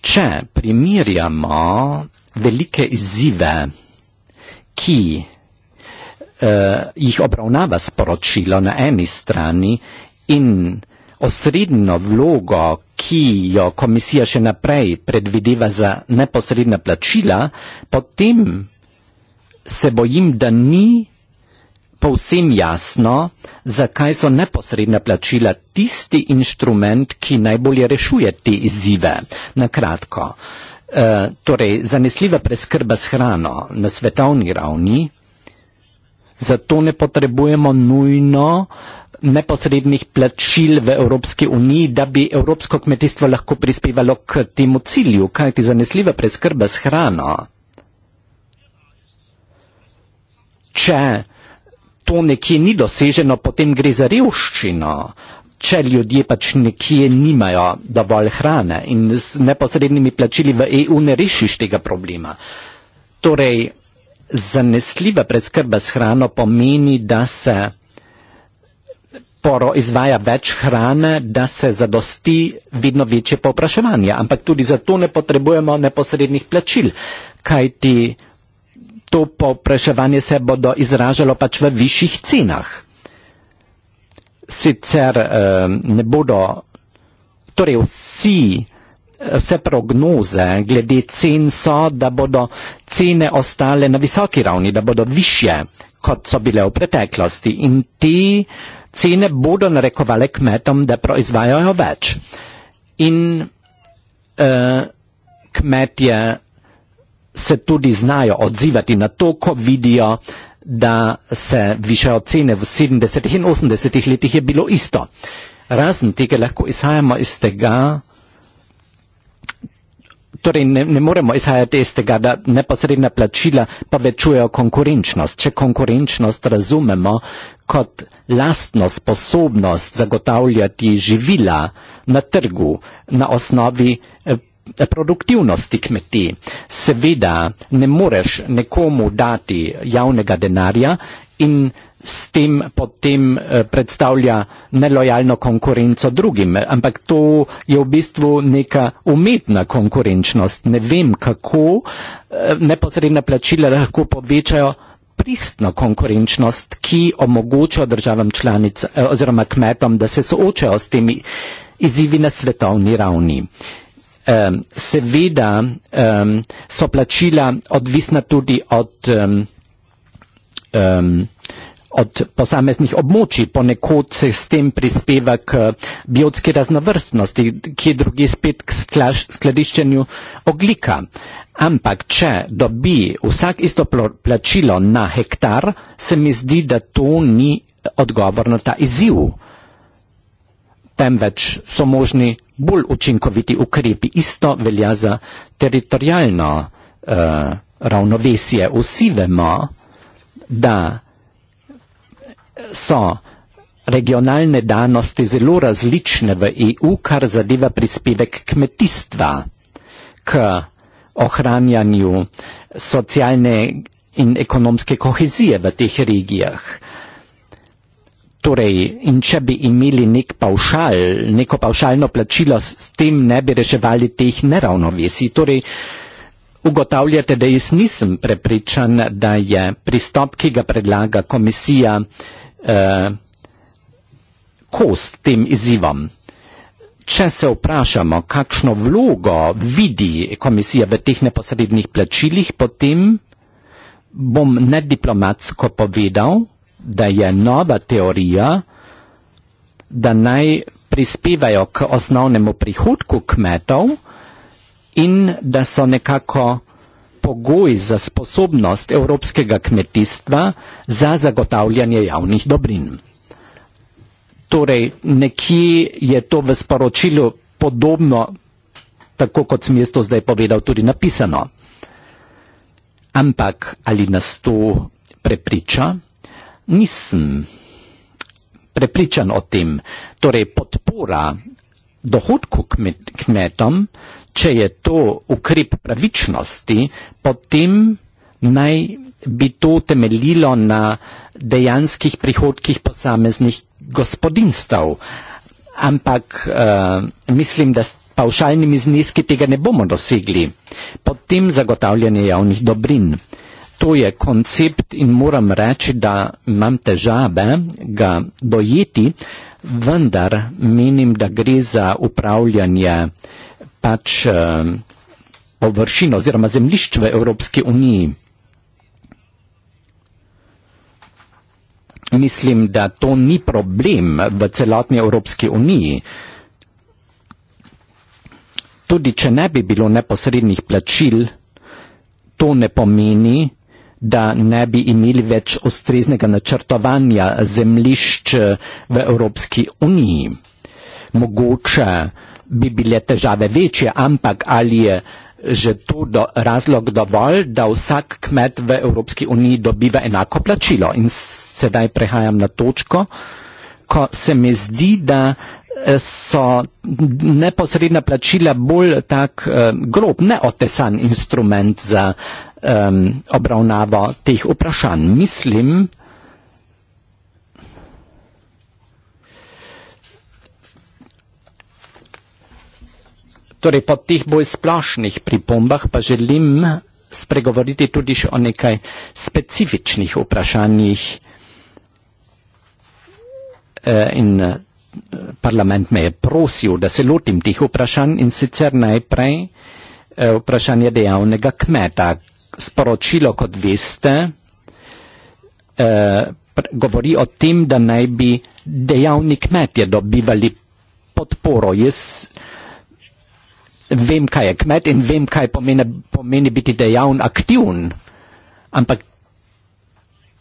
Če primerjamo velike izzive, ki uh, jih obravnava sporočilo na eni strani in osrednjo vlogo, ki jo komisija še naprej predvideva za neposredna plačila, potem se bojim, da ni povsem jasno, zakaj so neposredna plačila tisti inštrument, ki najbolje rešuje te izzive. Na kratko, uh, Eh, torej zanesljiva preskrba s hrano na svetovni ravni, zato ne potrebujemo nujno neposrednih plačil v Evropski uniji, da bi evropsko kmetijstvo lahko prispevalo k temu cilju, kajti zanesljiva preskrba s hrano, če to nekje ni doseženo, potem gre za revščino, uh, če ljudje pač nekje nimajo dovolj hrane in s neposrednimi plačili v EU ne rešiš tega problema. Torej, zanesljiva preskrba s hrano pomeni, da se poro izvaja več hrane, da se zadosti vedno večje povpraševanje. Ampak tudi zato ne potrebujemo neposrednih plačil, kajti to povpraševanje se bodo izražalo pač v višjih cenah sicer eh, ne bodo, torej vsi, vse prognoze glede cen so, da bodo cene ostale na visoki ravni, da bodo više, kot so bile v preteklosti. In te cene bodo narekovale kmetom, da proizvajajo več. In eh, kmetje se tudi znajo odzivati na to, ko vidijo, da se višajo cene v 70. in 80. letih, je bilo isto. Razen tega lahko izhajamo iz tega, torej ne, ne moremo izhajati iz tega, da neposredna plačila povečujejo konkurenčnost. Če konkurenčnost razumemo kot lastno sposobnost zagotavljati živila na trgu na osnovi eh, produktivnosti kmetij. Seveda ne moreš nekomu dati javnega denarja in s tem potem eh, predstavlja nelojalno konkurenco drugim, ampak to je v bistvu neka umetna konkurenčnost. Ne vem, kako eh, neposredna plačila lahko povečajo pristno konkurenčnost, ki omogoča državam članic eh, oziroma kmetom, da se soočajo s temi izzivi na svetovni ravni um, seveda um, so plačila odvisna tudi od, um, um, od posameznih območij, ponekod se s tem prispeva k biotski raznovrstnosti, ki je drugi spet k skladiščenju oglika. Ampak, če dobi vsak isto plačilo na hektar, se mi zdi, da to ni odgovor na ta izziv. Temveč so možni bolj učinkoviti ukrepi. Isto velja za teritorijalno uh, ravnovesje. Vsi vemo, da so regionalne danosti zelo različne v EU, kar zadeva prispevek kmetijstva k ohranjanju socialne in ekonomske kohezije v teh regijah. Uh, Torej, in če bi imeli nek paušal, neko paušalno plačilo, s tem ne bi reševali teh neravnovesij. Torej, ugotavljate, da jaz nisem prepričan, da je pristop, ki ga predlaga komisija, eh, kost tem izzivom. Če se vprašamo, kakšno vlogo vidi komisija v teh neposrednih plačilih, potem bom nediplomatsko povedal, da je nova teorija, da naj prispevajo k osnovnemu prihodku kmetov in da so nekako pogoj za sposobnost evropskega kmetijstva za zagotavljanje javnih dobrin. Torej, nekje je to v sporočilu podobno, tako kot sem jaz to zdaj povedal, tudi napisano. Ampak ali nas to prepriča? nisem prepričan o tem. Torej, podpora dohodku kmetom, če je to ukrep pravičnosti, potem naj bi to temeljilo na dejanskih prihodkih posameznih gospodinstv. Ampak uh, mislim, da s pavšalnimi zneski tega ne bomo dosegli. Potem zagotavljanje javnih dobrin to je koncept in moram reči, da imam težave ga dojeti, vendar menim, da gre za upravljanje pač eh, površino oziroma zemljišč v Evropski uniji. Mislim, da to ni problem v celotni Evropski uniji. Tudi, če ne bi bilo neposrednih plačil, to ne pomeni, da ne bi imeli več ustreznega načrtovanja zemlišč v Evropski uniji. Mogoče bi bile težave večje, ampak ali je že to do, razlog dovolj, da vsak kmet v Evropski uniji dobiva enako plačilo. In sedaj prehajam na točko, ko se mi zdi, da eh, so neposredna plačila bolj tak eh, grob, neotesan instrument za uh, um, obravnava teh vprašanj. Mislim, torej po teh bolj splošnih pripombah pa želim spregovoriti tudi o nekaj specifičnih vprašanjih eh, in eh, parlament me je prosil, da se lotim teh vprašanj in sicer najprej eh, vprašanje dejavnega kmeta, sporočilo, kot veste, eh, govori o tem, da naj bi dejavni kmetje dobivali podporo. Jaz vem, kaj je kmet in vem, kaj pomeni, pomeni biti dejavn aktivn, ampak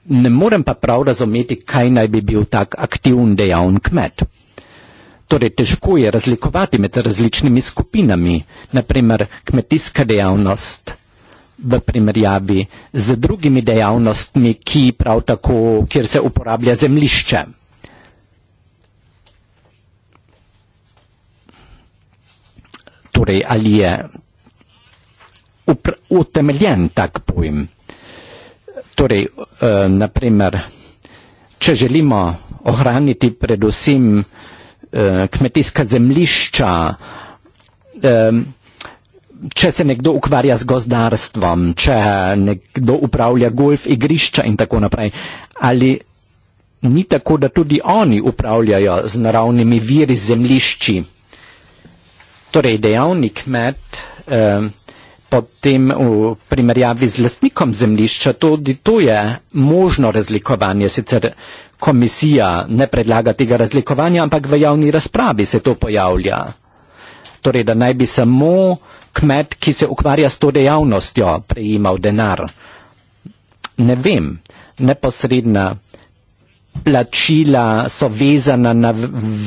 ne morem pa prav razumeti, kaj naj bi bil tak aktivn dejavn kmet. Torej, težko je razlikovati med različnimi skupinami. Naprimer, kmetijska dejavnost v primerjavi z drugimi dejavnostmi, ki prav tako, kjer se uporablja zemlišče. Torej, ali je utemeljen tak pojem? Torej, eh, naprimer, če želimo ohraniti predvsem eh, kmetijska zemlišča, eh, če se nekdo ukvarja z gozdarstvom, če nekdo upravlja golf igrišča in tako naprej. Ali ni tako, da tudi oni upravljajo z naravnimi viri zemlišči? Torej, dejavnik med eh, potem v primerjavi z lastnikom zemlišča, tudi to je možno razlikovanje, sicer komisija ne predlaga tega razlikovanja, ampak v javni razpravi se to pojavlja torej da naj bi samo kmet, ki se ukvarja s to dejavnostjo, prejemal denar. Ne vem, neposredna plačila so vezana na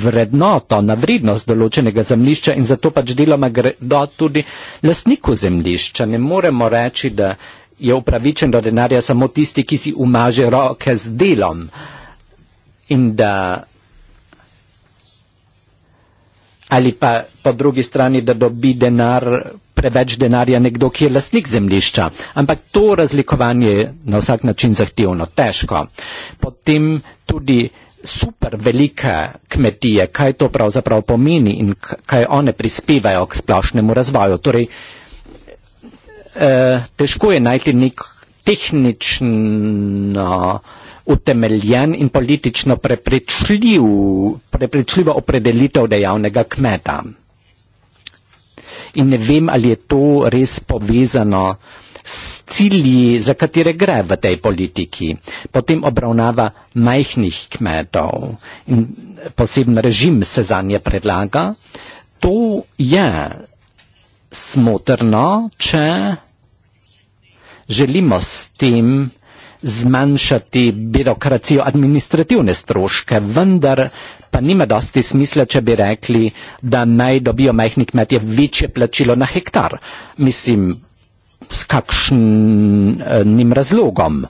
vrednoto, na vrednost določenega zemlišča in zato pač deloma gredo tudi lastniku zemlišča. Ne moremo reči, da je upravičen do denarja samo tisti, ki si umaže roke z delom in da ali pa po drugi strani, da dobi denar, preveč denarja nekdo, ki je lasnik zemlišča. Ampak to razlikovanje je na vsak način zahtevno, težko. Potem tudi super velike kmetije, kaj to pravzaprav pomeni in kaj one prispevajo k splošnemu razvoju. Torej, eh, težko je najti nek tehnično utemeljen in politično prepričljiv, prepričljivo opredelitev dejavnega kmeta. In ne vem, ali je to res povezano s cilji, za katere gre v tej politiki. Potem obravnava majhnih kmetov in poseben režim se za nje predlaga. To je smotrno, če želimo s tem zmanjšati birokracijo, administrativne stroške, vendar pa nima dosti smisla, če bi rekli, da naj dobijo majhni kmetje večje plačilo na hektar. Mislim, s kakšnim eh, razlogom.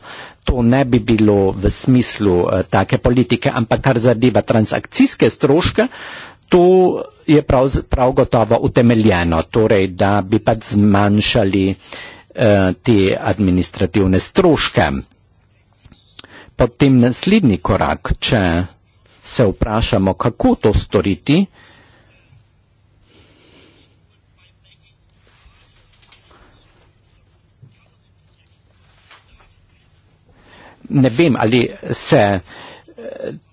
To ne bi bilo v smislu eh, take politike, ampak kar zadeva transakcijske stroške, to je prav, prav gotovo utemeljeno. Torej, da bi pač zmanjšali eh, te administrativne stroške. Potem naslednji korak, če se vprašamo, kako to storiti, ne vem, ali se eh,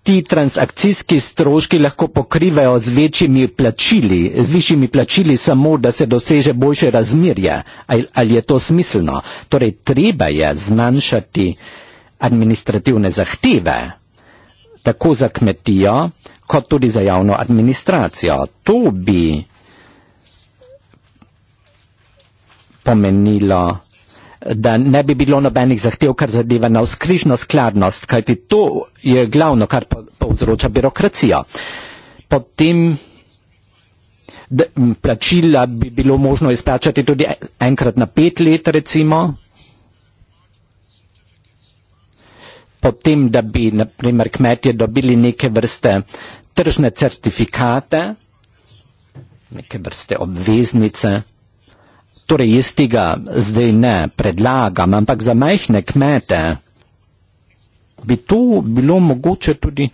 ti transakcijski stroški lahko pokrivajo z večjimi plačili, z višjimi plačili samo, da se doseže boljše razmerje, ali, ali je to smiselno. Torej, treba je zmanjšati uh, administrativne zahteve, tako za kmetijo, kot tudi za javno administracijo. To bi pomenilo, da ne bi bilo nobenih zahtev, kar zadeva na vzkrižno skladnost, kajti to je glavno, kar povzroča birokracijo. Potem plačila bi bilo možno izplačati tudi e-, enkrat na pet let, recimo. potem, da bi naprimer kmetje dobili neke vrste tržne certifikate, neke vrste obveznice. Torej, jaz tega zdaj ne predlagam, ampak za majhne kmete bi to bilo mogoče tudi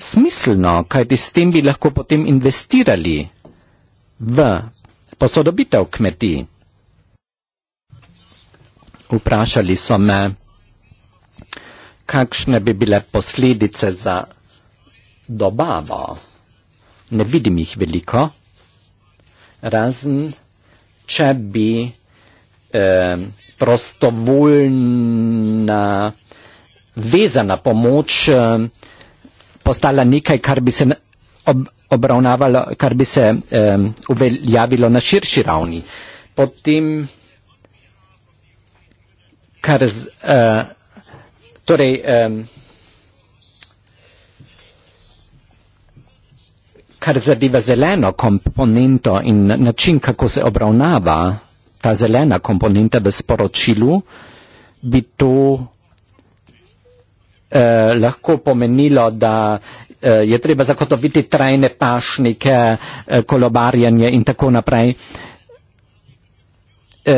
smiselno, kajti s tem bi lahko potem investirali v posodobitev kmetij. Vprašali so me, kakšne bi bile posledice za dobavo. Ne vidim jih veliko, razen če bi eh, prostovoljna vezana pomoč eh, postala nekaj, kar bi se ob, obravnavalo, kar bi se eh, uveljavilo na širši ravni. Potem, kar z, eh, Torej, um, kar zadeva zeleno komponento in način, kako se obravnava ta zelena komponenta v sporočilu, bi to uh, lahko pomenilo, da eh, je treba zagotoviti trajne pašnike, eh, kolobarjanje in tako naprej. E,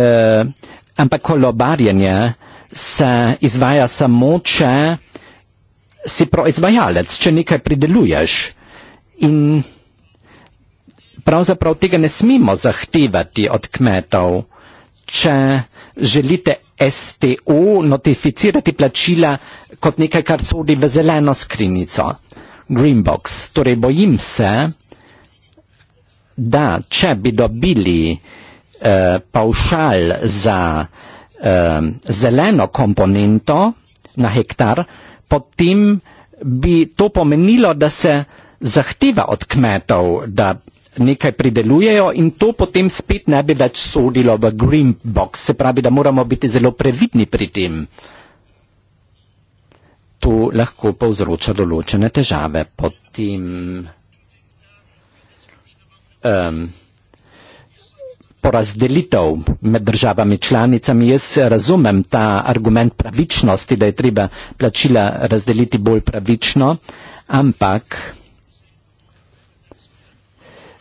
ampak kolobarjanje se izvaja samo, če si proizvajalec, če nekaj prideluješ. In pravzaprav tega ne smemo zahtevati od kmetov, če želite STO notificirati plačila kot nekaj, kar sodi v zeleno skrinico. Greenbox. Torej bojim se, da če bi dobili eh, paušal za eh, eh, zeleno komponento na hektar, potem bi to pomenilo, da se zahteva od kmetov, da nekaj pridelujejo in to potem spet ne bi več sodilo v green box, se pravi, da moramo biti zelo previdni pri tem. To lahko povzroča določene težave. Potem, um, porazdelitev med državami članicami. Jaz razumem ta argument pravičnosti, da je treba plačila razdeliti bolj pravično, ampak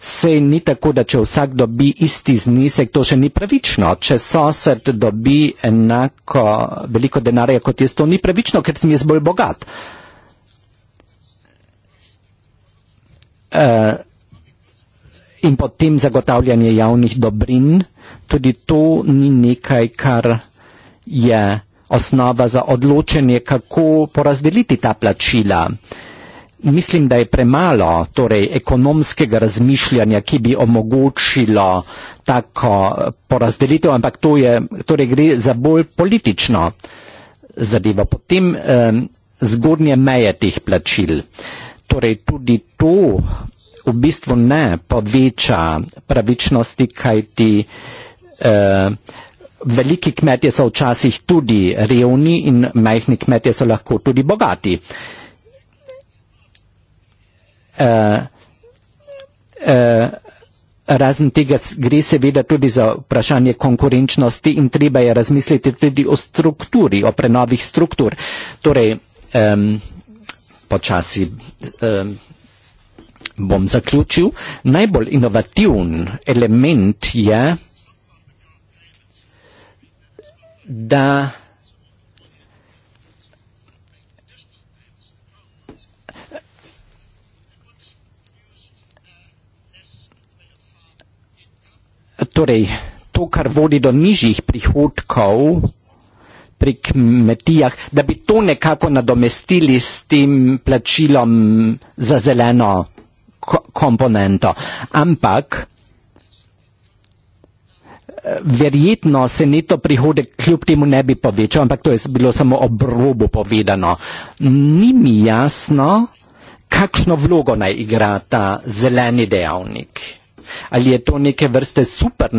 se ni tako, da če vsak dobi isti znesek, to še ni pravično. Če sosed dobi enako veliko denarja kot jaz, to ni pravično, ker sem jaz bolj bogat. Uh, in potem zagotavljanje javnih dobrin, tudi to ni nekaj, kar je osnova za odločenje, kako porazdeliti ta plačila. Mislim, da je premalo torej, ekonomskega razmišljanja, ki bi omogočilo tako eh, porazdelitev, ampak to je, torej, gre za bolj politično zadevo. Potem eh, zgornje meje teh plačil. Torej, tudi to v bistvu ne poveča pravičnosti, kaj ti eh, veliki kmetje so včasih tudi revni in majhni kmetje so lahko tudi bogati. Eh, eh, Razen tega gre seveda tudi za vprašanje konkurenčnosti in treba je razmisliti tudi o strukturi, o prenovih struktur. Torej, um, počasi. Um bom zaključil, najbolj inovativen element je, da torej, to, kar vodi do nižjih prihodkov, pri kmetijah, da bi to nekako nadomestili s tem plačilom za zeleno komponento. Ampak eh, verjetno se neto prihodek kljub temu ne bi povečal, ampak to je bilo samo obrobo povedano. Ni mi jasno, kakšno vlogo naj igra ta zeleni dejavnik. Ali je to neke vrste super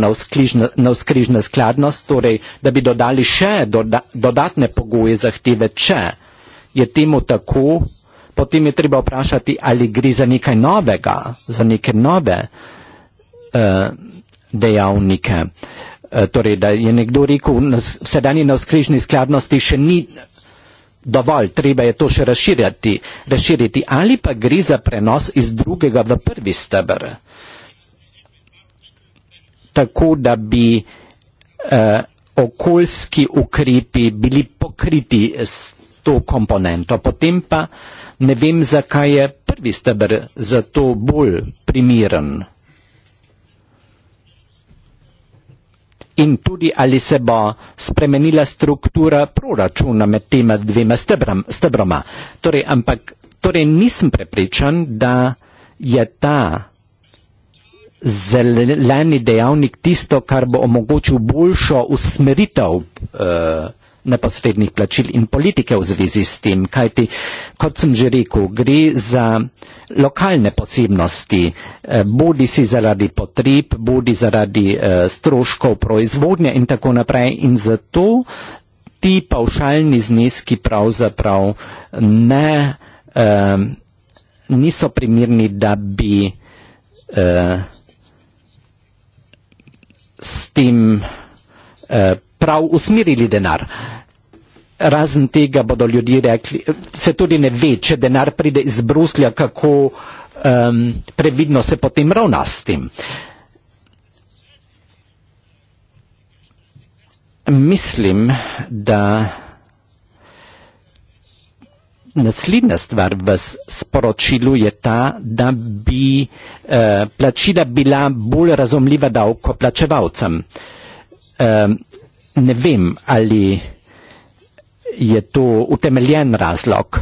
navskrižna skladnost, torej, da bi dodali še doda, dodatne pogoje zahteve, če je temu tako, potem je treba vprašati, ali gre za nekaj novega, za neke nove uh, dejavnike. Uh, torej, da je nekdo rekel, sedanje na skrižni skladnosti še ni dovolj, treba je to še razširjati, razširjati, ali pa gre za prenos iz drugega v prvi stebr. Tako, da bi uh, okoljski ukrepi bili pokriti s to komponento. Potem pa uh, ne vem, zakaj je prvi stebr za to bolj primiren. In tudi ali se bo spremenila struktura proračuna med tema dvema stebram, stebroma. Torej, ampak torej nisem prepričan, da je ta zeleni dejavnik tisto, kar bo omogočil boljšo usmeritev. Uh, neposrednih plačil in politike v zvezi s tem, kajti, kot sem že rekel, gre za lokalne posebnosti, eh, bodi si zaradi potreb, bodi zaradi eh, stroškov proizvodnje in tako naprej in zato ti pavšalni zneski pravzaprav ne, eh, niso primirni, da bi s tem prav usmerili denar. Razen tega bodo ljudje rekli, se tudi ne ve, če denar pride iz Bruslja, kako um, previdno se potem ravna s tem. Mislim, da naslednja stvar v sporočilu je ta, da bi uh, plačila bila bolj razumljiva davko plačevalcem. Uh, ne vem, ali je to utemeljen razlog.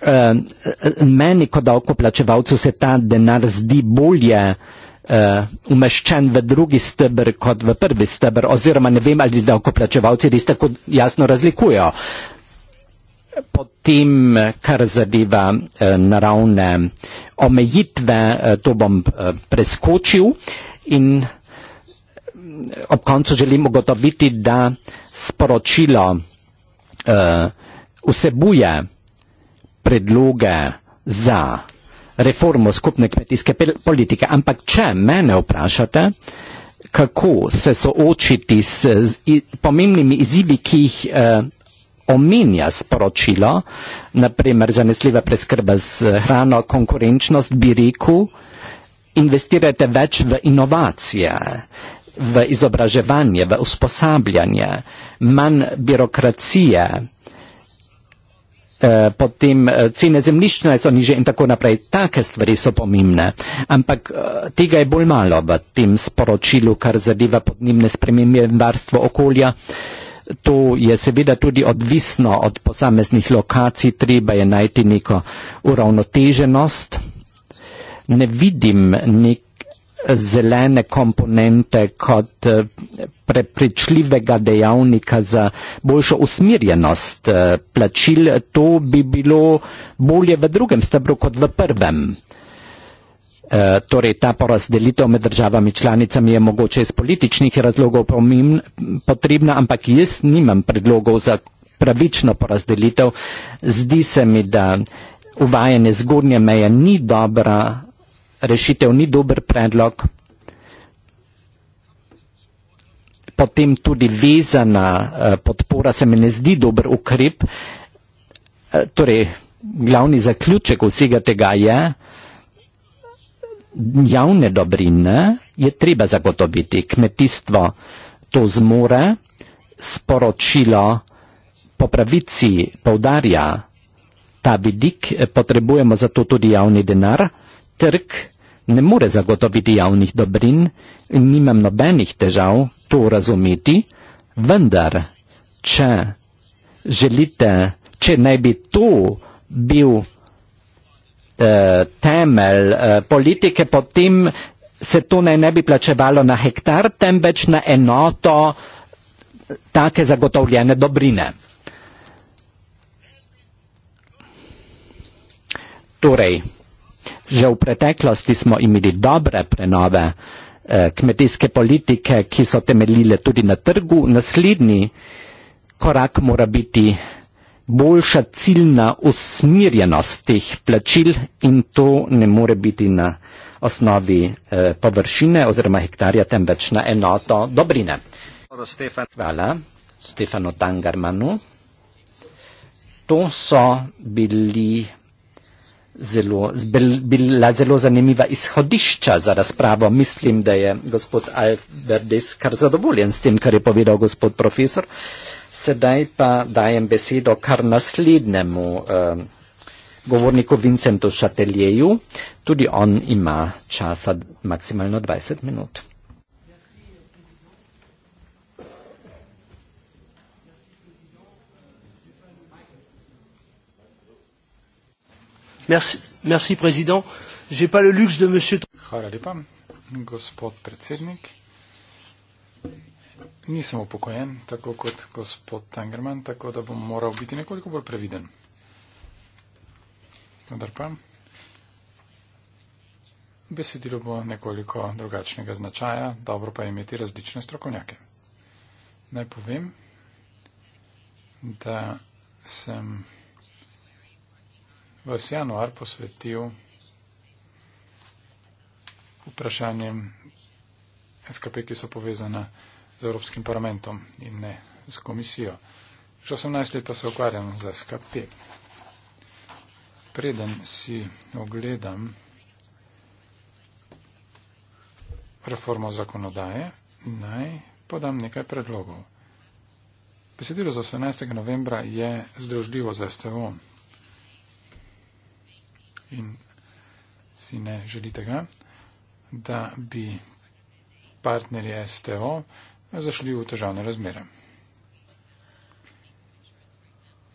Eh, meni kot davkoplačevalcu se ta denar zdi bolje eh, umeščen v drugi stebr kot v prvi stebr, oziroma ne vem, ali davkoplačevalci res tako jasno razlikujejo. Potem, kar zadeva eh, naravne omejitve, to bom preskočil in ob koncu želim ugotoviti, da sporočilo uh, vsebuje predloge za reformo skupne kmetijske politike. Ampak če mene vprašate, kako se soočiti s, s pomembnimi izzivi, ki jih eh, omenja sporočilo, naprimer zanesljiva preskrba z eh, hrano, konkurenčnost, bi rekel, investirajte več v inovacije v izobraževanje, v usposabljanje, manj birokracije, eh, potem eh, cene zemljiščne so niže in tako naprej. Take stvari so pomembne, ampak eh, tega je bolj malo v tem sporočilu, kar zadeva podnebne spremembe in varstvo okolja. To je seveda tudi odvisno od posameznih lokacij, treba je najti neko uravnoteženost. Ne vidim nek zelene komponente kot eh, prepričljivega dejavnika za boljšo usmirjenost eh, plačil, to bi bilo bolje v drugem stebru kot v prvem. Eh, torej, ta porazdelitev med državami članicami je mogoče iz političnih razlogov potrebna, ampak jaz nimam predlogov za pravično porazdelitev. Zdi se mi, da uvajanje zgornje meje ni dobra rešitev ni dober predlog, potem tudi vezana eh, podpora se mi ne zdi dober ukrep. Eh, torej, glavni zaključek vsega tega je, javne dobrine je treba zagotoviti. Kmetijstvo to zmore, sporočilo po pravici povdarja ta vidik, potrebujemo zato tudi javni denar trg ne more zagotoviti javnih dobrin in nimam nobenih težav to razumeti, vendar, če želite, če naj bi to bil eh, temelj eh, politike, potem se to naj ne bi plačevalo na hektar, temveč na enoto eh, take zagotovljene dobrine. Torej, Že v preteklosti smo imeli dobre prenove eh, kmetijske politike, ki so temeljile tudi na trgu. Naslednji korak mora biti boljša ciljna usmirjenost teh plačil in to ne more biti na osnovi eh, površine oziroma hektarja, temveč na enoto dobrine. Hvala Stefano Tangarmanu. To so bili zelo, zbel, bila zelo zanimiva izhodišča za razpravo. Mislim, da je gospod Alverdis kar zadovoljen s tem, kar je povedal gospod profesor. Sedaj pa dajem besedo kar naslednjemu eh, govorniku Vincentu Šateljeju. Tudi on ima časa maksimalno 20 minut. Merci, merci président. J'ai pas le luxe de monsieur. Hvala lepa, gospod predsednik. Nisem upokojen, tako kot gospod Tangerman, tako da bom moral biti nekoliko bolj previden. Vendar pa, besedilo bo nekoliko drugačnega značaja, dobro pa je imeti različne strokovnjake. Naj povem, da sem vas januar posvetil vprašanjem SKP, ki so povezana z Evropskim parlamentom in ne z komisijo. Že 18 let pa se ukvarjam z SKP. Preden si ogledam reformo zakonodaje, naj podam nekaj predlogov. Besedilo za 18. novembra je združljivo za STO in si ne želite ga, da bi partnerje STO zašli v težavne razmere.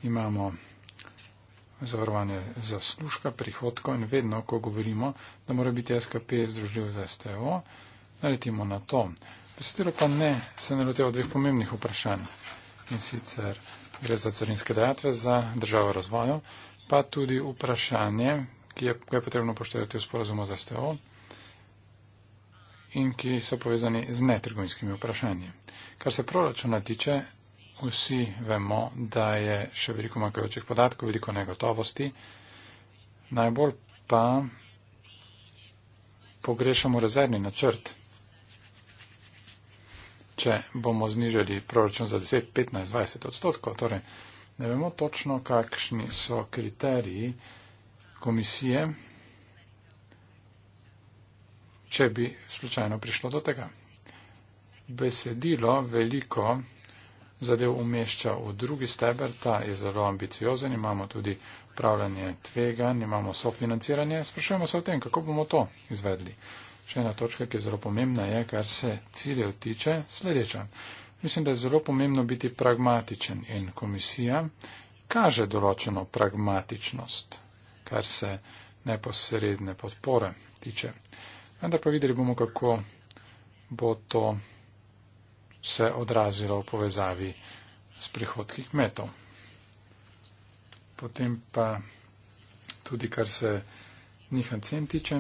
Imamo zavarovanje zaslužka, prihodkov in vedno, ko govorimo, da mora biti SKP združljiv z STO, naletimo na to. Besedilo pa ne, se ne lotevo dveh pomembnih vprašanj. In sicer gre za carinske dejatve za državo razvojo, pa tudi vprašanje ki je, je potrebno poštevati v sporazumu za STO in ki so povezani z netrgovinskimi vprašanji. Kar se proračuna tiče, vsi vemo, da je še veliko manjkajočih podatkov, veliko negotovosti, najbolj pa pogrešamo rezervni načrt. Če bomo znižali proračun za 10, 15, 20 odstotkov, torej ne vemo točno, kakšni so kriteriji, komisije, če bi slučajno prišlo do tega. Besedilo veliko zadev umešča v drugi steber, ta je zelo ambiciozen, imamo tudi upravljanje tvega, imamo sofinanciranje. Sprašujemo se o tem, kako bomo to izvedli. Še ena točka, ki je zelo pomembna, je, kar se ciljev tiče, sledeča. Mislim, da je zelo pomembno biti pragmatičen in komisija kaže določeno pragmatičnost kar se neposredne podpore tiče. Vendar pa videli bomo, kako bo to se odrazilo v povezavi s prihodki kmetov. Potem pa tudi, kar se njihan cen tiče,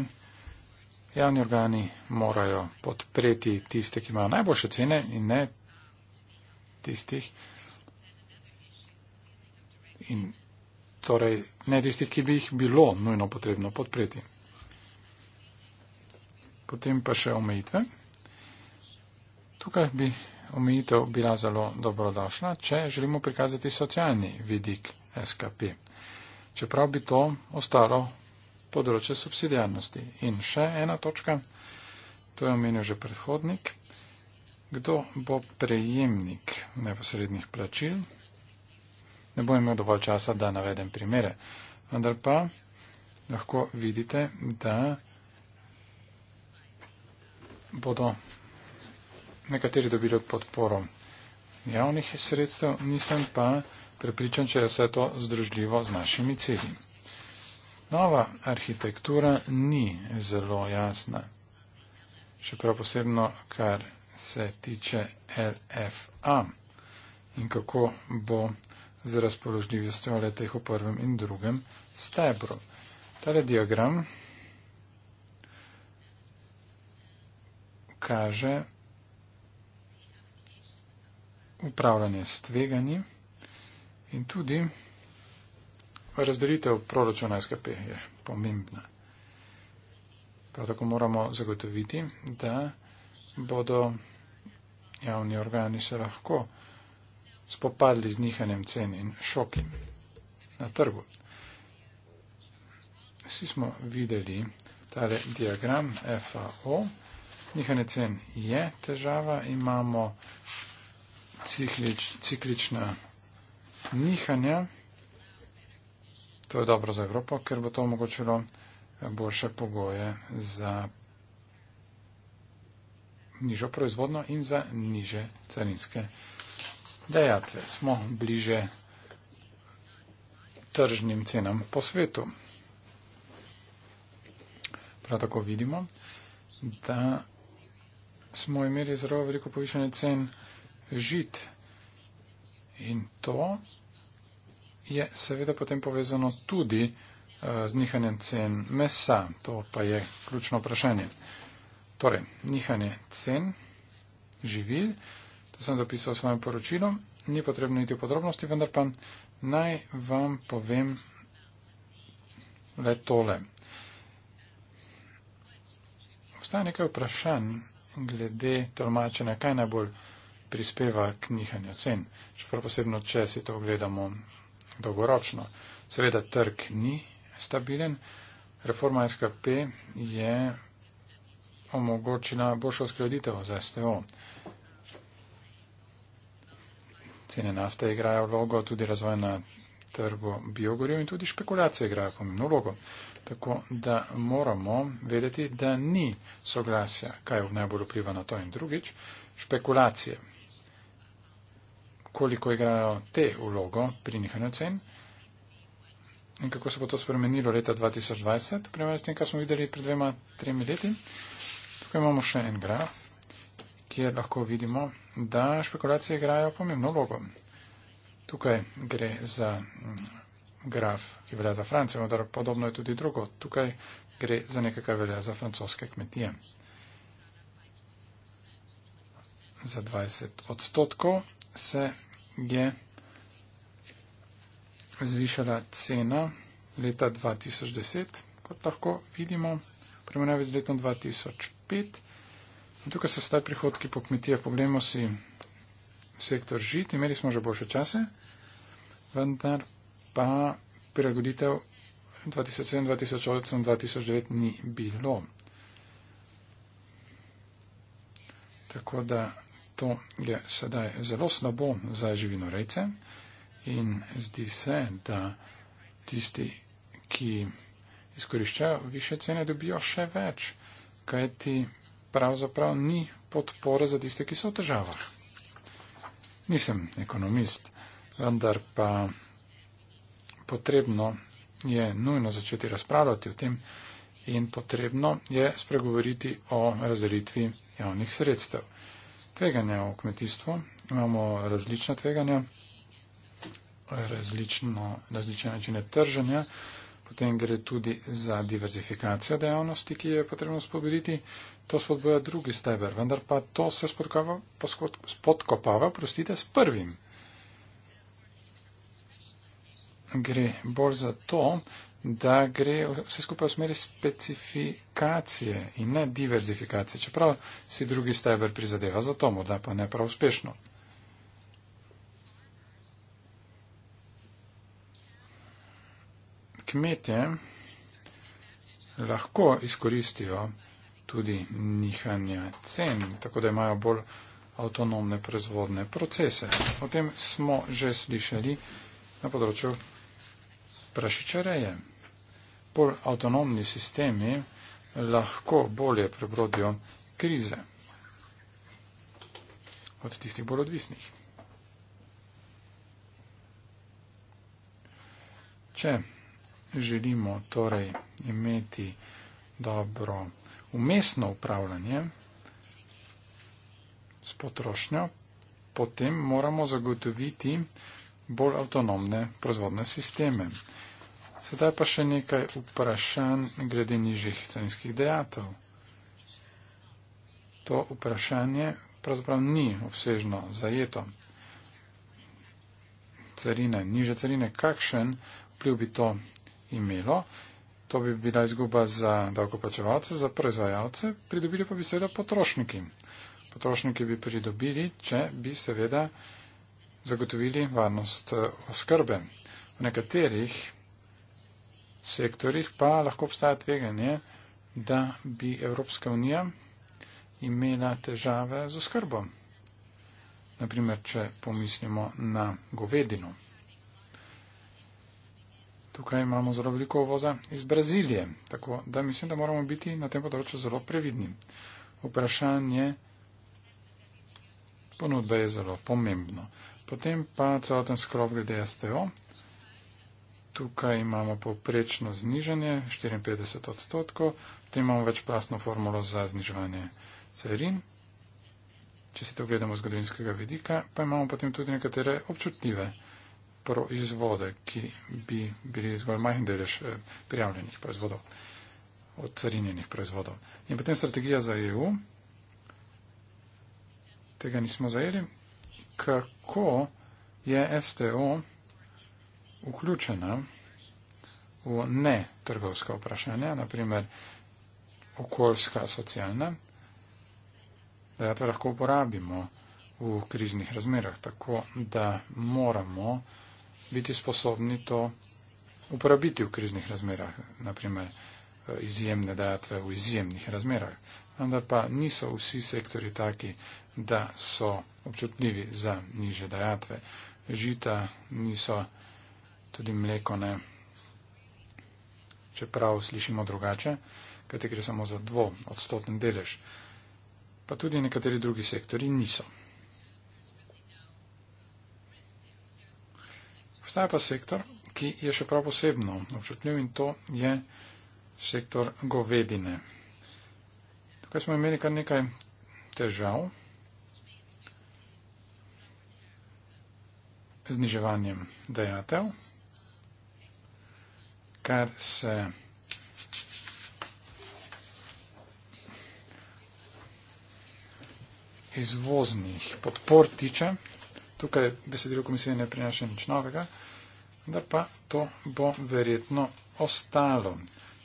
javni organi morajo podpreti tiste, ki imajo najboljše cene in ne tistih. In torej ne tisti, ki bi jih bilo nujno potrebno podpreti. Potem pa še omejitve. Tukaj bi omejitev bila zelo dobrodošla, če želimo prikazati socialni vidik SKP. Čeprav bi to ostalo področje subsidijarnosti. In še ena točka, to je omenil že predhodnik, kdo bo prejemnik neposrednih plačil, ne bom imel dovolj časa, da navedem primere. Vendar pa lahko vidite, da bodo nekateri dobili podporo javnih sredstev, nisem pa prepričan, če je vse to združljivo z našimi cilji. Nova arhitektura ni zelo jasna, še prav posebno, kar se tiče LFA in kako bo z razpoložljivostjo letih v prvem in drugem stebru. Tale diagram kaže upravljanje s tveganji in tudi razdelitev proračuna SKP je pomembna. Prav tako moramo zagotoviti, da bodo javni organi se lahko uh, spopadli z nihanjem cen in šoki na trgu. Vsi smo videli tale diagram FAO. Nihanje cen je težava, imamo ciklič, ciklična nihanja. To je dobro za Evropo, ker bo to omogočilo boljše pogoje za nižjo proizvodno in za niže carinske cene dejatve. Smo bliže tržnim cenam po svetu. Prav tako vidimo, da smo imeli zelo veliko povišanje cen žit in to je seveda potem povezano tudi eh, z nihanjem cen mesa. To pa je ključno vprašanje. Torej, nihanje cen živil to sem zapisal v svojem poročilu, ni potrebno iti v podrobnosti, vendar pa naj vam povem le tole. Obstaja nekaj vprašanj glede tolmačenja, kaj najbolj prispeva k nihanju cen, čeprav posebno, če si to gledamo dolgoročno. Seveda trg ni stabilen, reforma SKP je omogočila boljšo skreditev za STO cene nafte igrajo vlogo, tudi razvoj na trgu biogorjev in tudi špekulacije igrajo pomembno vlogo. Tako da moramo vedeti, da ni soglasja, kaj najbolj vpliva na to in drugič, špekulacije. Koliko igrajo te vlogo pri nihanju cen in kako se bo to spremenilo leta 2020, primer s tem, kar smo videli pred dvema, tremi leti. Tukaj imamo še en graf kjer lahko vidimo, da špekulacije igrajo pomembno vlogo. Tukaj gre za mm, graf, ki velja za Francijo, vendar podobno je tudi drugo. Tukaj gre za nekaj, kar velja za francoske kmetije. Za 20 odstotkov se je zvišala cena leta 2010, kot lahko vidimo, primerjavi z letom 2005. Tukaj so sedaj prihodki po kmetijah. Poglejmo si sektor žit. Imeli smo že boljše čase, vendar pa prilagoditev 2007-2008-2009 ni bilo. Tako da to je sedaj zelo slabo za živinorejce in zdi se, da tisti, ki izkoriščajo više cene, dobijo še več, kajti pravzaprav ni podpore za tiste, ki so v težavah. Nisem ekonomist, vendar pa potrebno je nujno začeti razpravljati o tem in potrebno je spregovoriti o razdelitvi javnih sredstev. Tveganja v kmetijstvu imamo različna tveganja, različno, različne načine trženja, potem gre tudi za diverzifikacijo dejavnosti, ki je potrebno spobediti, to spodbuja drugi steber, vendar pa to se spodkopava prostite, s prvim. Gre bolj za to, da gre vse skupaj v smeri specifikacije in ne diverzifikacije, čeprav si drugi steber prizadeva za to, morda pa ne prav uspešno. Kmetje lahko izkoristijo tudi nihanja cen, tako da imajo bolj avtonomne proizvodne procese. O tem smo že slišali na področju prašičareje. Bolj avtonomni sistemi lahko bolje prebrodijo krize od tistih bolj odvisnih. Če želimo torej imeti dobro umestno upravljanje s potrošnjo, potem moramo zagotoviti bolj avtonomne proizvodne sisteme. Sedaj pa še nekaj vprašanj glede nižjih carinskih dejatov. To vprašanje pravzaprav ni obsežno zajeto. Carine, niže carine, kakšen vpliv bi to imelo To bi bila izguba za davkoplačevalce, za proizvajalce, pridobili pa bi seveda potrošniki. Potrošniki bi pridobili, če bi seveda zagotovili varnost eh, oskrbe. V nekaterih sektorjih pa lahko obstaja tveganje, da bi Evropska unija imela težave z oskrbo. Naprimer, če pomislimo na govedino. Tukaj imamo zelo veliko uvoza iz Brazilije, tako da mislim, da moramo biti na tem področju zelo previdni. Vprašanje ponudbe je zelo pomembno. Potem pa celoten sklop glede STO. Tukaj imamo povprečno znižanje 54 odstotkov, potem imamo večplastno formulo za zniževanje carin. Če si to gledamo z zgodovinskega vidika, pa imamo potem tudi nekatere občutljive proizvode, ki bi bili zgolj majhen delež eh, prijavljenih proizvodov, odcarinjenih proizvodov. In potem strategija za EU, tega nismo zajeli, kako je STO vključena v ne trgovska vprašanja, naprimer okoljska, socialna, da jo lahko uporabimo v kriznih razmerah, tako da moramo biti sposobni to uporabiti v kriznih razmerah, naprimer eh, izjemne dajatve v izjemnih razmerah. Vendar pa niso vsi sektori taki, da so občutljivi za niže dajatve. Žita niso, tudi mleko ne, čeprav slišimo drugače, kajte gre samo za dvo odstotni delež. Pa tudi nekateri drugi sektori niso. Obstaja pa sektor, ki je še prav posebno občutljiv in to je sektor govedine. Tukaj smo imeli kar nekaj težav zniževanjem dejatev, kar se izvoznih podpor tiče tukaj besedilo komisije ne prinaša nič novega, vendar pa to bo verjetno ostalo.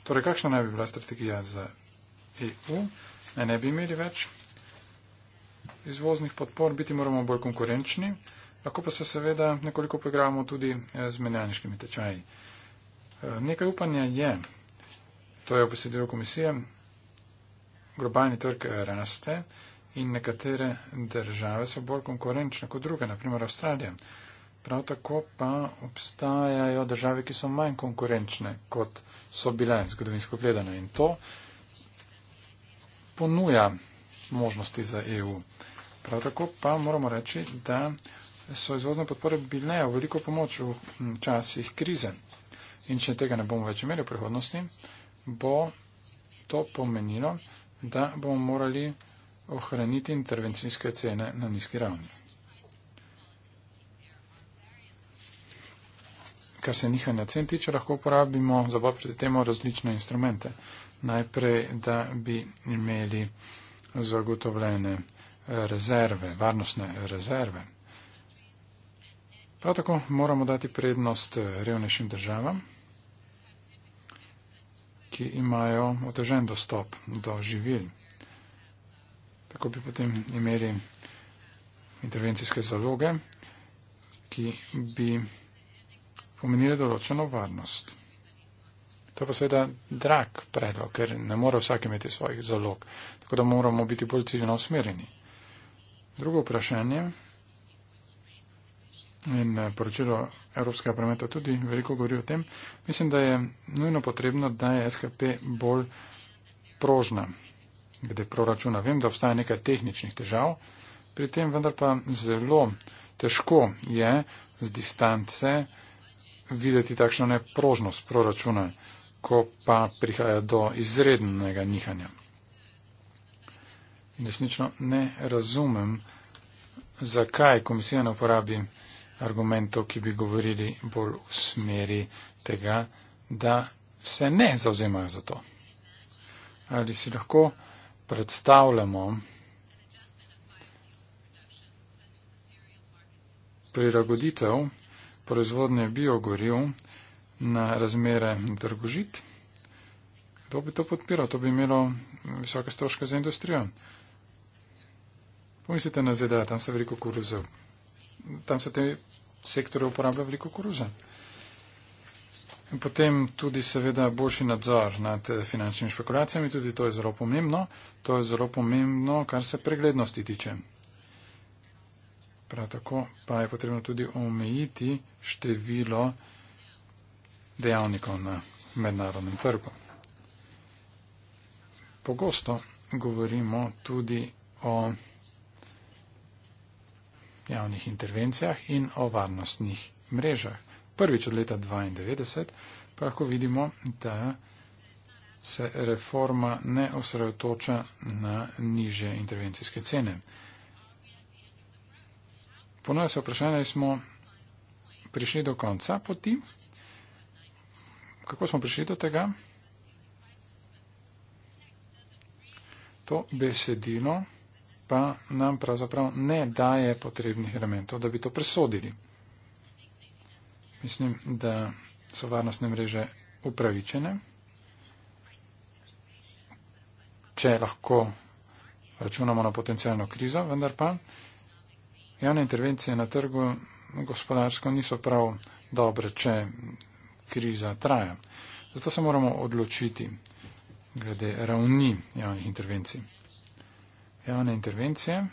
Torej, kakšna naj bi bila strategija za EU? Ne, ne bi imeli več izvoznih podpor, biti moramo bolj konkurenčni, lahko pa se seveda nekoliko poigravamo tudi eh, z menjalniškimi tečaji. Eh, nekaj upanja je, to je v besedilu komisije, globalni trg eh, raste, in nekatere države so bolj konkurenčne kot druge, naprimer Avstralija. Prav tako pa obstajajo države, ki so manj konkurenčne, kot so bile zgodovinsko gledano. In to ponuja možnosti za EU. Prav tako pa moramo reči, da so izvozne podpore bile v veliko pomoč v hm, časih krize. In če tega ne bomo več imeli v prihodnosti, bo to pomenilo, da bomo morali ohraniti intervencijske cene na nizki ravni. Kar se nihanja cen tiče, lahko uporabimo za boj proti temu različne instrumente. Najprej, da bi imeli zagotovljene rezerve, varnostne rezerve. Prav tako moramo dati prednost revnejšim državam, ki imajo otežen dostop do živil. Tako bi potem imeli intervencijske zaloge, ki bi pomenile določeno varnost. To pa seveda drag predlog, ker ne more vsak imeti svojih zalog, tako da moramo biti bolj ciljno usmerjeni. Drugo vprašanje in eh, poročilo Evropskega parlamenta tudi veliko govori o tem, mislim, da je nujno potrebno, da je SKP bolj prožna, glede proračuna. Vem, da obstaja nekaj tehničnih težav, pri tem vendar pa zelo težko je z distance videti takšno neprožnost proračuna, ko pa prihaja do izrednega nihanja. In resnično ne razumem, zakaj komisija ne uporabi argumentov, ki bi govorili bolj v smeri tega, da se ne zauzemajo za to. Ali si lahko predstavljamo prilagoditev proizvodnje biogoriv na razmere drgožit, to bi to podpiralo, to bi imelo visoke stroške za industrijo. Pomislite na ZDA, tam se veliko koruze, tam se te sektore uporablja veliko koruze. In potem tudi seveda boljši nadzor nad eh, finančnimi špekulacijami, tudi to je zelo pomembno. To je zelo pomembno, kar se preglednosti tiče. Prav tako pa je potrebno tudi omejiti število dejavnikov na mednarodnem trgu. Pogosto govorimo tudi o javnih intervencijah in o varnostnih mrežah prvič od leta 92, pa lahko vidimo, da se reforma ne osredotoča na niže intervencijske cene. Ponovno se vprašanje, ali smo prišli do konca poti. Kako smo prišli do tega? To besedilo pa nam pravzaprav ne daje potrebnih elementov, da bi to presodili. Mislim, da so varnostne mreže upravičene. Če lahko računamo na potencijalno krizo, vendar pa javne intervencije na trgu gospodarsko niso prav dobre, če kriza traja. Zato se moramo odločiti glede ravni javnih intervencij. Javne intervencije.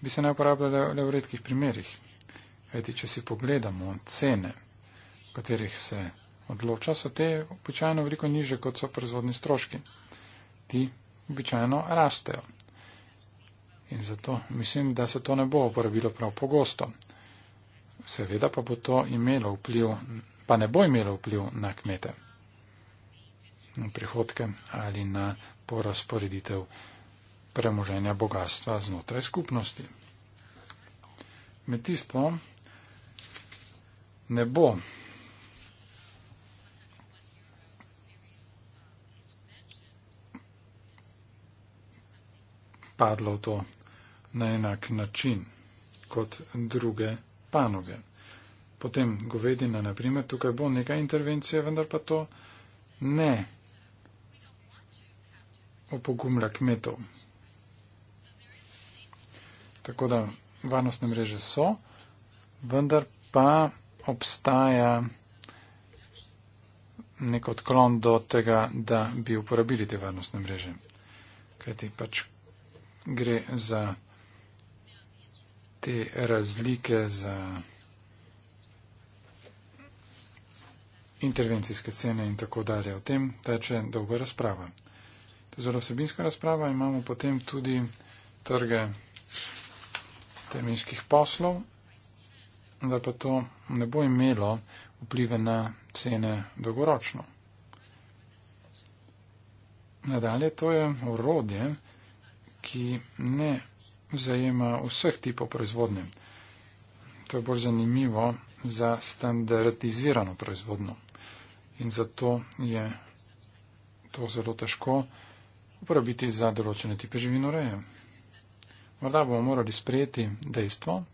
bi se naj uporabljale le v redkih primerjih. Kajti, če si pogledamo cene, v katerih se odloča, so te običajno veliko niže, kot so proizvodni stroški. Ti običajno rastejo. In zato mislim, da se to ne bo uporabilo prav pogosto. Seveda pa bo to imelo vpliv, pa ne bo imelo vpliv na kmete, na prihodke ali na porazporeditev premoženja bogatstva znotraj skupnosti. Kmetijstvo ne bo padlo to na enak način kot druge panoge. Potem govedina, na primer, tukaj bo neka intervencija, vendar pa to ne opogumlja kmetov. Tako da varnostne mreže so, vendar pa obstaja nek odklon do tega, da bi uporabili te varnostne mreže. Kajti pač gre za te razlike, za intervencijske cene in tako dalje. O tem teče dolga razprava. To je zelo vsebinska razprava. Imamo potem tudi trge terminskih poslov, da pa to ne bo imelo vplive na cene dolgoročno. Nadalje, to je urodje, ki ne zajema vseh tipov proizvodnje. To je bolj zanimivo za standardizirano proizvodno. In zato je to zelo težko uporabiti za določene tipe živinoreje. Morda bomo morali sprejeti dejstvo,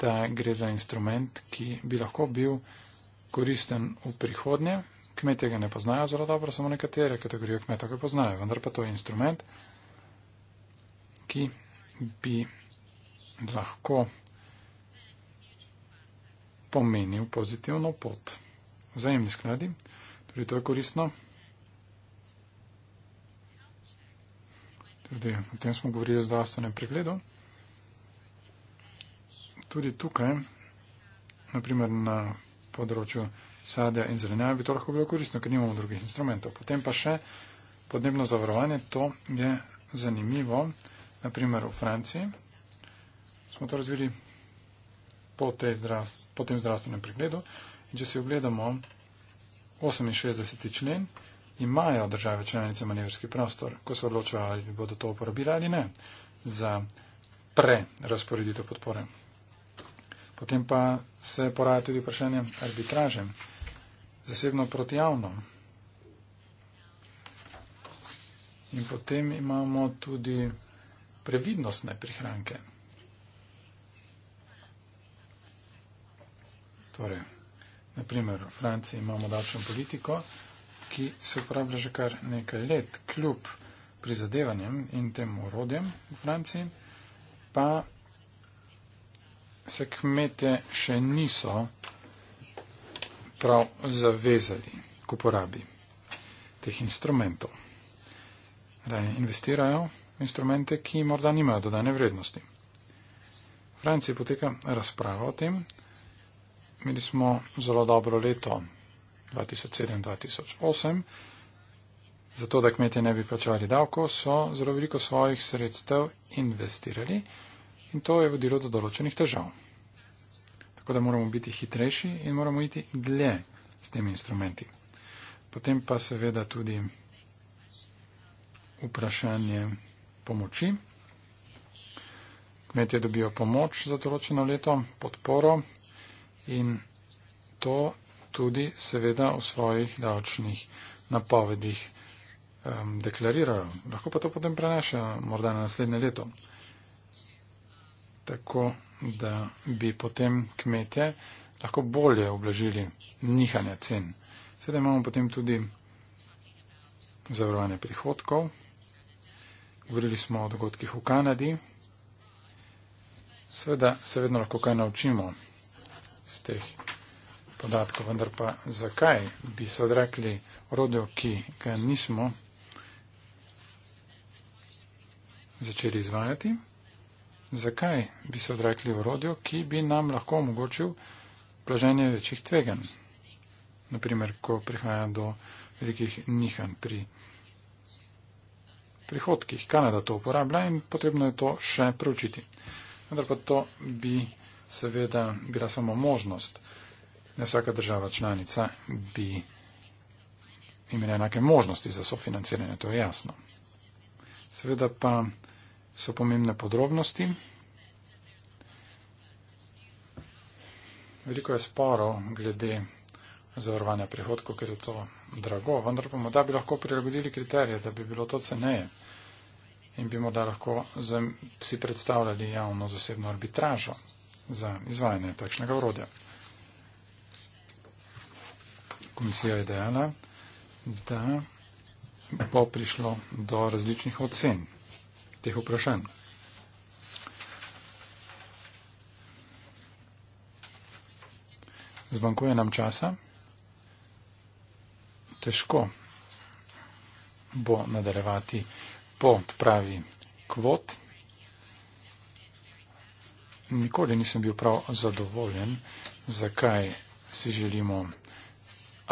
da gre za instrument, ki bi lahko bil koristen v prihodnje. Kmetje ga ne poznajo zelo dobro, samo nekatere kategorije kmetov ga poznajo, vendar pa to je instrument, ki bi lahko pomenil pozitivno pot. Vzajemni skladi, tudi to je koristno. Tudi o tem smo govorili o zdravstvenem pregledu. Tudi tukaj, naprimer na področju sadja in zelenjave, bi to lahko bilo koristno, ker nimamo drugih instrumentov. Potem pa še podnebno zavarovanje, to je zanimivo. Naprimer v Franciji smo to razvili po, zdravst po tem zdravstvenem pregledu. In če si ogledamo 68. člen, imajo države članice manevrski prostor, ko se odločajo, ali bodo to uporabili ali ne, za prerasporeditev podpore. Potem pa se poraja tudi vprašanje arbitraže, zasebno proti javno. In potem imamo tudi previdnostne prihranke. Torej, naprimer, v Franciji imamo davčno politiko, ki se uporablja že kar nekaj let, kljub prizadevanjem in tem orodjem v Franciji, pa se kmete še niso prav zavezali k uporabi teh instrumentov. Raje investirajo v instrumente, ki morda nimajo dodane vrednosti. V Franciji poteka razprava o tem. Imeli smo zelo dobro leto 2007-2008. Zato, da kmetje ne bi plačevali davko, so zelo veliko svojih sredstev investirali in to je vodilo do določenih težav. Tako da moramo biti hitrejši in moramo iti dlje s temi instrumenti. Potem pa seveda tudi vprašanje pomoči. Kmetje dobijo pomoč za določeno leto, podporo in to tudi seveda v svojih davčnih napovedih um, deklarirajo. Lahko pa to potem prenašajo morda na naslednje leto. Tako da bi potem kmete lahko bolje oblažili nihanja cen. Sedaj imamo potem tudi zavarovanje prihodkov. Govorili smo o dogodkih v Kanadi. Seveda se vedno lahko kaj naučimo z teh podatka, vendar pa zakaj bi se odrekli orodju, ki ga nismo začeli izvajati? Zakaj bi se odrekli orodju, ki bi nam lahko omogočil plaženje večjih tvegan? Naprimer, ko prihaja do velikih nihan pri prihodkih. Kanada to uporablja in potrebno je to še preučiti. Vendar pa to bi seveda bila samo možnost da vsaka država članica bi imela enake možnosti za sofinanciranje, to je jasno. Seveda pa so pomembne podrobnosti. Veliko je sporov glede zavarovanja prihodkov, ker je to drago, vendar pa morda bi lahko prilagodili kriterije, da bi bilo to ceneje in bi morda lahko si predstavljali javno-zasebno arbitražo za izvajanje takšnega urodja komisija je dejala, da bo prišlo do različnih ocen teh vprašanj. Zbankuje nam časa, težko bo nadaljevati po odpravi kvot. Nikoli nisem bil prav zadovoljen, zakaj si želimo.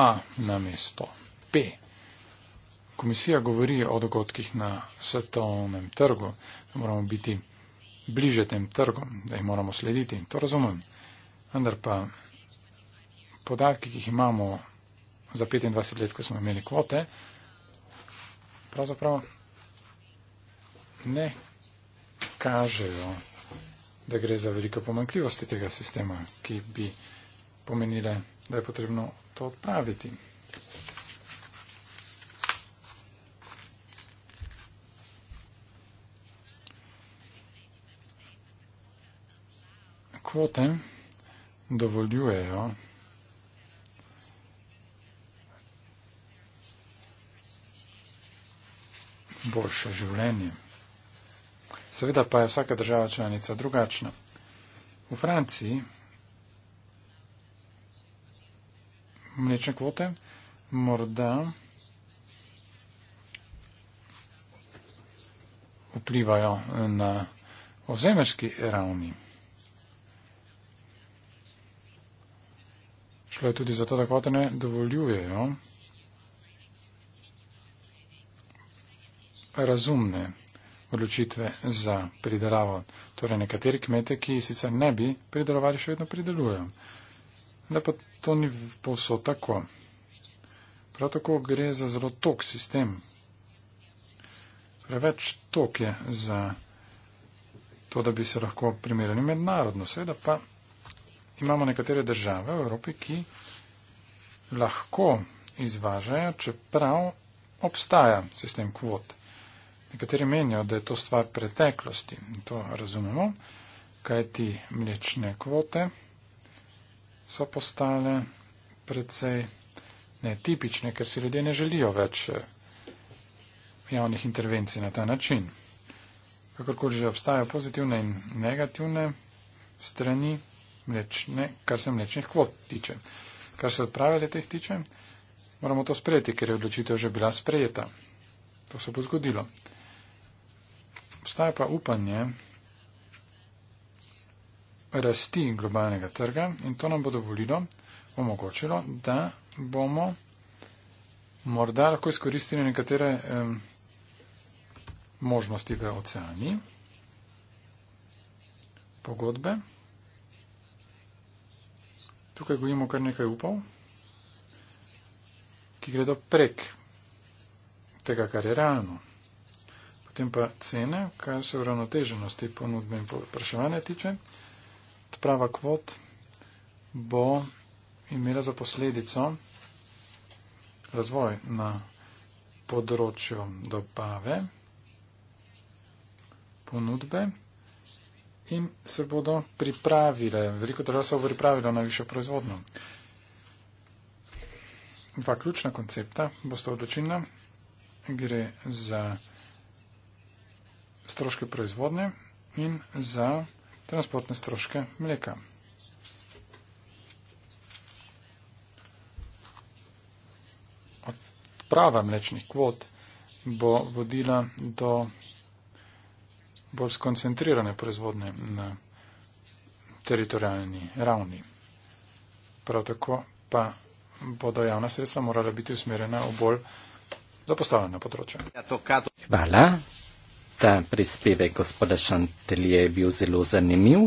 A na mesto B. Komisija govori o dogodkih na svetovnem trgu, da moramo biti bliže tem trgom, da jih moramo slediti. To razumem. Vendar pa podatki, ki jih imamo za 25 let, ko smo imeli kvote, pravzaprav ne kažejo, da gre za veliko pomankljivosti tega sistema, ki bi pomenile, da je potrebno to odpraviti. Kvote dovoljujejo, boljše življenje. Seveda pa je vsaka država članica drugačna. V Franciji mlečne kvote, morda vplivajo na ozemerski ravni. Šlo je tudi zato, da kvote ne dovoljujejo razumne odločitve za pridelavo. Torej nekateri kmete, ki sicer ne bi pridelovali, še vedno pridelujejo. Da pa to ni povso tako. Prav tako gre za zelo tok sistem. Preveč tok je za to, da bi se lahko primerjali mednarodno. Seveda pa imamo nekatere države v Evropi, ki lahko izvažajo, čeprav obstaja sistem kvot. Nekateri menijo, da je to stvar preteklosti. To razumemo, kaj ti mlečne kvote so postale predvsej netipične, ker si ljudje ne želijo več eh, javnih intervencij na ta način. Kakorkoli že obstajajo pozitivne in negativne strani, mlečne, kar se mlečnih kvot tiče. Kar se odprave letih tiče, moramo to sprejeti, ker je odločitev že bila sprejeta. To se bo zgodilo. Obstaja pa upanje, rasti globalnega trga in to nam bo dovolilo, omogočilo, da bomo morda lahko izkoristili nekatere eh, možnosti v oceani, pogodbe. Tukaj gojimo kar nekaj upov, ki gredo prek tega, kar je realno. Potem pa cene, kar se uravnoteženosti ponudbe in povpraševanja tiče odprava kvot bo imela za posledico razvoj na področju dobave, ponudbe in se bodo pripravile, veliko držav se bo pripravilo na višjo proizvodno. Dva ključna koncepta bo sta odločina, gre za stroške proizvodne in za transportne stroške mleka. Odprava mlečnih kvot bo vodila do bolj skoncentrirane proizvodne na teritorijalni ravni. Prav tako pa bodo javna sredstva morala biti usmerjena v bolj zapostavljena področja. Hvala. Ta prispevek gospoda Šantelije je bil zelo zanimiv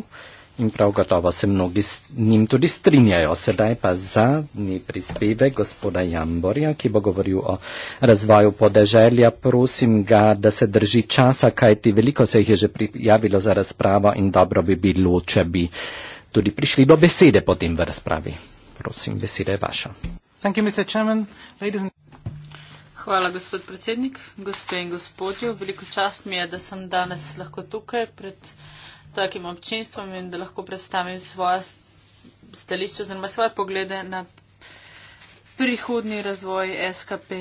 in prav gotovo se mnogi s njim tudi strinjajo. Sedaj pa zadnji prispevek gospoda Jamborja, ki bo govoril o razvoju podeželja. Prosim ga, da se drži časa, kajti veliko se jih je že prijavilo za razpravo in dobro bi bilo, če bi tudi prišli do besede potem v razpravi. Prosim, beseda je vaša. Thank you, Mr. Chairman. Ladies and gentlemen. Hvala, gospod predsednik. Gospe in gospodje, veliko čast mi je, da sem danes lahko tukaj pred takim občinstvom in da lahko predstavim svoje stališče oziroma svoje poglede na prihodni razvoj SKP,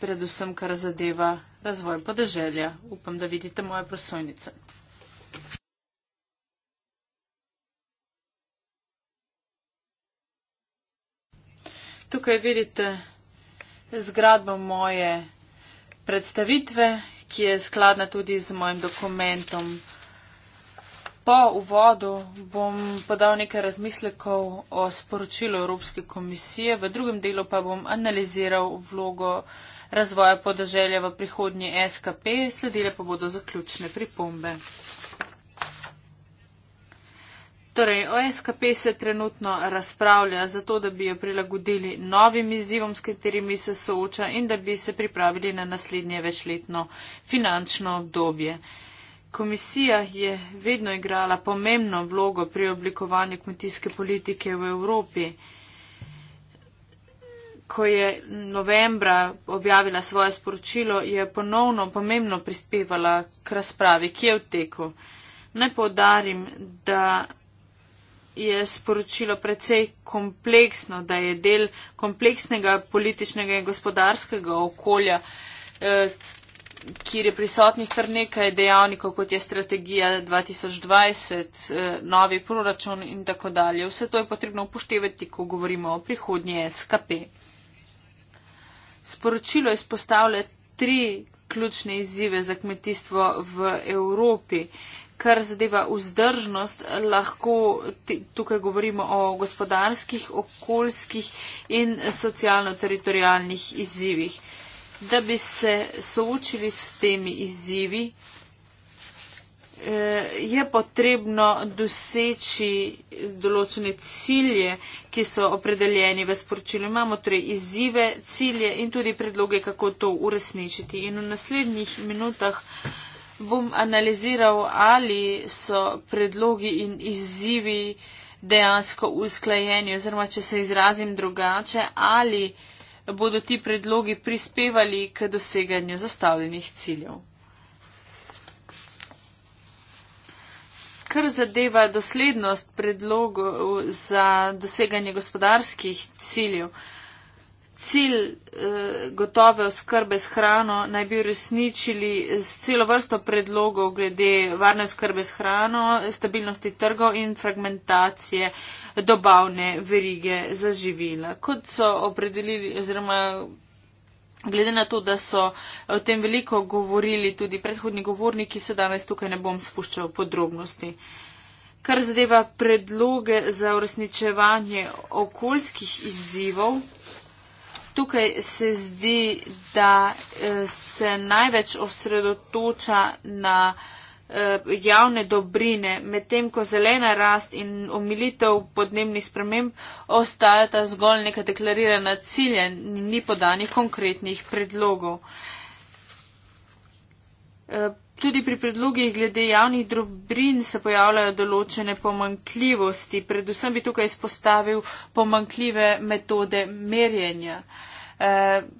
predvsem kar zadeva razvoj podeželja. Upam, da vidite moje prosojnice. Tukaj vidite zgradbo moje predstavitve, ki je skladna tudi z mojim dokumentom. Po uvodu bom podal nekaj razmislekov o sporočilu Evropske komisije, v drugem delu pa bom analiziral vlogo razvoja podeželja v prihodnji SKP, sledile pa bodo zaključne pripombe. Torej, o SKP se trenutno razpravlja zato, da bi jo prilagodili novim izzivom, s katerimi se sooča in da bi se pripravili na naslednje večletno finančno obdobje. Komisija je vedno igrala pomembno vlogo pri oblikovanju kmetijske politike v Evropi. Ko je novembra objavila svoje sporočilo, je ponovno pomembno prispevala k razpravi, ki je v teku. Naj poudarim, da je sporočilo precej kompleksno, da je del kompleksnega političnega in gospodarskega okolja, eh, kjer je prisotnih kar nekaj dejavnikov, kot je strategija 2020, eh, novi proračun in tako dalje. Vse to je potrebno upoštevati, ko govorimo o prihodnje SKP. Sporočilo izpostavlja tri ključne izzive za kmetijstvo v Evropi kar zadeva vzdržnost, lahko tukaj govorimo o gospodarskih, okoljskih in socialno-teritorijalnih izzivih. Da bi se soočili s temi izzivi, eh, je potrebno doseči določene cilje, ki so opredeljeni v sporočilu. Imamo torej izzive, cilje in tudi predloge, kako to uresničiti. In v naslednjih minutah bom analiziral, ali so predlogi in izzivi dejansko usklajeni oziroma, če se izrazim drugače, ali bodo ti predlogi prispevali k doseganju zastavljenih ciljev. Kar zadeva doslednost predlogov za doseganje gospodarskih ciljev, uh, cilj eh, gotove oskrbe s hrano naj bi resničili s celo vrsto predlogov glede varne oskrbe s hrano, stabilnosti trgov in fragmentacije dobavne verige za živila. Kot so opredelili oziroma. Glede na to, da so o tem veliko govorili tudi predhodni govorniki, se danes tukaj ne bom spuščal podrobnosti. Kar zadeva predloge za uresničevanje okoljskih izzivov, tukaj se zdi, da eh, se največ osredotoča na eh, javne dobrine, medtem ko zelena rast in omilitev podnebnih sprememb ostajata zgolj neka deklarirana cilja in ni podanih konkretnih predlogov. Eh, Tudi pri predlogih glede javnih dobrin se pojavljajo določene pomankljivosti. Predvsem bi tukaj izpostavil pomankljive metode merjenja. Eh,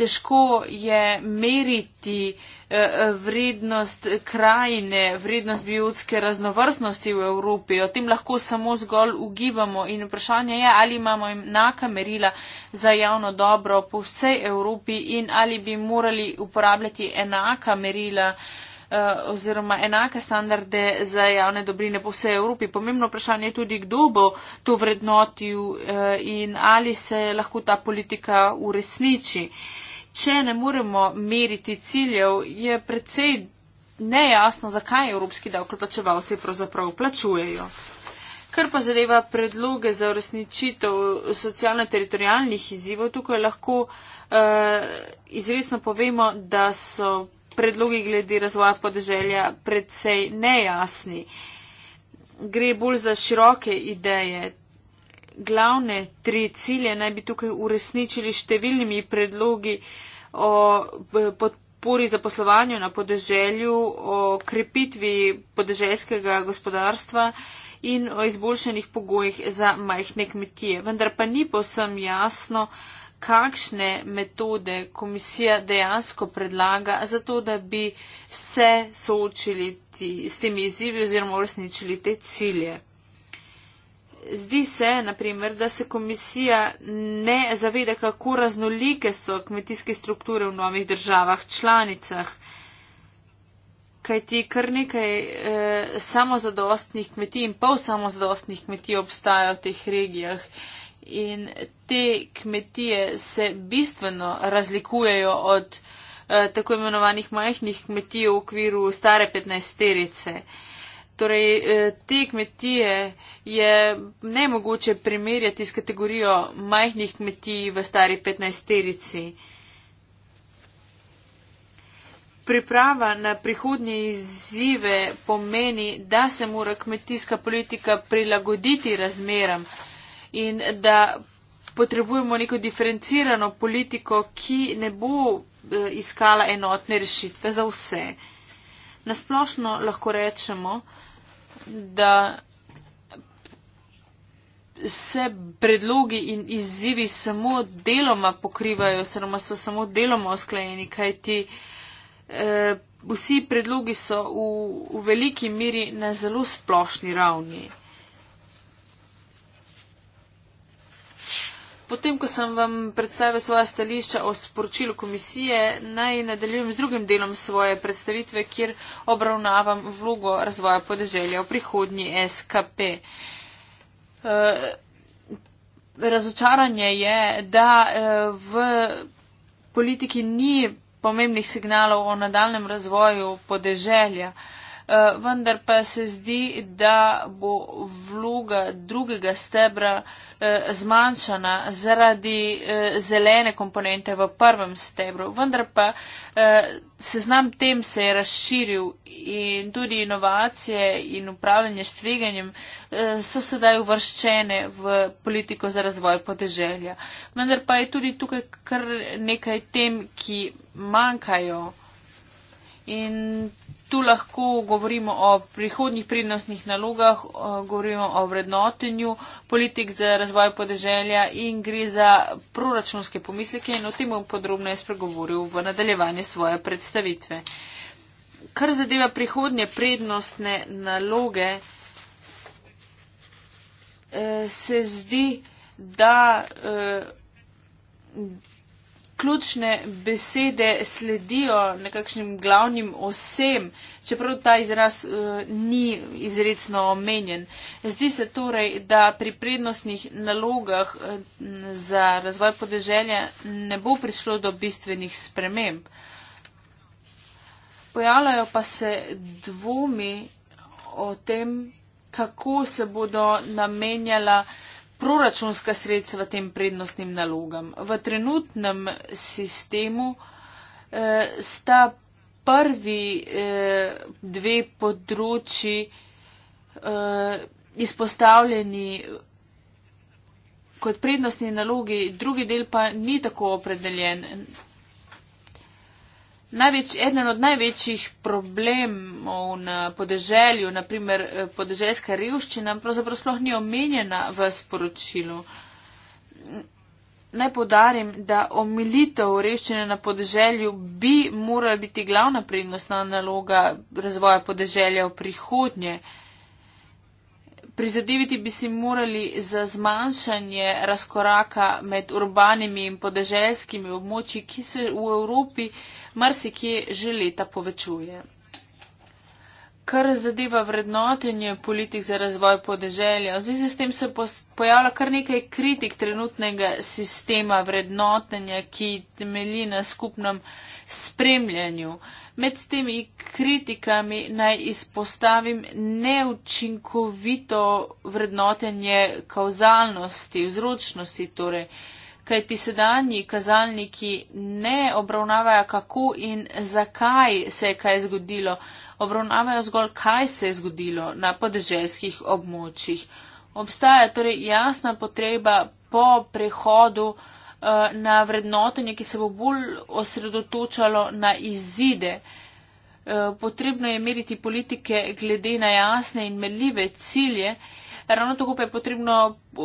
težko je meriti eh, vrednost krajine, vrednost biotske raznovrstnosti v Evropi. O tem lahko samo zgolj ugibamo in vprašanje je, ali imamo enaka merila za javno dobro po vsej Evropi in ali bi morali uporabljati enaka merila eh, oziroma enake standarde za javne dobrine po vsej Evropi. Pomembno vprašanje je tudi, kdo bo to vrednotil eh, in ali se lahko ta politika uresniči če ne moremo meriti ciljev, je precej nejasno, zakaj evropski davkoplačevalci pravzaprav plačujejo. Kar pa zadeva predloge za uresničitev socialno-teritorijalnih izzivov, tukaj lahko uh, eh, izresno povemo, da so predlogi glede razvoja podeželja predvsej nejasni. Gre bolj za široke ideje, glavne tri cilje naj bi tukaj uresničili številnimi predlogi o podpori za poslovanju na podeželju, o krepitvi podeželjskega gospodarstva in o izboljšenih pogojih za majhne kmetije. Vendar pa ni posem jasno, kakšne metode komisija dejansko predlaga, zato da bi se soočili ti, s temi izzivi oziroma uresničili te cilje zdi se, naprimer, da se komisija ne zaveda, kako raznolike so kmetijske strukture v novih državah, članicah. Kaj ti kar nekaj eh, samozadostnih kmetij in pol samozadostnih kmetij obstaja v teh regijah. In te kmetije se bistveno razlikujejo od eh, tako imenovanih majhnih kmetij v okviru stare 15 terice. Eh, Torej, eh, te kmetije je ne mogoče primerjati s kategorijo majhnih kmetij v stari 15-terici. Priprava na prihodnje izzive pomeni, da se mora kmetijska politika prilagoditi razmeram in da potrebujemo neko diferencirano politiko, ki ne bo eh, iskala enotne rešitve za vse. Nasplošno lahko rečemo, da se predlogi in izzivi samo deloma pokrivajo, oziroma so samo deloma osklajeni, kajti eh, vsi predlogi so v, v veliki miri na zelo splošni ravni. Potem, ko sem vam predstavil svoja stališča o sporočilu komisije, naj nadaljujem z drugim delom svoje predstavitve, kjer obravnavam vlogo razvoja podeželja v prihodnji SKP. Eh, razočaranje je, da eh, v politiki ni pomembnih signalov o nadaljem razvoju podeželja. Eh, vendar pa se zdi, da bo vloga drugega stebra Eh, zmanjšana zaradi eh, zelene komponente v prvem stebru, vendar pa eh, seznam tem se je razširil in tudi inovacije in upravljanje s tveganjem so sedaj uvrščene v politiko za razvoj podeželja. Vendar pa je tudi tukaj kar nekaj tem, ki manjkajo. In tu lahko govorimo o prihodnih prednostnih nalogah, govorimo o vrednotenju politik za razvoj podeželja in gre za proračunske pomisleke in o tem bom podrobno jaz pregovoril v nadaljevanje svoje predstavitve. Kar zadeva prihodnje prednostne naloge, eh, se zdi, da eh, ključne besede sledijo nekakšnim glavnim osem, čeprav ta izraz uh, ni izredno omenjen. Zdi se torej, da pri prednostnih nalogah uh, za razvoj podeželja ne bo prišlo do bistvenih sprememb. Pojavljajo pa se dvomi o tem, kako se bodo namenjala uh, proračunska sredstva tem prednostnim nalogam. V trenutnem sistemu eh, sta prvi eh, dve področji eh, izpostavljeni kot prednostni nalogi, drugi del pa ni tako opredeljen. Največ, eden od največjih problemov na podeželju, naprimer eh, podeželska revščina, pravzaprav sploh ni omenjena v sporočilu. Naj podarim, da omilitev revščine na podeželju bi morala biti glavna prednostna naloga razvoja podeželja v prihodnje. Uh, Prizadeviti bi si morali za zmanjšanje razkoraka med urbanimi in podeželskimi območji, ki se v Evropi marsikje že leta povečuje. Kar zadeva vrednotenje politik za razvoj podeželja, v zvezi s tem se pojavlja kar nekaj kritik trenutnega sistema vrednotenja, ki temelji na skupnem spremljanju. Uh, Med temi kritikami naj izpostavim neučinkovito vrednotenje kauzalnosti, vzročnosti, torej, kaj ti sedanji kazalniki ne obravnavajo, kako in zakaj se je kaj zgodilo, obravnavajo zgolj, kaj se je zgodilo na podeželskih območjih. Obstaja torej jasna potreba po prehodu, Eh, na vrednotenje, ki se bo bolj osredotočalo na izide. Eh, potrebno je meriti politike glede na jasne in merljive cilje. Ravno tako pa je potrebno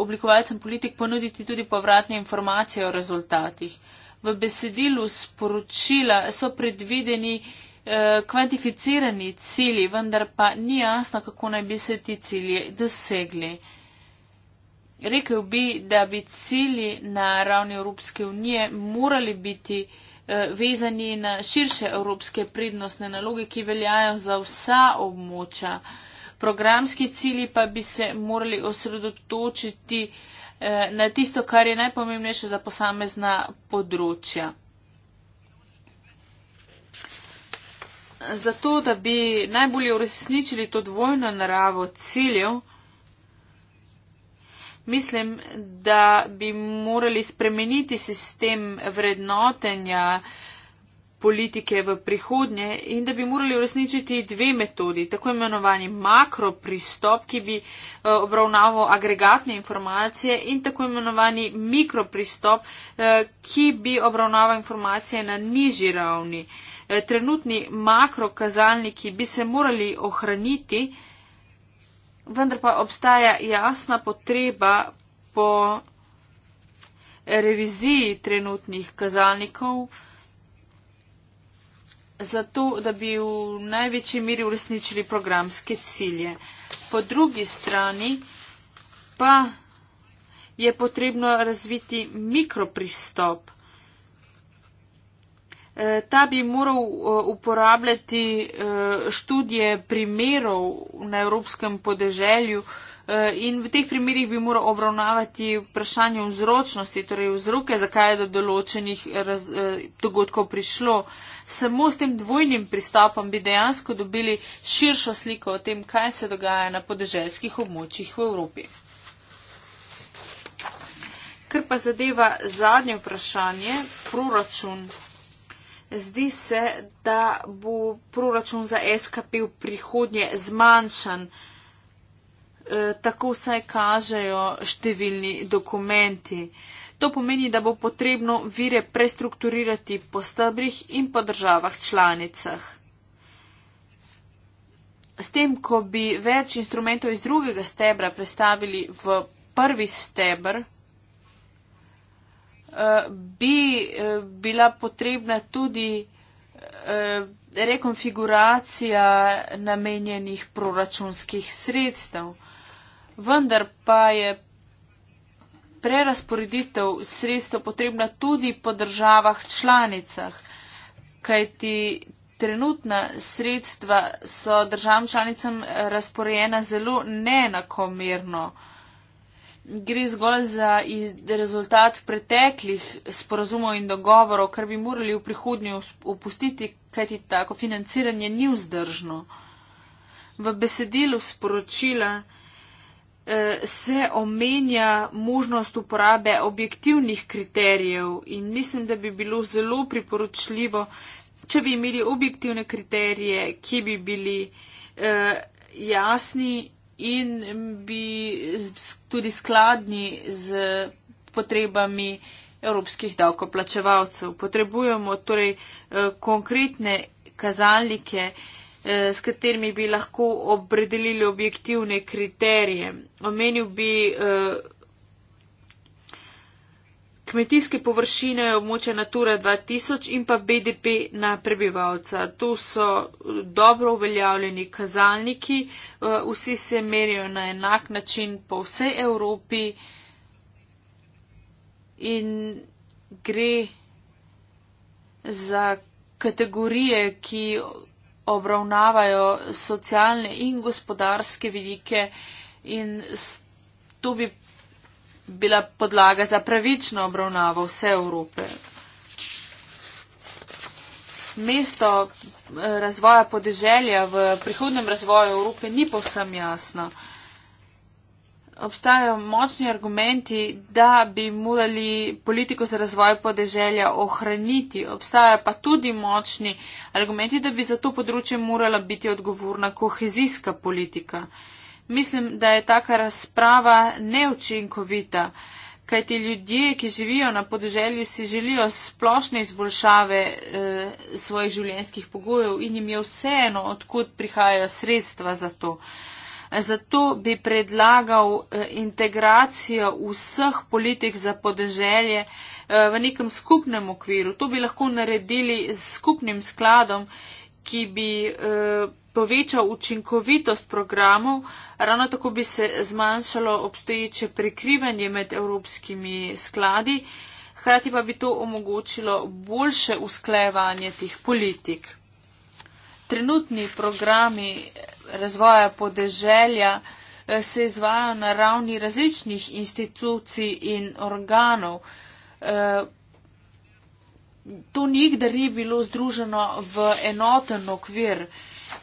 oblikovalcem politik ponuditi tudi povratne informacije o rezultatih. V besedilu sporočila so predvideni eh, kvantificirani cilji, vendar pa ni jasno, kako naj bi se ti cilje dosegli. Rekl bi, da bi cilji na ravni Evropske unije morali biti eh, vezani na širše evropske prednostne naloge, ki veljajo za vsa območja. Programski cilji pa bi se morali osredotočiti eh, na tisto, kar je najpomembnejše za posamezna področja. Zato, da bi najbolje uresničili to dvojno naravo ciljev, Mislim, da bi morali spremeniti sistem vrednotenja politike v prihodnje in da bi morali uresničiti dve metodi, tako imenovani makro pristop, ki bi eh, obravnaval agregatne informacije in tako imenovani mikro pristop, eh, ki bi obravnaval informacije na nižji ravni. Eh, trenutni makro kazalniki bi se morali ohraniti, vendar pa obstaja jasna potreba po reviziji trenutnih kazalnikov, zato da bi v največji miri uresničili programske cilje. Po drugi strani pa je potrebno razviti mikropristop Ta bi moral e, uporabljati e, študije primerov na evropskem podeželju e, in v teh primerjih bi moral obravnavati vprašanje vzročnosti, torej vzroke, zakaj je do določenih raz, dogodkov prišlo. Samo s tem dvojnim pristopom bi dejansko dobili širšo sliko o tem, kaj se dogaja na podeželskih območjih v Evropi. Ker pa zadeva zadnje vprašanje, proračun zdi se, da bo proračun za SKP v prihodnje zmanjšan. E, tako vsaj kažejo številni dokumenti. To pomeni, da bo potrebno vire prestrukturirati po stabrih in po državah članicah. S tem, ko bi več instrumentov iz drugega stebra predstavili v prvi stebr, Eh, bi eh, bila potrebna tudi eh, rekonfiguracija namenjenih proračunskih sredstev. Vendar pa je prerasporeditev sredstev potrebna tudi po državah članicah, kajti trenutna sredstva so državam članicam razporejena zelo neenakomerno. Uh, gre zgolj za rezultat preteklih sporazumov in dogovorov, kar bi morali v prihodnju opustiti, kajti tako financiranje ni vzdržno. V besedilu sporočila eh, se omenja možnost uporabe objektivnih kriterijev in mislim, da bi bilo zelo priporočljivo, če bi imeli objektivne kriterije, ki bi bili eh, jasni in bi tudi skladni z potrebami evropskih davkoplačevalcev. Potrebujemo torej eh, konkretne kazalnike, eh, s katerimi bi lahko opredelili objektivne kriterije. Omenil bi eh, kmetijske površine območja Natura 2000 in pa BDP na prebivalca. To so dobro uveljavljeni kazalniki, eh, vsi se merijo na enak način po vsej Evropi in gre za kategorije, ki obravnavajo socialne in gospodarske vidike in to bi bila podlaga za pravično obravnavo vse Evrope. Mesto eh, razvoja podeželja v prihodnem razvoju Evrope ni povsem jasno. Obstajajo močni argumenti, da bi morali politiko za razvoj podeželja ohraniti. Obstajajo pa tudi močni argumenti, da bi za to področje morala biti odgovorna kohezijska politika. Mislim, da je taka razprava neučinkovita, kaj ti ljudje, ki živijo na podeželju, si želijo splošne izboljšave eh, svojih življenjskih pogojev in jim je vseeno, odkud prihajajo sredstva za to. Zato bi predlagal eh, integracijo vseh politik za podeželje eh, v nekem skupnem okviru. To bi lahko naredili s skupnim skladom, ki bi eh, povečal učinkovitost programov, ravno tako bi se zmanjšalo obstoječe prekrivanje med evropskimi skladi, hkrati pa bi to omogočilo boljše usklejevanje teh politik. Trenutni programi razvoja podeželja eh, se izvajo na ravni različnih institucij in organov. Eh, to nikdar ni bilo združeno v enoten okvir.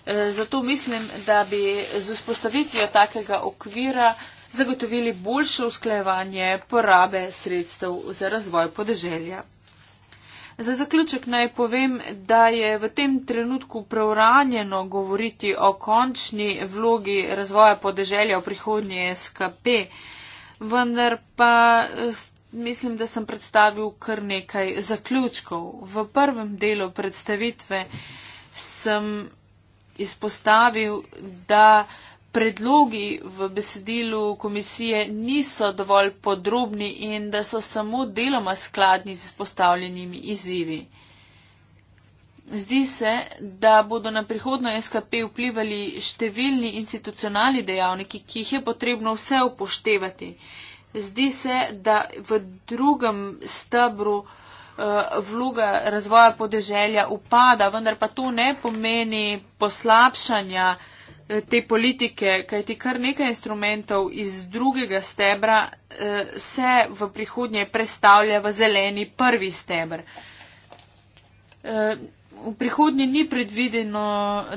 E, zato mislim, da bi z vzpostavitvijo takega okvira zagotovili boljše usklajevanje porabe sredstev za razvoj podeželja. Za zaključek naj povem, da je v tem trenutku preuranjeno govoriti o končni vlogi razvoja podeželja v prihodnje SKP, vendar pa mislim, da sem predstavil kar nekaj zaključkov. V prvem delu predstavitve sem izpostavil, da predlogi v besedilu komisije niso dovolj podrobni in da so samo deloma skladni z izpostavljenimi izzivi. Zdi se, da bodo na prihodno SKP vplivali številni institucionalni dejavniki, ki jih je potrebno vse upoštevati. Zdi se, da v drugem stebru Eh, vloga razvoja podeželja upada, vendar pa to ne pomeni poslabšanja eh, te politike, kajti kar nekaj instrumentov iz drugega stebra eh, se v prihodnje predstavlja v zeleni prvi stebr v prihodnje ni predvideno,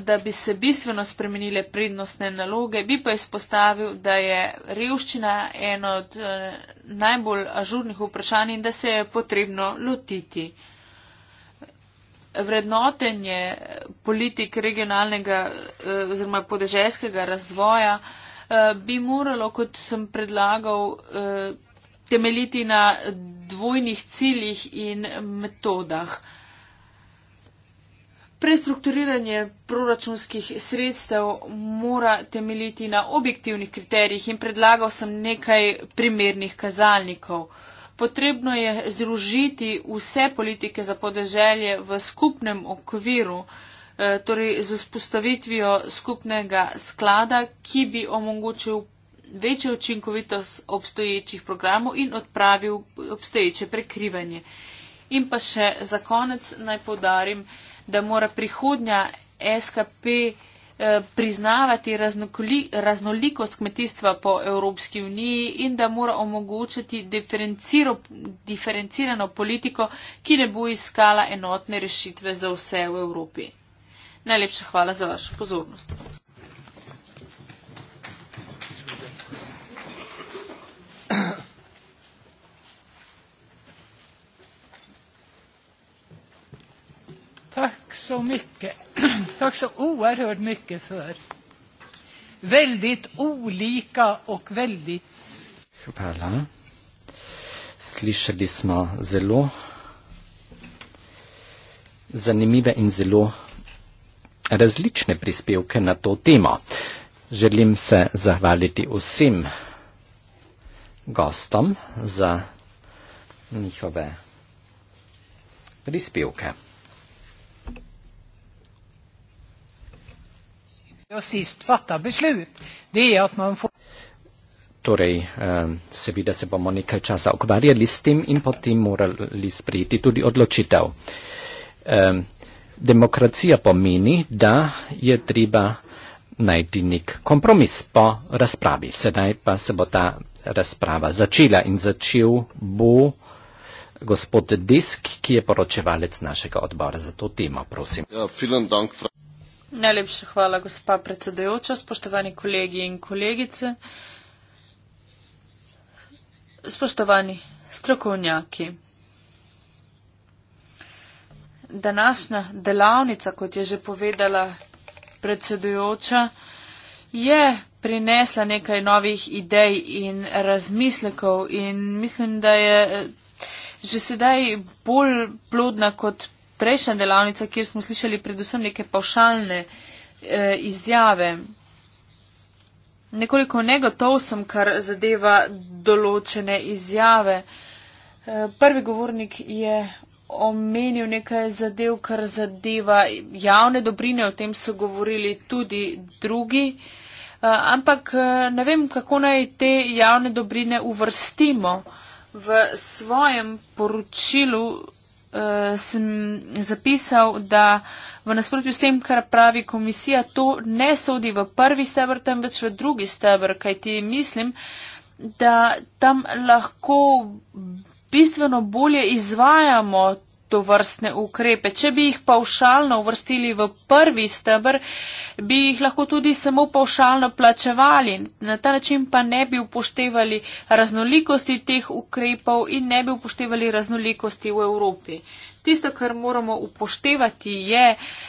da bi se bistveno spremenile prednostne naloge, bi pa izpostavil, da je revščina eno od eh, najbolj ažurnih vprašanj in da se je potrebno lotiti. Vrednotenje politik regionalnega eh, oziroma podeželskega razvoja eh, bi moralo, kot sem predlagal, temeljiti na dvojnih ciljih in metodah. Prestrukturiranje proračunskih sredstev mora temeljiti na objektivnih kriterijih in predlagal sem nekaj primernih kazalnikov. Potrebno je združiti vse politike za podeželje v skupnem okviru, eh, torej z vzpostavitvijo skupnega sklada, ki bi omogočil večjo učinkovitost obstoječih programov in odpravil obstoječe prekrivanje. In pa še za konec naj podarim, da da mora prihodnja SKP eh, priznavati raznolikost kmetijstva po Evropski uniji in da mora omogočiti diferencirano politiko, ki ne bo iskala enotne rešitve za vse v Evropi. Najlepša hvala za vašo pozornost. Tack så mycket. <clears throat> Tack så oerhört mycket för väldigt olika och väldigt... Hvala. Slišali smo zelo zanimive in zelo različne prispevke na to temo. Želim se zahvaliti vsem gostom za njihove prispevke. och sist fatta beslut. Det är att man får... Torej, eh, seveda se bomo nekaj časa ukvarjali s tem in potem morali sprejeti tudi odločitev. Eh, demokracija pomeni, da je treba najti nek kompromis po razpravi. Sedaj pa se bo ta razprava začela in začel bo gospod Disk, ki je poročevalec našega odbora za to temo. Prosim. Ja, Najlepša hvala, gospa predsedajoča, spoštovani kolegi in kolegice, spoštovani strokovnjaki. Današnja delavnica, kot je že povedala predsedujoča, je prinesla nekaj novih idej in razmislekov in mislim, da je eh, že sedaj bolj plodna kot prejšnja delavnica, kjer smo slišali predvsem neke pavšalne eh, izjave. Nekoliko negotov sem, kar zadeva določene izjave. Eh, prvi govornik je omenil nekaj zadev, kar zadeva javne dobrine, o tem so govorili tudi drugi, eh, ampak eh, ne vem, kako naj te javne dobrine uvrstimo v svojem poročilu uh, sem zapisal, da v nasprotju s tem, kar pravi komisija, to ne sodi v prvi stebr, temveč v drugi stebr, kajti mislim, da tam lahko bistveno bolje izvajamo to vrstne ukrepe. Če bi jih paušalno uvrstili v prvi stebr, bi jih lahko tudi samo paušalno plačevali. Na ta način pa ne bi upoštevali raznolikosti teh ukrepov in ne bi upoštevali raznolikosti v Evropi. Tisto, kar moramo upoštevati, je,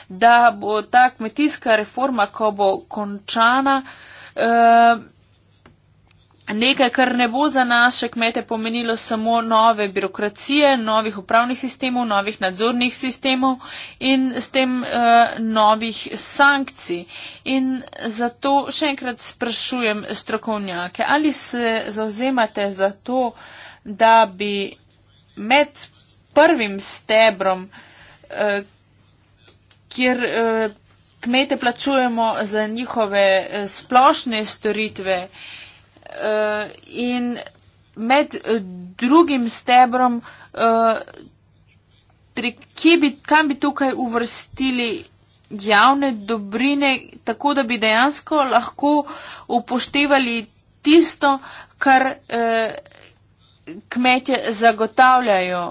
da bo ta kmetijska reforma, ko bo končana, eh, nekaj, kar ne bo za naše kmete pomenilo samo nove birokracije, novih upravnih sistemov, novih nadzornih sistemov in s tem uh, novih sankcij. In zato še enkrat sprašujem strokovnjake, ali se zauzemate za to, da bi med prvim stebrom, uh, kjer. Uh, Kmete plačujemo za njihove splošne storitve, eh, uh, in med eh, drugim stebrom, uh, bi, kam bi tukaj uvrstili javne dobrine, tako da bi dejansko lahko upoštevali tisto, kar uh, kmetje zagotavljajo.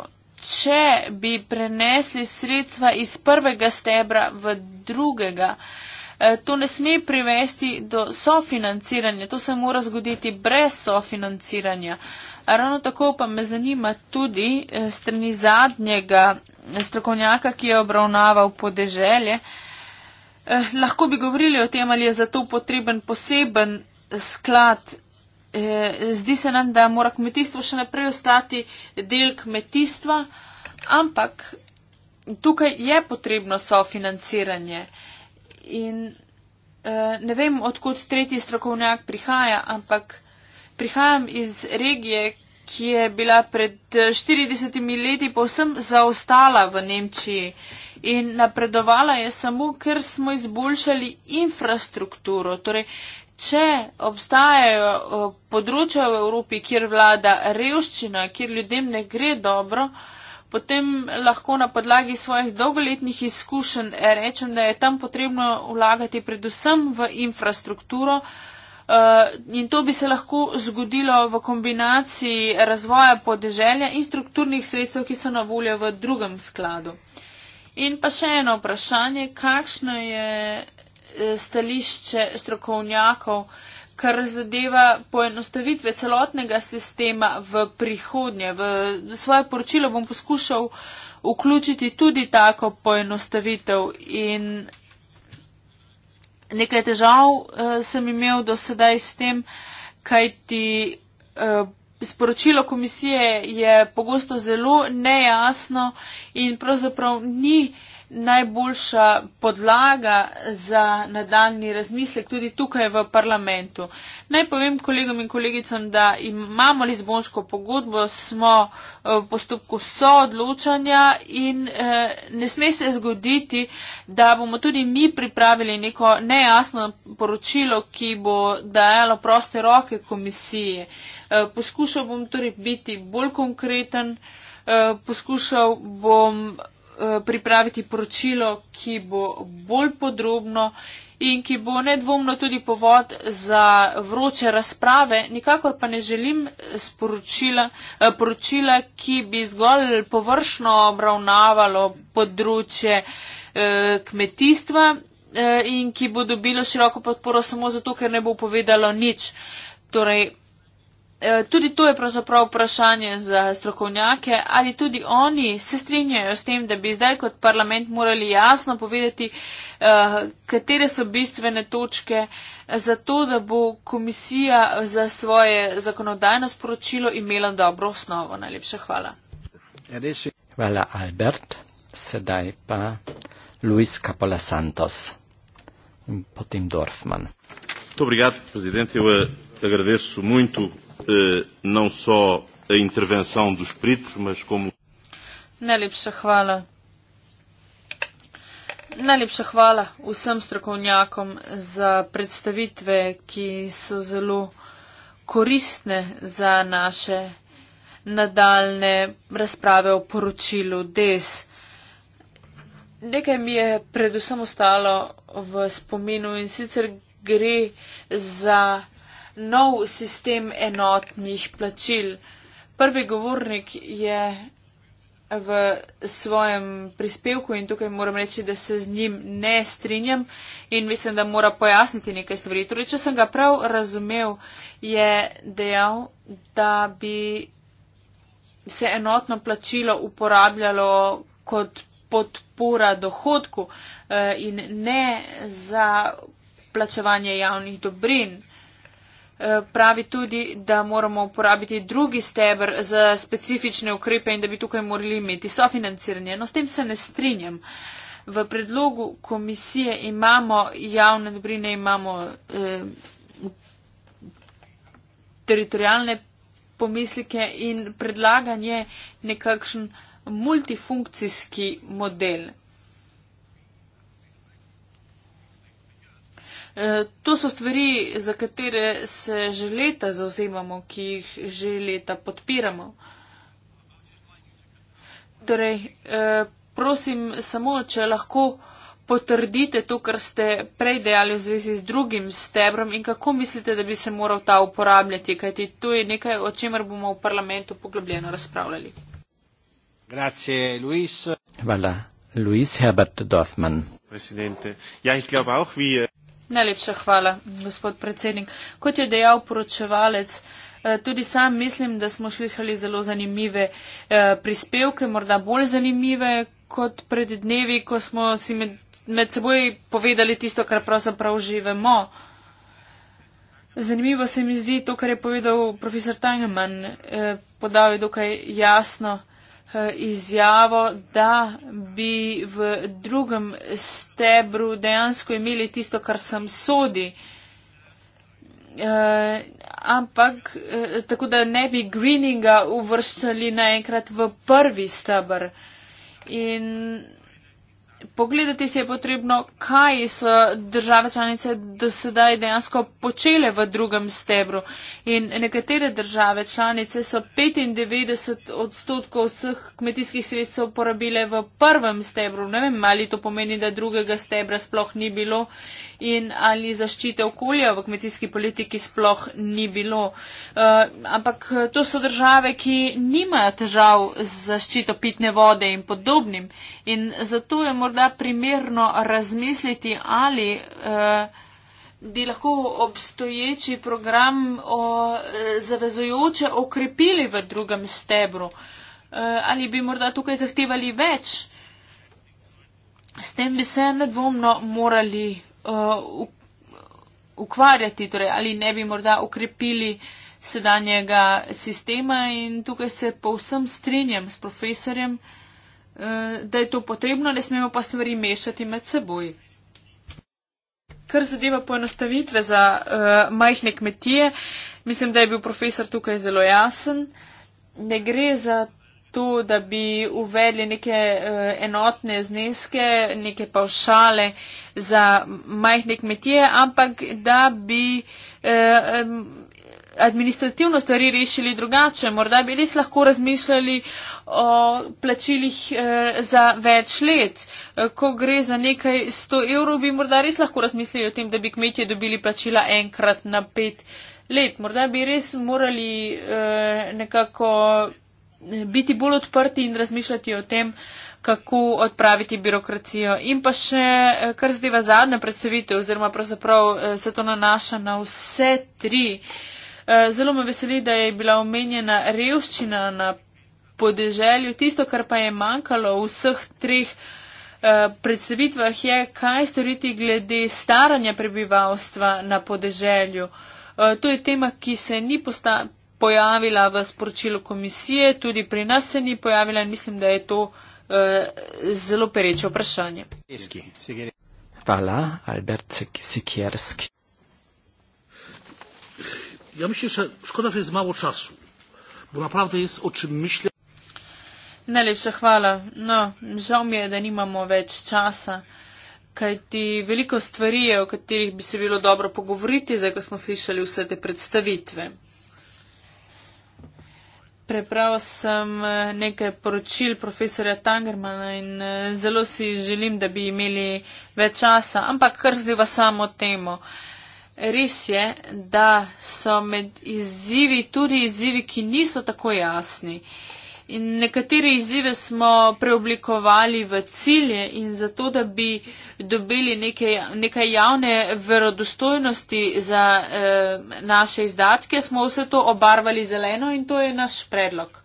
Če bi prenesli sredstva iz prvega stebra v drugega, uh, Eh, to ne sme privesti do sofinanciranja, to se mora zgoditi brez sofinanciranja. Ravno tako pa me zanima tudi eh, strani zadnjega eh, strokovnjaka, ki je obravnaval podeželje. Eh, lahko bi govorili o tem, ali je za to potreben poseben sklad. Eh, zdi se nam, da mora kmetijstvo še naprej ostati del kmetijstva, ampak tukaj je potrebno sofinanciranje. Eh, in uh, ne vem, odkot tretji strokovnjak prihaja, ampak prihajam iz regije, ki je bila pred 40 eh, leti povsem zaostala v Nemčiji in napredovala je samo, ker smo izboljšali infrastrukturo. Torej, Če obstajajo eh, področja v Evropi, kjer vlada revščina, kjer ljudem ne gre dobro, uh, potem lahko na podlagi svojih dolgoletnih izkušenj rečem, da je tam potrebno vlagati predvsem v infrastrukturo. Eh, in to bi se lahko zgodilo v kombinaciji razvoja podeželja in strukturnih sredstev, ki so na voljo v drugem skladu. In pa še eno vprašanje, kakšno je eh, stališče strokovnjakov kar zadeva poenostavitve celotnega sistema v prihodnje. V svoje poročilo bom poskušal vključiti tudi tako poenostavitev in nekaj težav uh, sem imel do sedaj s tem, kaj ti uh, eh, sporočilo komisije je pogosto zelo nejasno in pravzaprav ni uh, najboljša podlaga za nadaljni razmislek tudi tukaj v parlamentu. Naj povem kolegom in kolegicam, da imamo Lizbonsko pogodbo, smo eh, v postopku soodločanja in eh, ne sme se zgoditi, da bomo tudi mi pripravili neko nejasno poročilo, ki bo dajalo proste roke komisije. Eh, poskušal bom torej biti bolj konkreten, poskušal bom Eh, pripraviti poročilo, ki bo bolj podrobno in ki bo nedvomno tudi povod za vroče razprave. Nikakor pa ne želim sporočila, eh, poročila, ki bi zgolj površno obravnavalo področje eh, kmetijstva in ki bo dobilo široko podporo samo zato, ker ne bo povedalo nič. Torej, Eh, tudi to je pravzaprav vprašanje za strokovnjake, ali tudi oni se strinjajo s tem, da bi zdaj kot parlament morali jasno povedati, eh, katere so bistvene točke za to, da bo komisija za svoje zakonodajno sporočilo imela dobro osnovo. Najlepša hvala. Hvala, Albert. Sedaj pa Luis Capola Santos in potem Dorfman. Dobrigat, predsednik, eh, agradecem vam mnogo. Eh, não só a intervenção dos peritos, mas como. Najlepša hvala. Najlepša hvala vsem strokovnjakom za predstavitve, ki so zelo koristne za naše nadaljne razprave o poročilu DES. Nekaj mi je predvsem ostalo v spominu in sicer gre za nov sistem enotnih plačil. Prvi govornik je v svojem prispevku in tukaj moram reči, da se z njim ne strinjam in mislim, da mora pojasniti nekaj stvari. Torej, če sem ga prav razumel, je dejal, da bi se enotno plačilo uporabljalo kot podpora dohodku eh, in ne za plačevanje javnih dobrin. Eh, pravi tudi, da moramo uporabiti drugi stebr za specifične ukrepe in da bi tukaj morali imeti sofinanciranje. No, s tem se ne strinjam. V predlogu komisije imamo javne dobrine, imamo eh, teritorijalne pomislike in predlaganje nekakšen multifunkcijski model. Eh, to so stvari, za katere se že leta zauzemamo, ki jih že leta podpiramo. Torej, eh, prosim samo, če lahko potrdite to, kar ste prej dejali v zvezi z drugim stebrom in kako mislite, da bi se moral ta uporabljati, kajti to je nekaj, o čemer bomo v parlamentu poglobljeno razpravljali. Grazie, Luis. Hvala, Luis Herbert Dorfman. Najlepša hvala, gospod predsednik. Kot je dejal poročevalec, eh, tudi sam mislim, da smo slišali zelo zanimive eh, prispevke, morda bolj zanimive kot pred dnevi, ko smo si med, med seboj povedali tisto, kar pravzaprav živemo. Zanimivo se mi zdi to, kar je povedal profesor Tangeman. Eh, podal je dokaj jasno. Eh, izjavo, da bi v drugem stebru dejansko imeli tisto, kar sem sodi. Uh, ampak uh, tako, da ne bi Greeninga uvrščali naenkrat v prvi stabr. In pogledati se je potrebno, kaj so države članice do sedaj dejansko počele v drugem stebru. In nekatere države članice so 95 odstotkov vseh kmetijskih sredstev porabile v prvem stebru. Ne vem, ali to pomeni, da drugega stebra sploh ni bilo in ali zaščite okolja v kmetijski politiki sploh ni bilo. Uh, ampak eh, to so države, ki nimajo težav z zaščito pitne vode in podobnim. In zato je morda primerno razmisliti, ali eh, bi lahko obstoječi program o, eh, zavezujoče okrepili v drugem stebru, eh, ali bi morda tukaj zahtevali več. S tem bi se nedvomno morali eh, ukvarjati, torej, ali ne bi morda okrepili sedanjega sistema in tukaj se povsem strinjam s profesorjem. Eh, da je to potrebno, ne smemo pa stvari mešati med seboj. Kar zadeva poenostavitve za uh, majhne kmetije, mislim, da je bil profesor tukaj zelo jasen. Ne gre za to, da bi uvedli neke uh, enotne zneske, neke pavšale za majhne kmetije, ampak da bi uh, um, administrativno stvari rešili drugače. Morda bi res lahko razmišljali o plačilih eh, za več let. Eh, ko gre za nekaj 100 evrov, bi morda res lahko razmislili o tem, da bi kmetje dobili plačila enkrat na pet let. Morda bi res morali eh, nekako eh, biti bolj odprti in razmišljati o tem, kako odpraviti birokracijo. In pa še, eh, kar zdaj v zadnje predstavitev, oziroma pravzaprav se to nanaša na vse tri eh, Eh, zelo me veseli, da je bila omenjena revščina na podeželju. Tisto, kar pa je manjkalo v vseh treh eh, predstavitvah, je, kaj storiti glede staranja prebivalstva na podeželju. Eh, to je tema, ki se ni pojavila v sporočilu komisije, tudi pri nas se ni pojavila in mislim, da je to zelo pereče vprašanje. Hvala, Albert Sikerski ja myślę, że szkoda, że jest mało czasu, bo naprawdę jest o czym myślę. Najlepša hvala. No, žal mi je, da nimamo več časa, kajti veliko stvari je, o katerih bi se bilo dobro pogovoriti, zdaj ko smo slišali vse te predstavitve. Prepravil sem eh, nekaj poročil profesorja Tangermana in eh, zelo si želim, da bi imeli več časa, ampak kar zdaj v samo temo. Uh, Res je, da so med izzivi tudi izzivi, ki niso tako jasni. In nekatere izzive smo preoblikovali v cilje in zato, da bi dobili nekaj, nekaj javne verodostojnosti za eh, naše izdatke, smo vse to obarvali zeleno in to je naš predlog.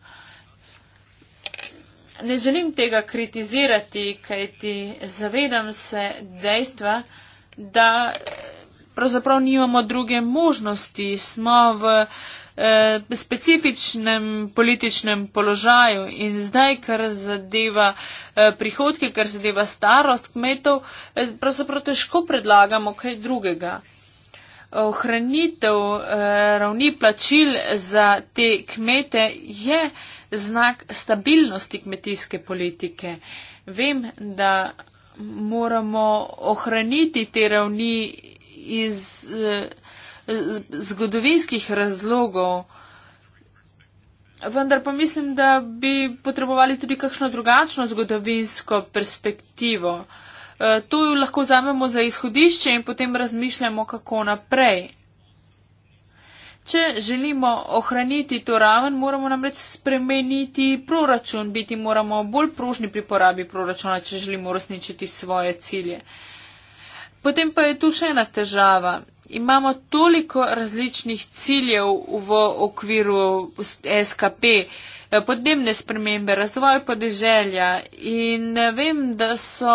Ne želim tega kritizirati, kajti zavedam se dejstva, da. Eh, pravzaprav nimamo druge možnosti, smo v eh, specifičnem političnem položaju in zdaj, kar zadeva eh, prihodke, kar zadeva starost kmetov, eh, pravzaprav težko predlagamo kaj drugega. Ohranitev eh, ravni plačil za te kmete je znak stabilnosti kmetijske politike. Vem, da moramo ohraniti te ravni iz eh, zgodovinskih razlogov. Vendar pa mislim, da bi potrebovali tudi kakšno drugačno zgodovinsko perspektivo. Eh, to jo lahko zamemo za izhodišče in potem razmišljamo, kako naprej. Če želimo ohraniti to raven, moramo namreč spremeniti proračun, biti moramo bolj prožni pri porabi proračuna, če želimo uresničiti svoje cilje. Uh, Potem pa je tu še ena težava. Imamo toliko različnih ciljev v okviru SKP, podnebne spremembe, razvoj podeželja in vem, da so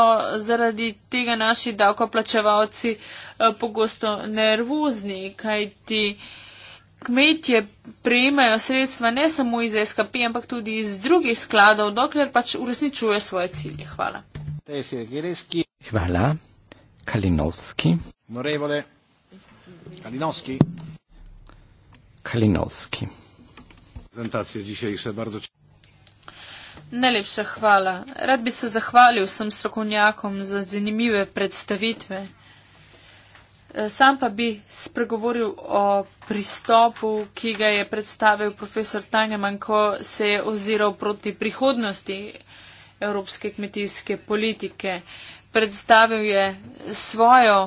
zaradi tega naši davkoplačevalci eh, pogosto nervozni, kajti kmetje prejemajo sredstva ne samo iz SKP, ampak tudi iz drugih skladov, dokler pač uresničuje svoje cilje. Hvala. Hvala. Kalinowski. Onorevole Kalinowski. Kalinowski. Prezentacja dzisiejsza bardzo Najlepša hvala. Rad bi se zahvalil vsem strokovnjakom za zanimive predstavitve. Sam pa bi spregovoril o pristopu, ki ga je predstavil profesor Tangeman, ko se je oziral proti prihodnosti evropske kmetijske politike predstavil je svojo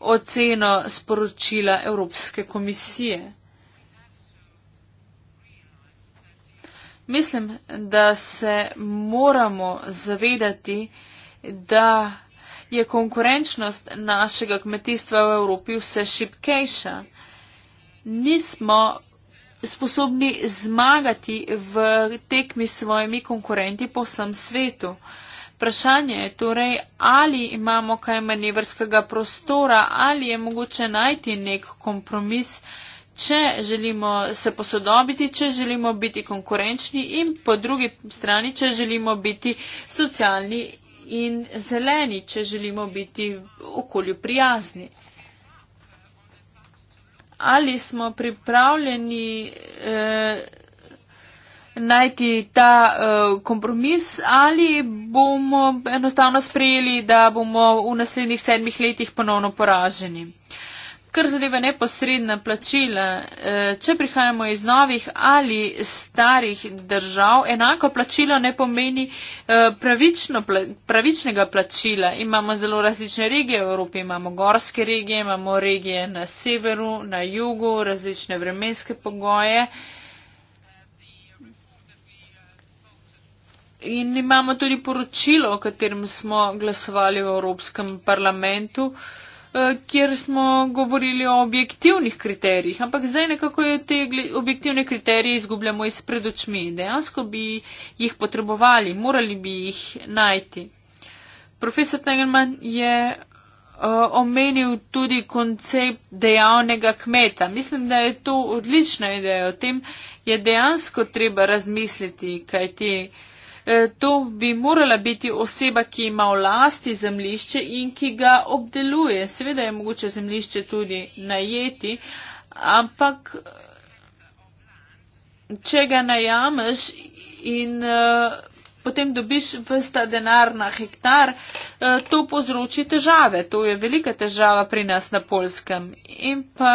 oceno sporočila Evropske komisije. Mislim, da se moramo zavedati, da je konkurenčnost našega kmetijstva v Evropi vse šipkejša. Nismo sposobni zmagati v tekmi s svojimi konkurenti po vsem svetu. Vprašanje je torej, ali imamo kaj manevrskega prostora, ali je mogoče najti nek kompromis, če želimo se posodobiti, če želimo biti konkurenčni in po drugi strani, če želimo biti socialni in zeleni, če želimo biti okolju prijazni. Ali smo pripravljeni. Eh, najti ta uh, kompromis ali bomo enostavno sprejeli, da bomo v naslednjih sedmih letih ponovno poraženi. Kar zadeva neposredna plačila, eh, če prihajamo iz novih ali starih držav, enako plačilo ne pomeni eh, pravično, pravičnega plačila. Imamo zelo različne regije v Evropi, imamo gorske regije, imamo regije na severu, na jugu, različne vremenske pogoje. In imamo tudi poročilo, o katerem smo glasovali v Evropskem parlamentu, eh, kjer smo govorili o objektivnih kriterijih, ampak zdaj nekako te objektivne kriterije izgubljamo iz predočmi. Dejansko bi jih potrebovali, morali bi jih najti. Profesor Tengelman je eh, omenil tudi koncept dejavnega kmeta. Mislim, da je to odlična ideja. O tem je dejansko treba razmisliti, kaj ti. Te Eh, to bi morala biti oseba, ki ima v lasti zemlišče in ki ga obdeluje. Seveda je mogoče zemlišče tudi najeti, ampak če ga najameš in eh, potem dobiš vsta denar na hektar, eh, to povzroči težave. To je velika težava pri nas na polskem. In pa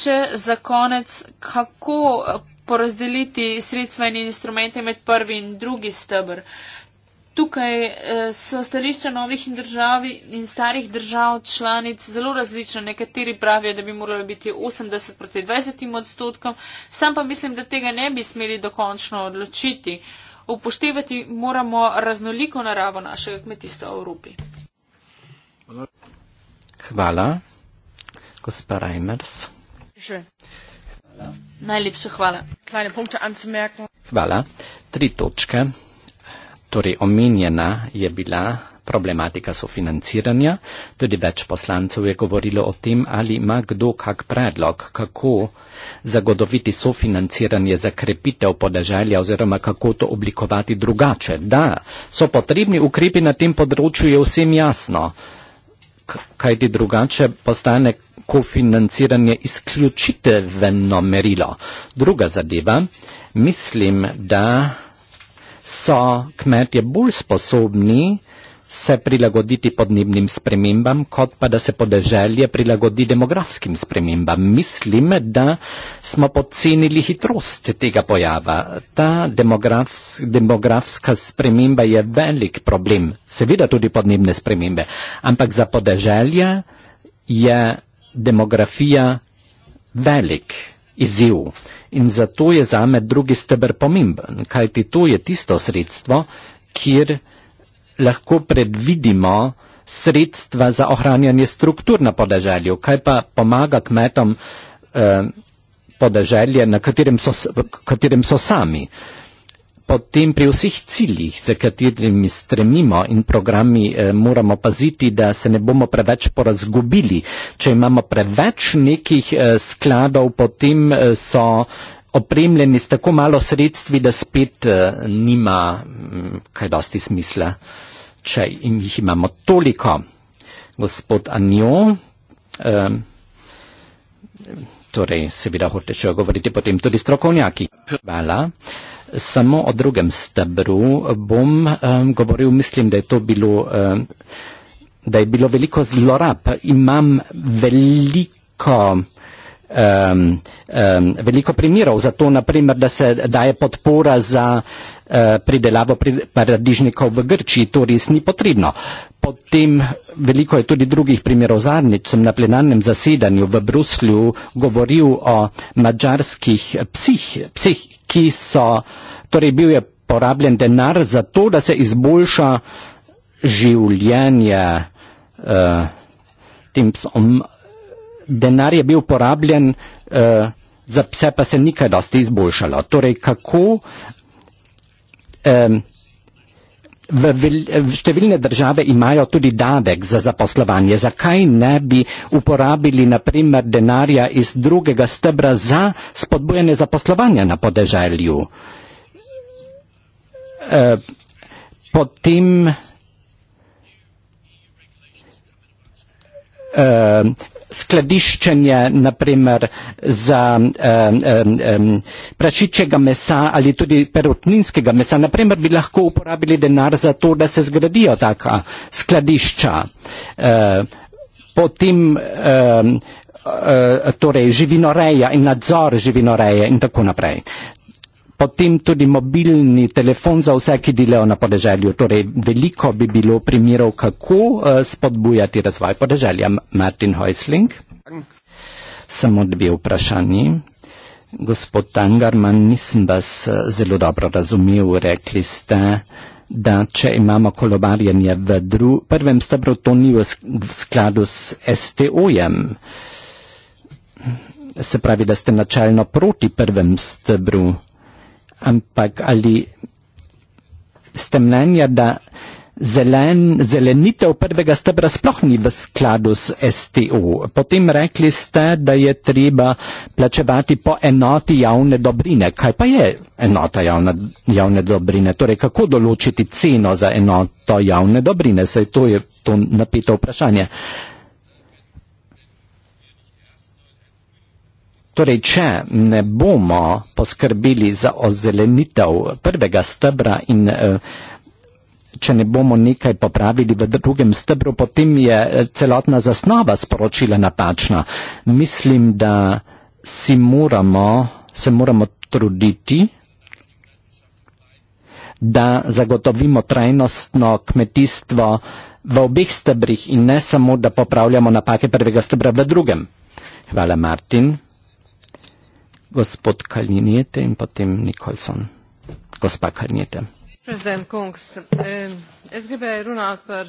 še za konec, kako porazdeliti sredstva in instrumente med prvi in drugi stebr. Tukaj eh, so stališča novih in, državi, in starih držav članic zelo različna. Nekateri pravijo, da bi moralo biti 80 proti 20 odstotkom, sam pa mislim, da tega ne bi smeli dokončno odločiti. Upoštevati moramo raznoliko naravo našega kmetijstva v Evropi. Hvala, gospod Reimers. Hvala. Najlepša hvala. Kleine punkte anzumerken. Hvala. Tri točke. Torej, omenjena je bila problematika sofinanciranja. Tudi več poslancev je govorilo o tem, ali ima kdo kak predlog, kako zagotoviti sofinanciranje za krepitev podeželja oziroma kako to oblikovati drugače. Da, so potrebni ukrepi na tem področju, je vsem jasno. Kaj ti drugače postane kofinanciranje izključiteveno merilo. Druga zadeva, mislim, da so kmetje bolj sposobni se prilagoditi podnebnim spremembam, kot pa da se podeželje prilagodi demografskim spremembam. Mislim, da smo podcenili hitrost tega pojava. Ta demografs demografska sprememba je velik problem, seveda tudi podnebne spremembe, ampak za podeželje je demografija velik izziv in zato je za me drugi steber pomemben, kajti to je tisto sredstvo, kjer lahko predvidimo sredstva za ohranjanje struktur na podeželju, kaj pa pomaga kmetom eh, podeželje, na katerem so, katerem so sami potem pri vseh ciljih, za katerimi stremimo in programi, eh, moramo paziti, da se ne bomo preveč porazgubili. Če imamo preveč nekih eh, skladov, potem eh, so opremljeni s tako malo sredstvi, da spet nima mm, kaj dosti smisla, če jih imamo toliko. Gospod Anjo, ehm, torej seveda hočete še govoriti potem tudi strokovnjaki. Hvala samo o drugem stebru bom um, govoril, mislim, da je to bilo, um, da je bilo veliko zlorab. Imam veliko, um, um, veliko primerov za to, naprimer, da se daje podpora za uh, pridelavo paradižnikov v Grčiji. To res ni potrebno. Potem veliko je tudi drugih primerov. Zadnjič sem na plenarnem zasedanju v Bruslju govoril o mađarskih psih, psih ki so, torej bil je porabljen denar za to, da se izboljša življenje uh, tem psom. Denar je bil porabljen uh, za pse, pa se ni kaj dosti izboljšalo. Torej, kako um, V vel, številne države imajo tudi davek za zaposlovanje. Zakaj ne bi uporabili naprimer denarja iz drugega stebra za spodbujanje zaposlovanja na podeželju? E, potem e, skladiščenje naprimer za um, um, um, prašičjega mesa ali tudi perutninskega mesa. Naprimer bi lahko uporabili denar za to, da se zgradijo taka skladišča. Uh, potem um, uh, torej živinoreja in nadzor živinoreje in tako naprej potem tudi mobilni telefon za vse, ki delajo na podeželju. Torej, veliko bi bilo primerov, kako eh, spodbujati razvoj podeželja. Martin Heusling. Samo dve vprašanji. Gospod Tangarman, nisem vas eh, zelo dobro razumel. Rekli ste, da če imamo kolobarjenje v dru, prvem stebru, to ni v skladu s STO-jem. Se pravi, da ste načelno proti prvem stebru ampak ali ste mnenja, da zelen, zelenitev prvega stebra sploh ni v skladu s STO. Potem rekli ste, da je treba plačevati po enoti javne dobrine. Kaj pa je enota javne, javne dobrine? Torej, kako določiti ceno za enoto javne dobrine? Saj to je to napeto vprašanje. Uh, Torej, če ne bomo poskrbeli za ozelenitev prvega stebra in eh, če ne bomo nekaj popravili v drugem stebru, potem je eh, celotna zasnova sporočila napačna. Mislim, da si moramo, se moramo truditi, da zagotovimo trajnostno kmetijstvo v obeh stebrih in ne samo, da popravljamo napake prvega stebra v drugem. Hvala, Martin gospod Kalinjete in potem Nikolson, gospa Kalinjete. President Kongs, eh, SGB je runa odpr.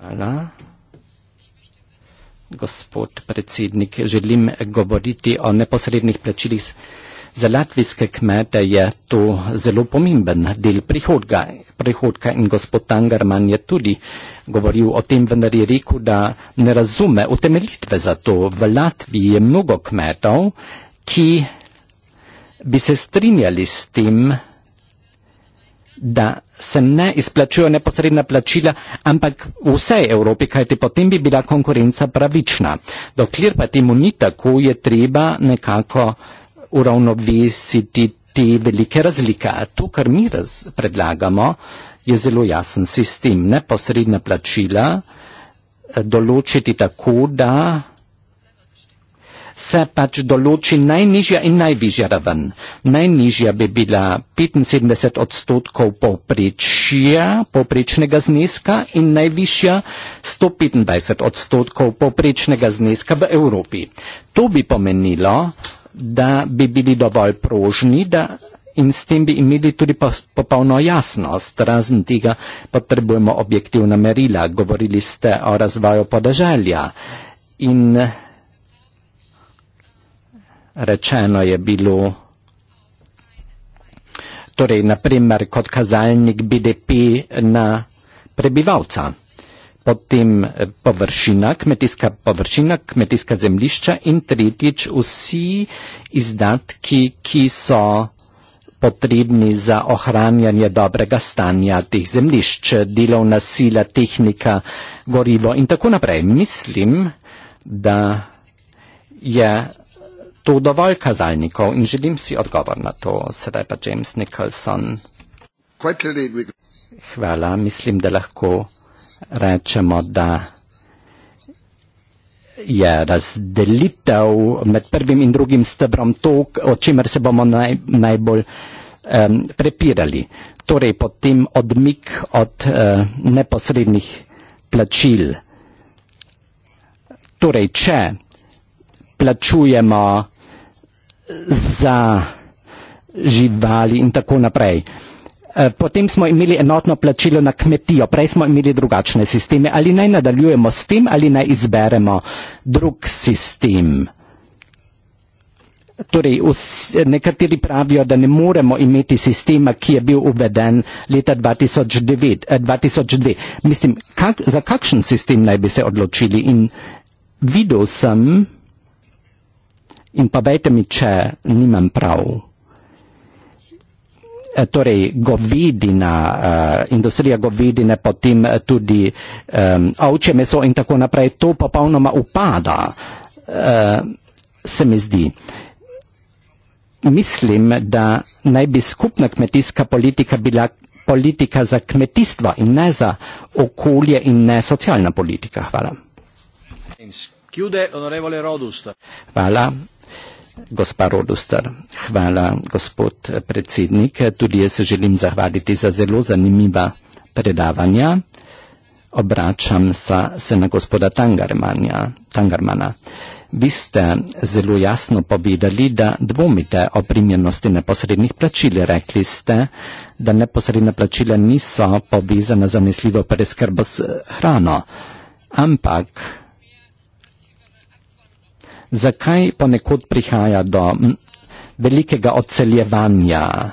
Hvala. Gospod predsednik, želim govoriti o neposrednih plačilih. Za latvijske kmete je to zelo pomemben del prihodka, prihodka in gospod Tangerman je tudi govoril o tem, vendar je rekel, da ne razume utemeljitve za to. V Latviji je mnogo kmetov, ki bi se strinjali s tem, da se ne izplačujo neposredna plačila, ampak vse Evropi, kajti potem bi bila konkurenca pravična. Dokler pa temu ni tako, je treba nekako uravnovesiti te velike razlike. To, kar mi raz predlagamo, je zelo jasen sistem. Neposredna plačila eh, določiti tako, da se pač določi najnižja in najvišja raven. Najnižja bi bila 75 odstotkov povprečja, povprečnega zneska in najvišja 125 odstotkov povprečnega zneska v Evropi. To bi pomenilo, da bi bili dovolj prožni da, in s tem bi imeli tudi popolno jasnost. Razen tega potrebujemo objektivna merila. Govorili ste o razvoju podeželja in rečeno je bilo. Torej, naprimer, kot kazalnik BDP na prebivalca, potem eh, površina, kmetijska površina, kmetijska zemlišča in tretjič vsi izdatki, ki so potrebni za ohranjanje dobrega stanja teh zemlišč, delovna sila, tehnika, gorivo in tako naprej. Mislim, da je to dovolj kazalnikov in želim si odgovor na to. Sedaj pa James Nicholson. Hvala, mislim, da lahko rečemo, da je razdelitev med prvim in drugim stebrom to, o čemer se bomo naj, najbolj um, prepirali. Torej, potem odmik od uh, neposrednih plačil. Torej, če plačujemo za živali in tako naprej. Eh, potem smo imeli enotno plačilo na kmetijo, prej smo imeli drugačne sisteme. Ali naj nadaljujemo s tem ali naj izberemo drug sistem? Torej, nekateri pravijo, da ne moremo imeti sistema, ki je bil uveden leta 2009, eh, 2002. Mislim, kak, za kakšen sistem naj bi se odločili? In videl sem, in pa vejte mi, če nimam prav. E, torej, govedina, uh, industrija govedine, potem e, tudi um, ovčje meso in tako naprej, to popolnoma upada, uh, se mi zdi. Mislim, da naj bi skupna kmetijska politika bila politika za kmetijstvo in ne za okolje in ne socialna politika. Hvala. Hvala gospa Rodoster. Hvala, gospod predsednik. Tudi jaz se želim zahvaliti za zelo zanimiva predavanja. Obračam sa, se na gospoda Tangarmana. Vi ste zelo jasno povedali, da dvomite o primernosti neposrednih plačil. Rekli ste, da neposredna plačila niso povezana zanesljivo preskrbo s hrano. Ampak zakaj ponekod prihaja do velikega odseljevanja.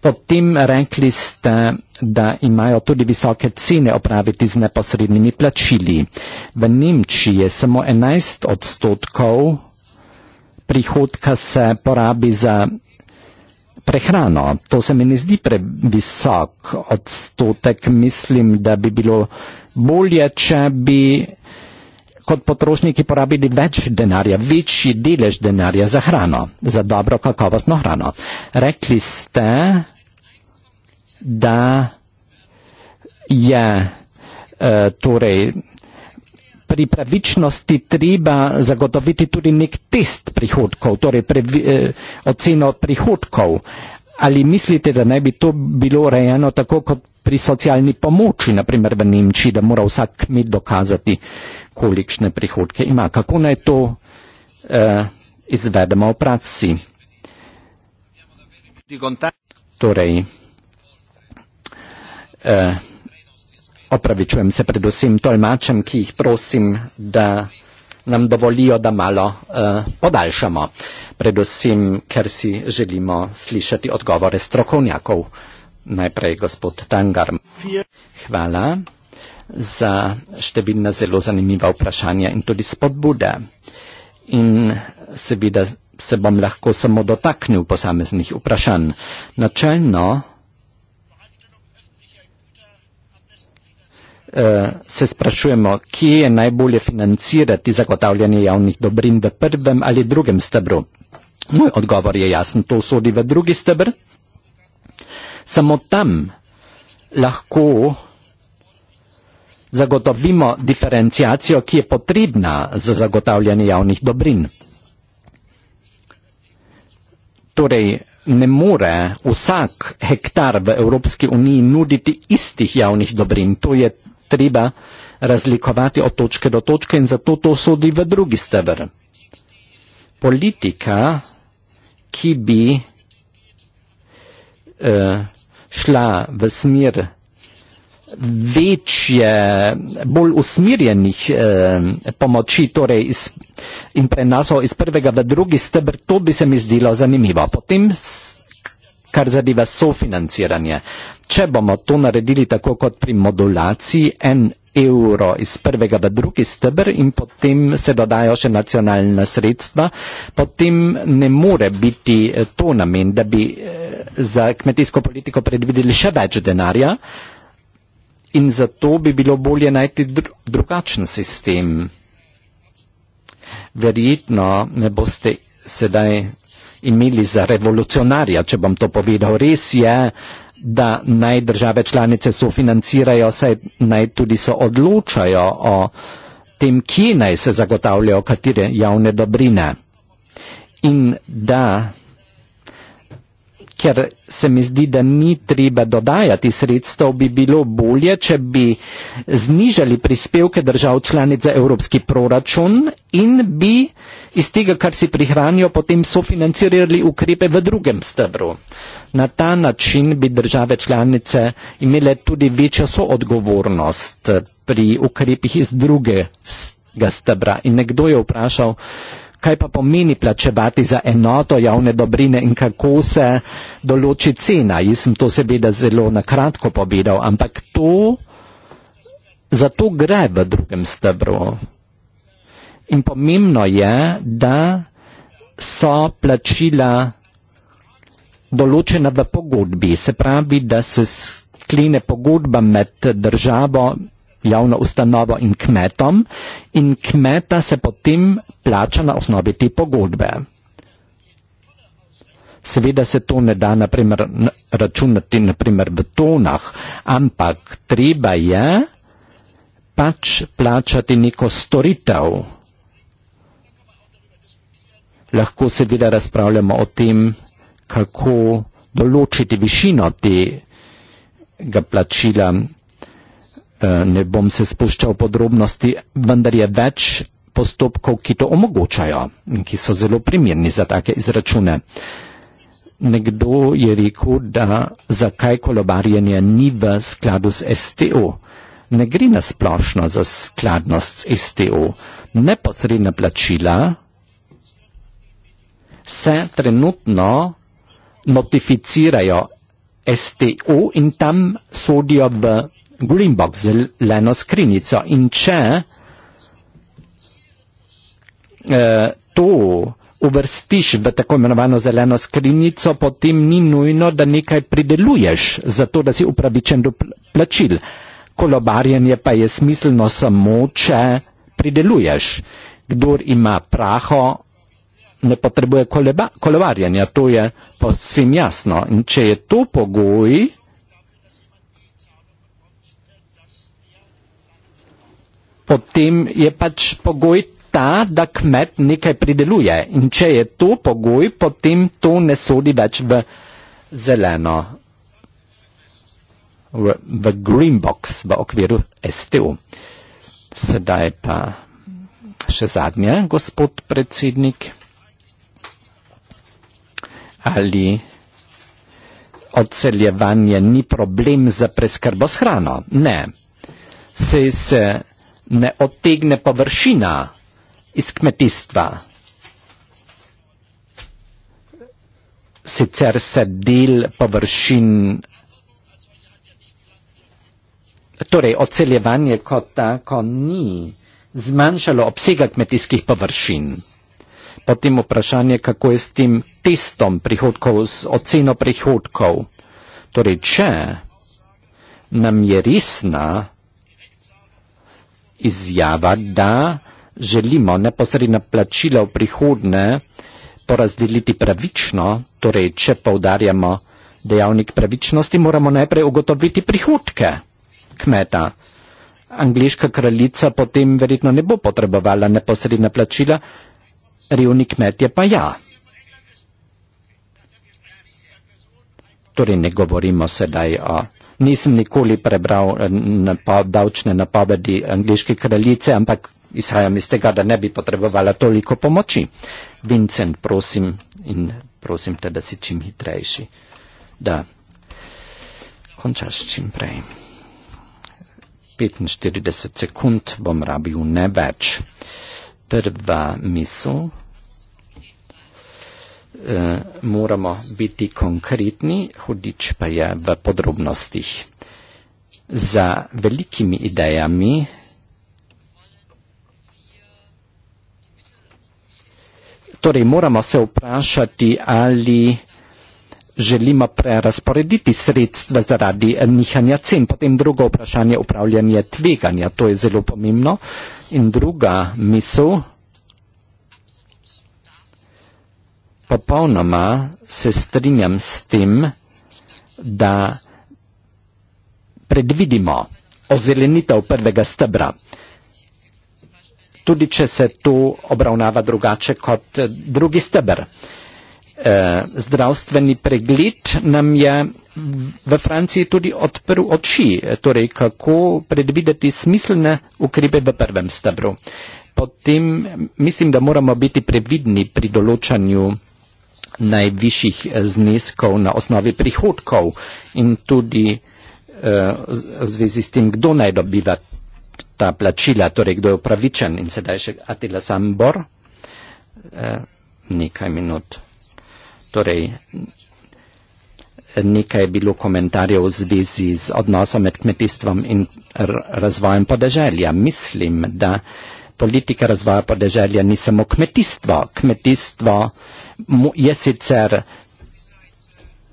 Potem rekli ste, da imajo tudi visoke cene opraviti z neposrednimi plačili. V Nemčiji je samo 11 odstotkov prihodka se porabi za prehrano. To se mi ne zdi previsok odstotek. Mislim, da bi bilo bolje, če bi kot potrošniki porabili več denarja, večji delež denarja za hrano, za dobro kakovostno hrano. Rekli ste, da je e, torej pri pravičnosti treba zagotoviti tudi nek test prihodkov, torej pre, e, eh, oceno prihodkov. Ali mislite, da naj bi to bilo rejeno tako, kot pri socialni pomoči, naprimer v Nemčiji, da mora vsak kmet dokazati, kolikšne prihodke ima. Kako naj to eh, izvedemo v praksi? Torej, eh, opravičujem se predvsem tolmačem, ki jih prosim, da nam dovolijo, da malo eh, podaljšamo, predvsem, ker si želimo slišati odgovore strokovnjakov najprej gospod Tangarm. Hvala za številna zelo zanimiva vprašanja in tudi spodbude. In seveda se bom lahko samo dotaknil posameznih vprašanj. Načelno eh, se sprašujemo, kje je najbolje financirati zagotavljanje javnih dobrin v prvem ali drugem stebru. Moj odgovor je jasen, to sodi v drugi stebr. Samo tam lahko zagotovimo diferencijacijo, ki je potrebna za zagotavljanje javnih dobrin. Torej, ne more vsak hektar v Evropski uniji nuditi istih javnih dobrin. To je treba razlikovati od točke do točke in zato to sodi v drugi stebr. Politika, ki bi eh, šla v smer večje, bolj usmirjenih eh, pomoči torej iz, in prenosov iz prvega v drugi stebr, to bi se mi zdelo zanimivo. Potem, kar zadeva sofinanciranje. Če bomo to naredili tako kot pri modulaciji, en evro iz prvega v drugi stebr in potem se dodajo še nacionalna sredstva, potem ne more biti eh, to namen, da bi eh, za kmetijsko politiko predvideli še več denarja in zato bi bilo bolje najti drugačen sistem. Verjetno ne boste sedaj imeli za revolucionarja, če bom to povedal. Res je, da naj države članice sofinancirajo, saj naj tudi so odločajo o tem, kje naj se zagotavljajo katere javne dobrine. In da ker se mi zdi, da ni treba dodajati sredstev, bi bilo bolje, če bi znižali prispevke držav članic za evropski proračun in bi iz tega, kar si prihranijo, potem sofinancirali ukrepe v drugem stebru. Na ta način bi države članice imele tudi večjo soodgovornost pri ukrepih iz drugega stebra. In nekdo je vprašal, kaj pa pomeni plačevati za enoto javne dobrine in kako se določi cena. Jaz sem to seveda zelo na kratko povedal, ampak to, za to gre v drugem stebru. In pomembno je, da so plačila določena v pogodbi, se pravi, da se sklene pogodba med državo javna ustanova in kmetom in kmeta se potem plača na osnovi te pogodbe. Seveda se to ne da naprimer, računati naprimer v tonah, ampak treba je pač plačati neko storitev. Lahko seveda razpravljamo o tem, kako določiti višino tega plačila Eh, ne bom se spuščal v podrobnosti, vendar je več postopkov, ki to omogočajo in ki so zelo primirni za take izračune. Nekdo je rekel, da zakaj kolobarjenje ni v skladu s STO. Ne gre nasplošno za skladnost s STO. Neposredna plačila se trenutno notificirajo STO in tam sodijo v green box, zeleno skrinjico. In če eh, to uvrstiš v tako imenovano zeleno skrinjico, potem ni nujno, da nekaj prideluješ, zato da si upravičen do plačil. Kolobarjenje pa je smiselno samo, če prideluješ. Kdor ima praho, ne potrebuje koleba, kolobarjenja, to je posebno jasno. In če je to pogoj, potem je pač pogoj ta, da kmet nekaj prideluje. In če je to pogoj, potem to ne sodi več v zeleno, v, v green box, v okviru STO. Sedaj pa še zadnje, gospod predsednik. Ali odseljevanje ni problem za preskrbo s hrano? Ne. Sej se. se ne odtegne površina iz kmetijstva. Sicer se del površin, torej oceljevanje kot tako ni zmanjšalo obsega kmetijskih površin. Potem vprašanje, kako je s tem testom prihodkov, s oceno prihodkov. Torej, če nam je resna izjava, da želimo neposredno plačilo v prihodne porazdeliti pravično, torej če povdarjamo dejavnik pravičnosti, moramo najprej ugotoviti prihodke kmeta. Angliška kraljica potem verjetno ne bo potrebovala neposredna plačila, revni kmetje pa ja. Torej ne govorimo sedaj o nisem nikoli prebral eh, napav, davčne napovedi angliške kraljice, ampak izhajam iz tega, da ne bi potrebovala toliko pomoči. Vincent, prosim in prosim te, da si čim hitrejši, da končaš čim prej. 45 sekund bom rabil ne več. Prva misel eh, moramo biti konkretni, hudič pa je v podrobnostih. Za velikimi idejami torej moramo se vprašati, ali želimo prerasporediti sredstva zaradi nihanja cen. Potem drugo vprašanje je upravljanje tveganja, to je zelo pomembno. In druga misel. popolnoma se strinjam s tem, da predvidimo ozelenitev prvega stebra. Tudi, če se to obravnava drugače kot eh, drugi steber. Eh, zdravstveni pregled nam je v Franciji tudi odprl oči, torej kako predvideti smiselne ukrepe v prvem stebru. Potem mislim, da moramo biti previdni pri določanju najvišjih eh, zneskov na osnovi prihodkov in tudi eh, v zvezi s tem, kdo naj dobiva ta plačila, torej kdo je upravičen. In sedaj še Atila Sambor, eh, nekaj minut. Torej, nekaj je bilo komentarjev v zvezi z odnosom med kmetijstvom in razvojem podeželja. Mislim, da politika razvoja podeželja ni samo kmetijstvo. Kmetijstvo uh, je sicer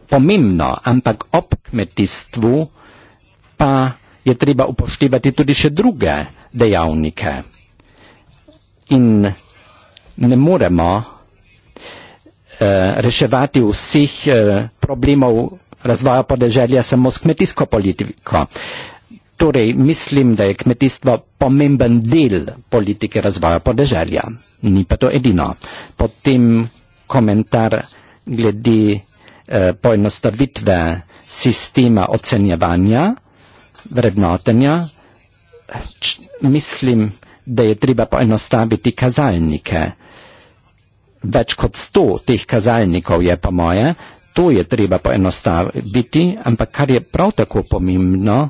pomembno, ampak ob kmetijstvu pa je treba upoštevati tudi še druge dejavnike. In ne moremo eh, reševati vseh eh, problemov razvoja podeželja samo s kmetijsko politiko. Torej, mislim, da je kmetijstvo pomemben del politike razvoja podeželja. Ni pa to edino. Potem komentar glede eh, poenostavitve sistema ocenjevanja, vrednotenja. Č, mislim, da je treba poenostaviti kazalnike. Več kot sto teh kazalnikov je po moje, to je treba poenostaviti, ampak kar je prav tako pomembno,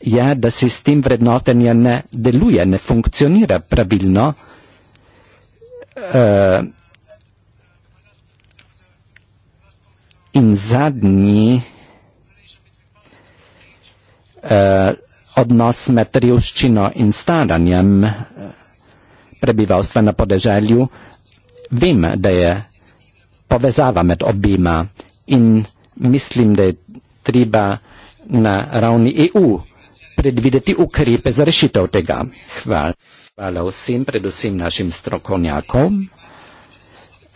je, da sistem vrednotenja ne deluje, ne funkcionira pravilno. Eh, in zadnji eh, odnos med revščino in staranjem eh, prebivalstva na podeželju, vem, da je povezava med obima in mislim, da je treba na ravni EU predvideti ukrepe za rešitev tega. Hvala. Hvala vsem, predvsem našim strokovnjakom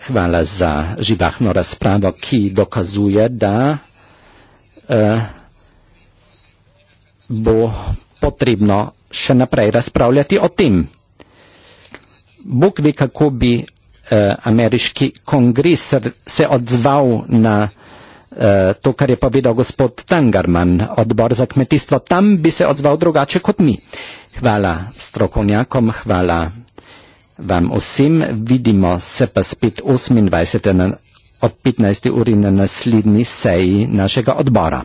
hvala za živahno razpravo, ki dokazuje, da eh, bo potrebno še naprej razpravljati o tem. Bog ve, kako bi eh, ameriški kongres se odzval na eh, to, kar je povedal gospod Tangarman, odbor za kmetijstvo. Tam bi se odzval drugače kot mi. Hvala strokovnjakom, hvala vam vsem, vidimo se pa spet 28. Na, ob 15. uri na naslednji seji našega odbora.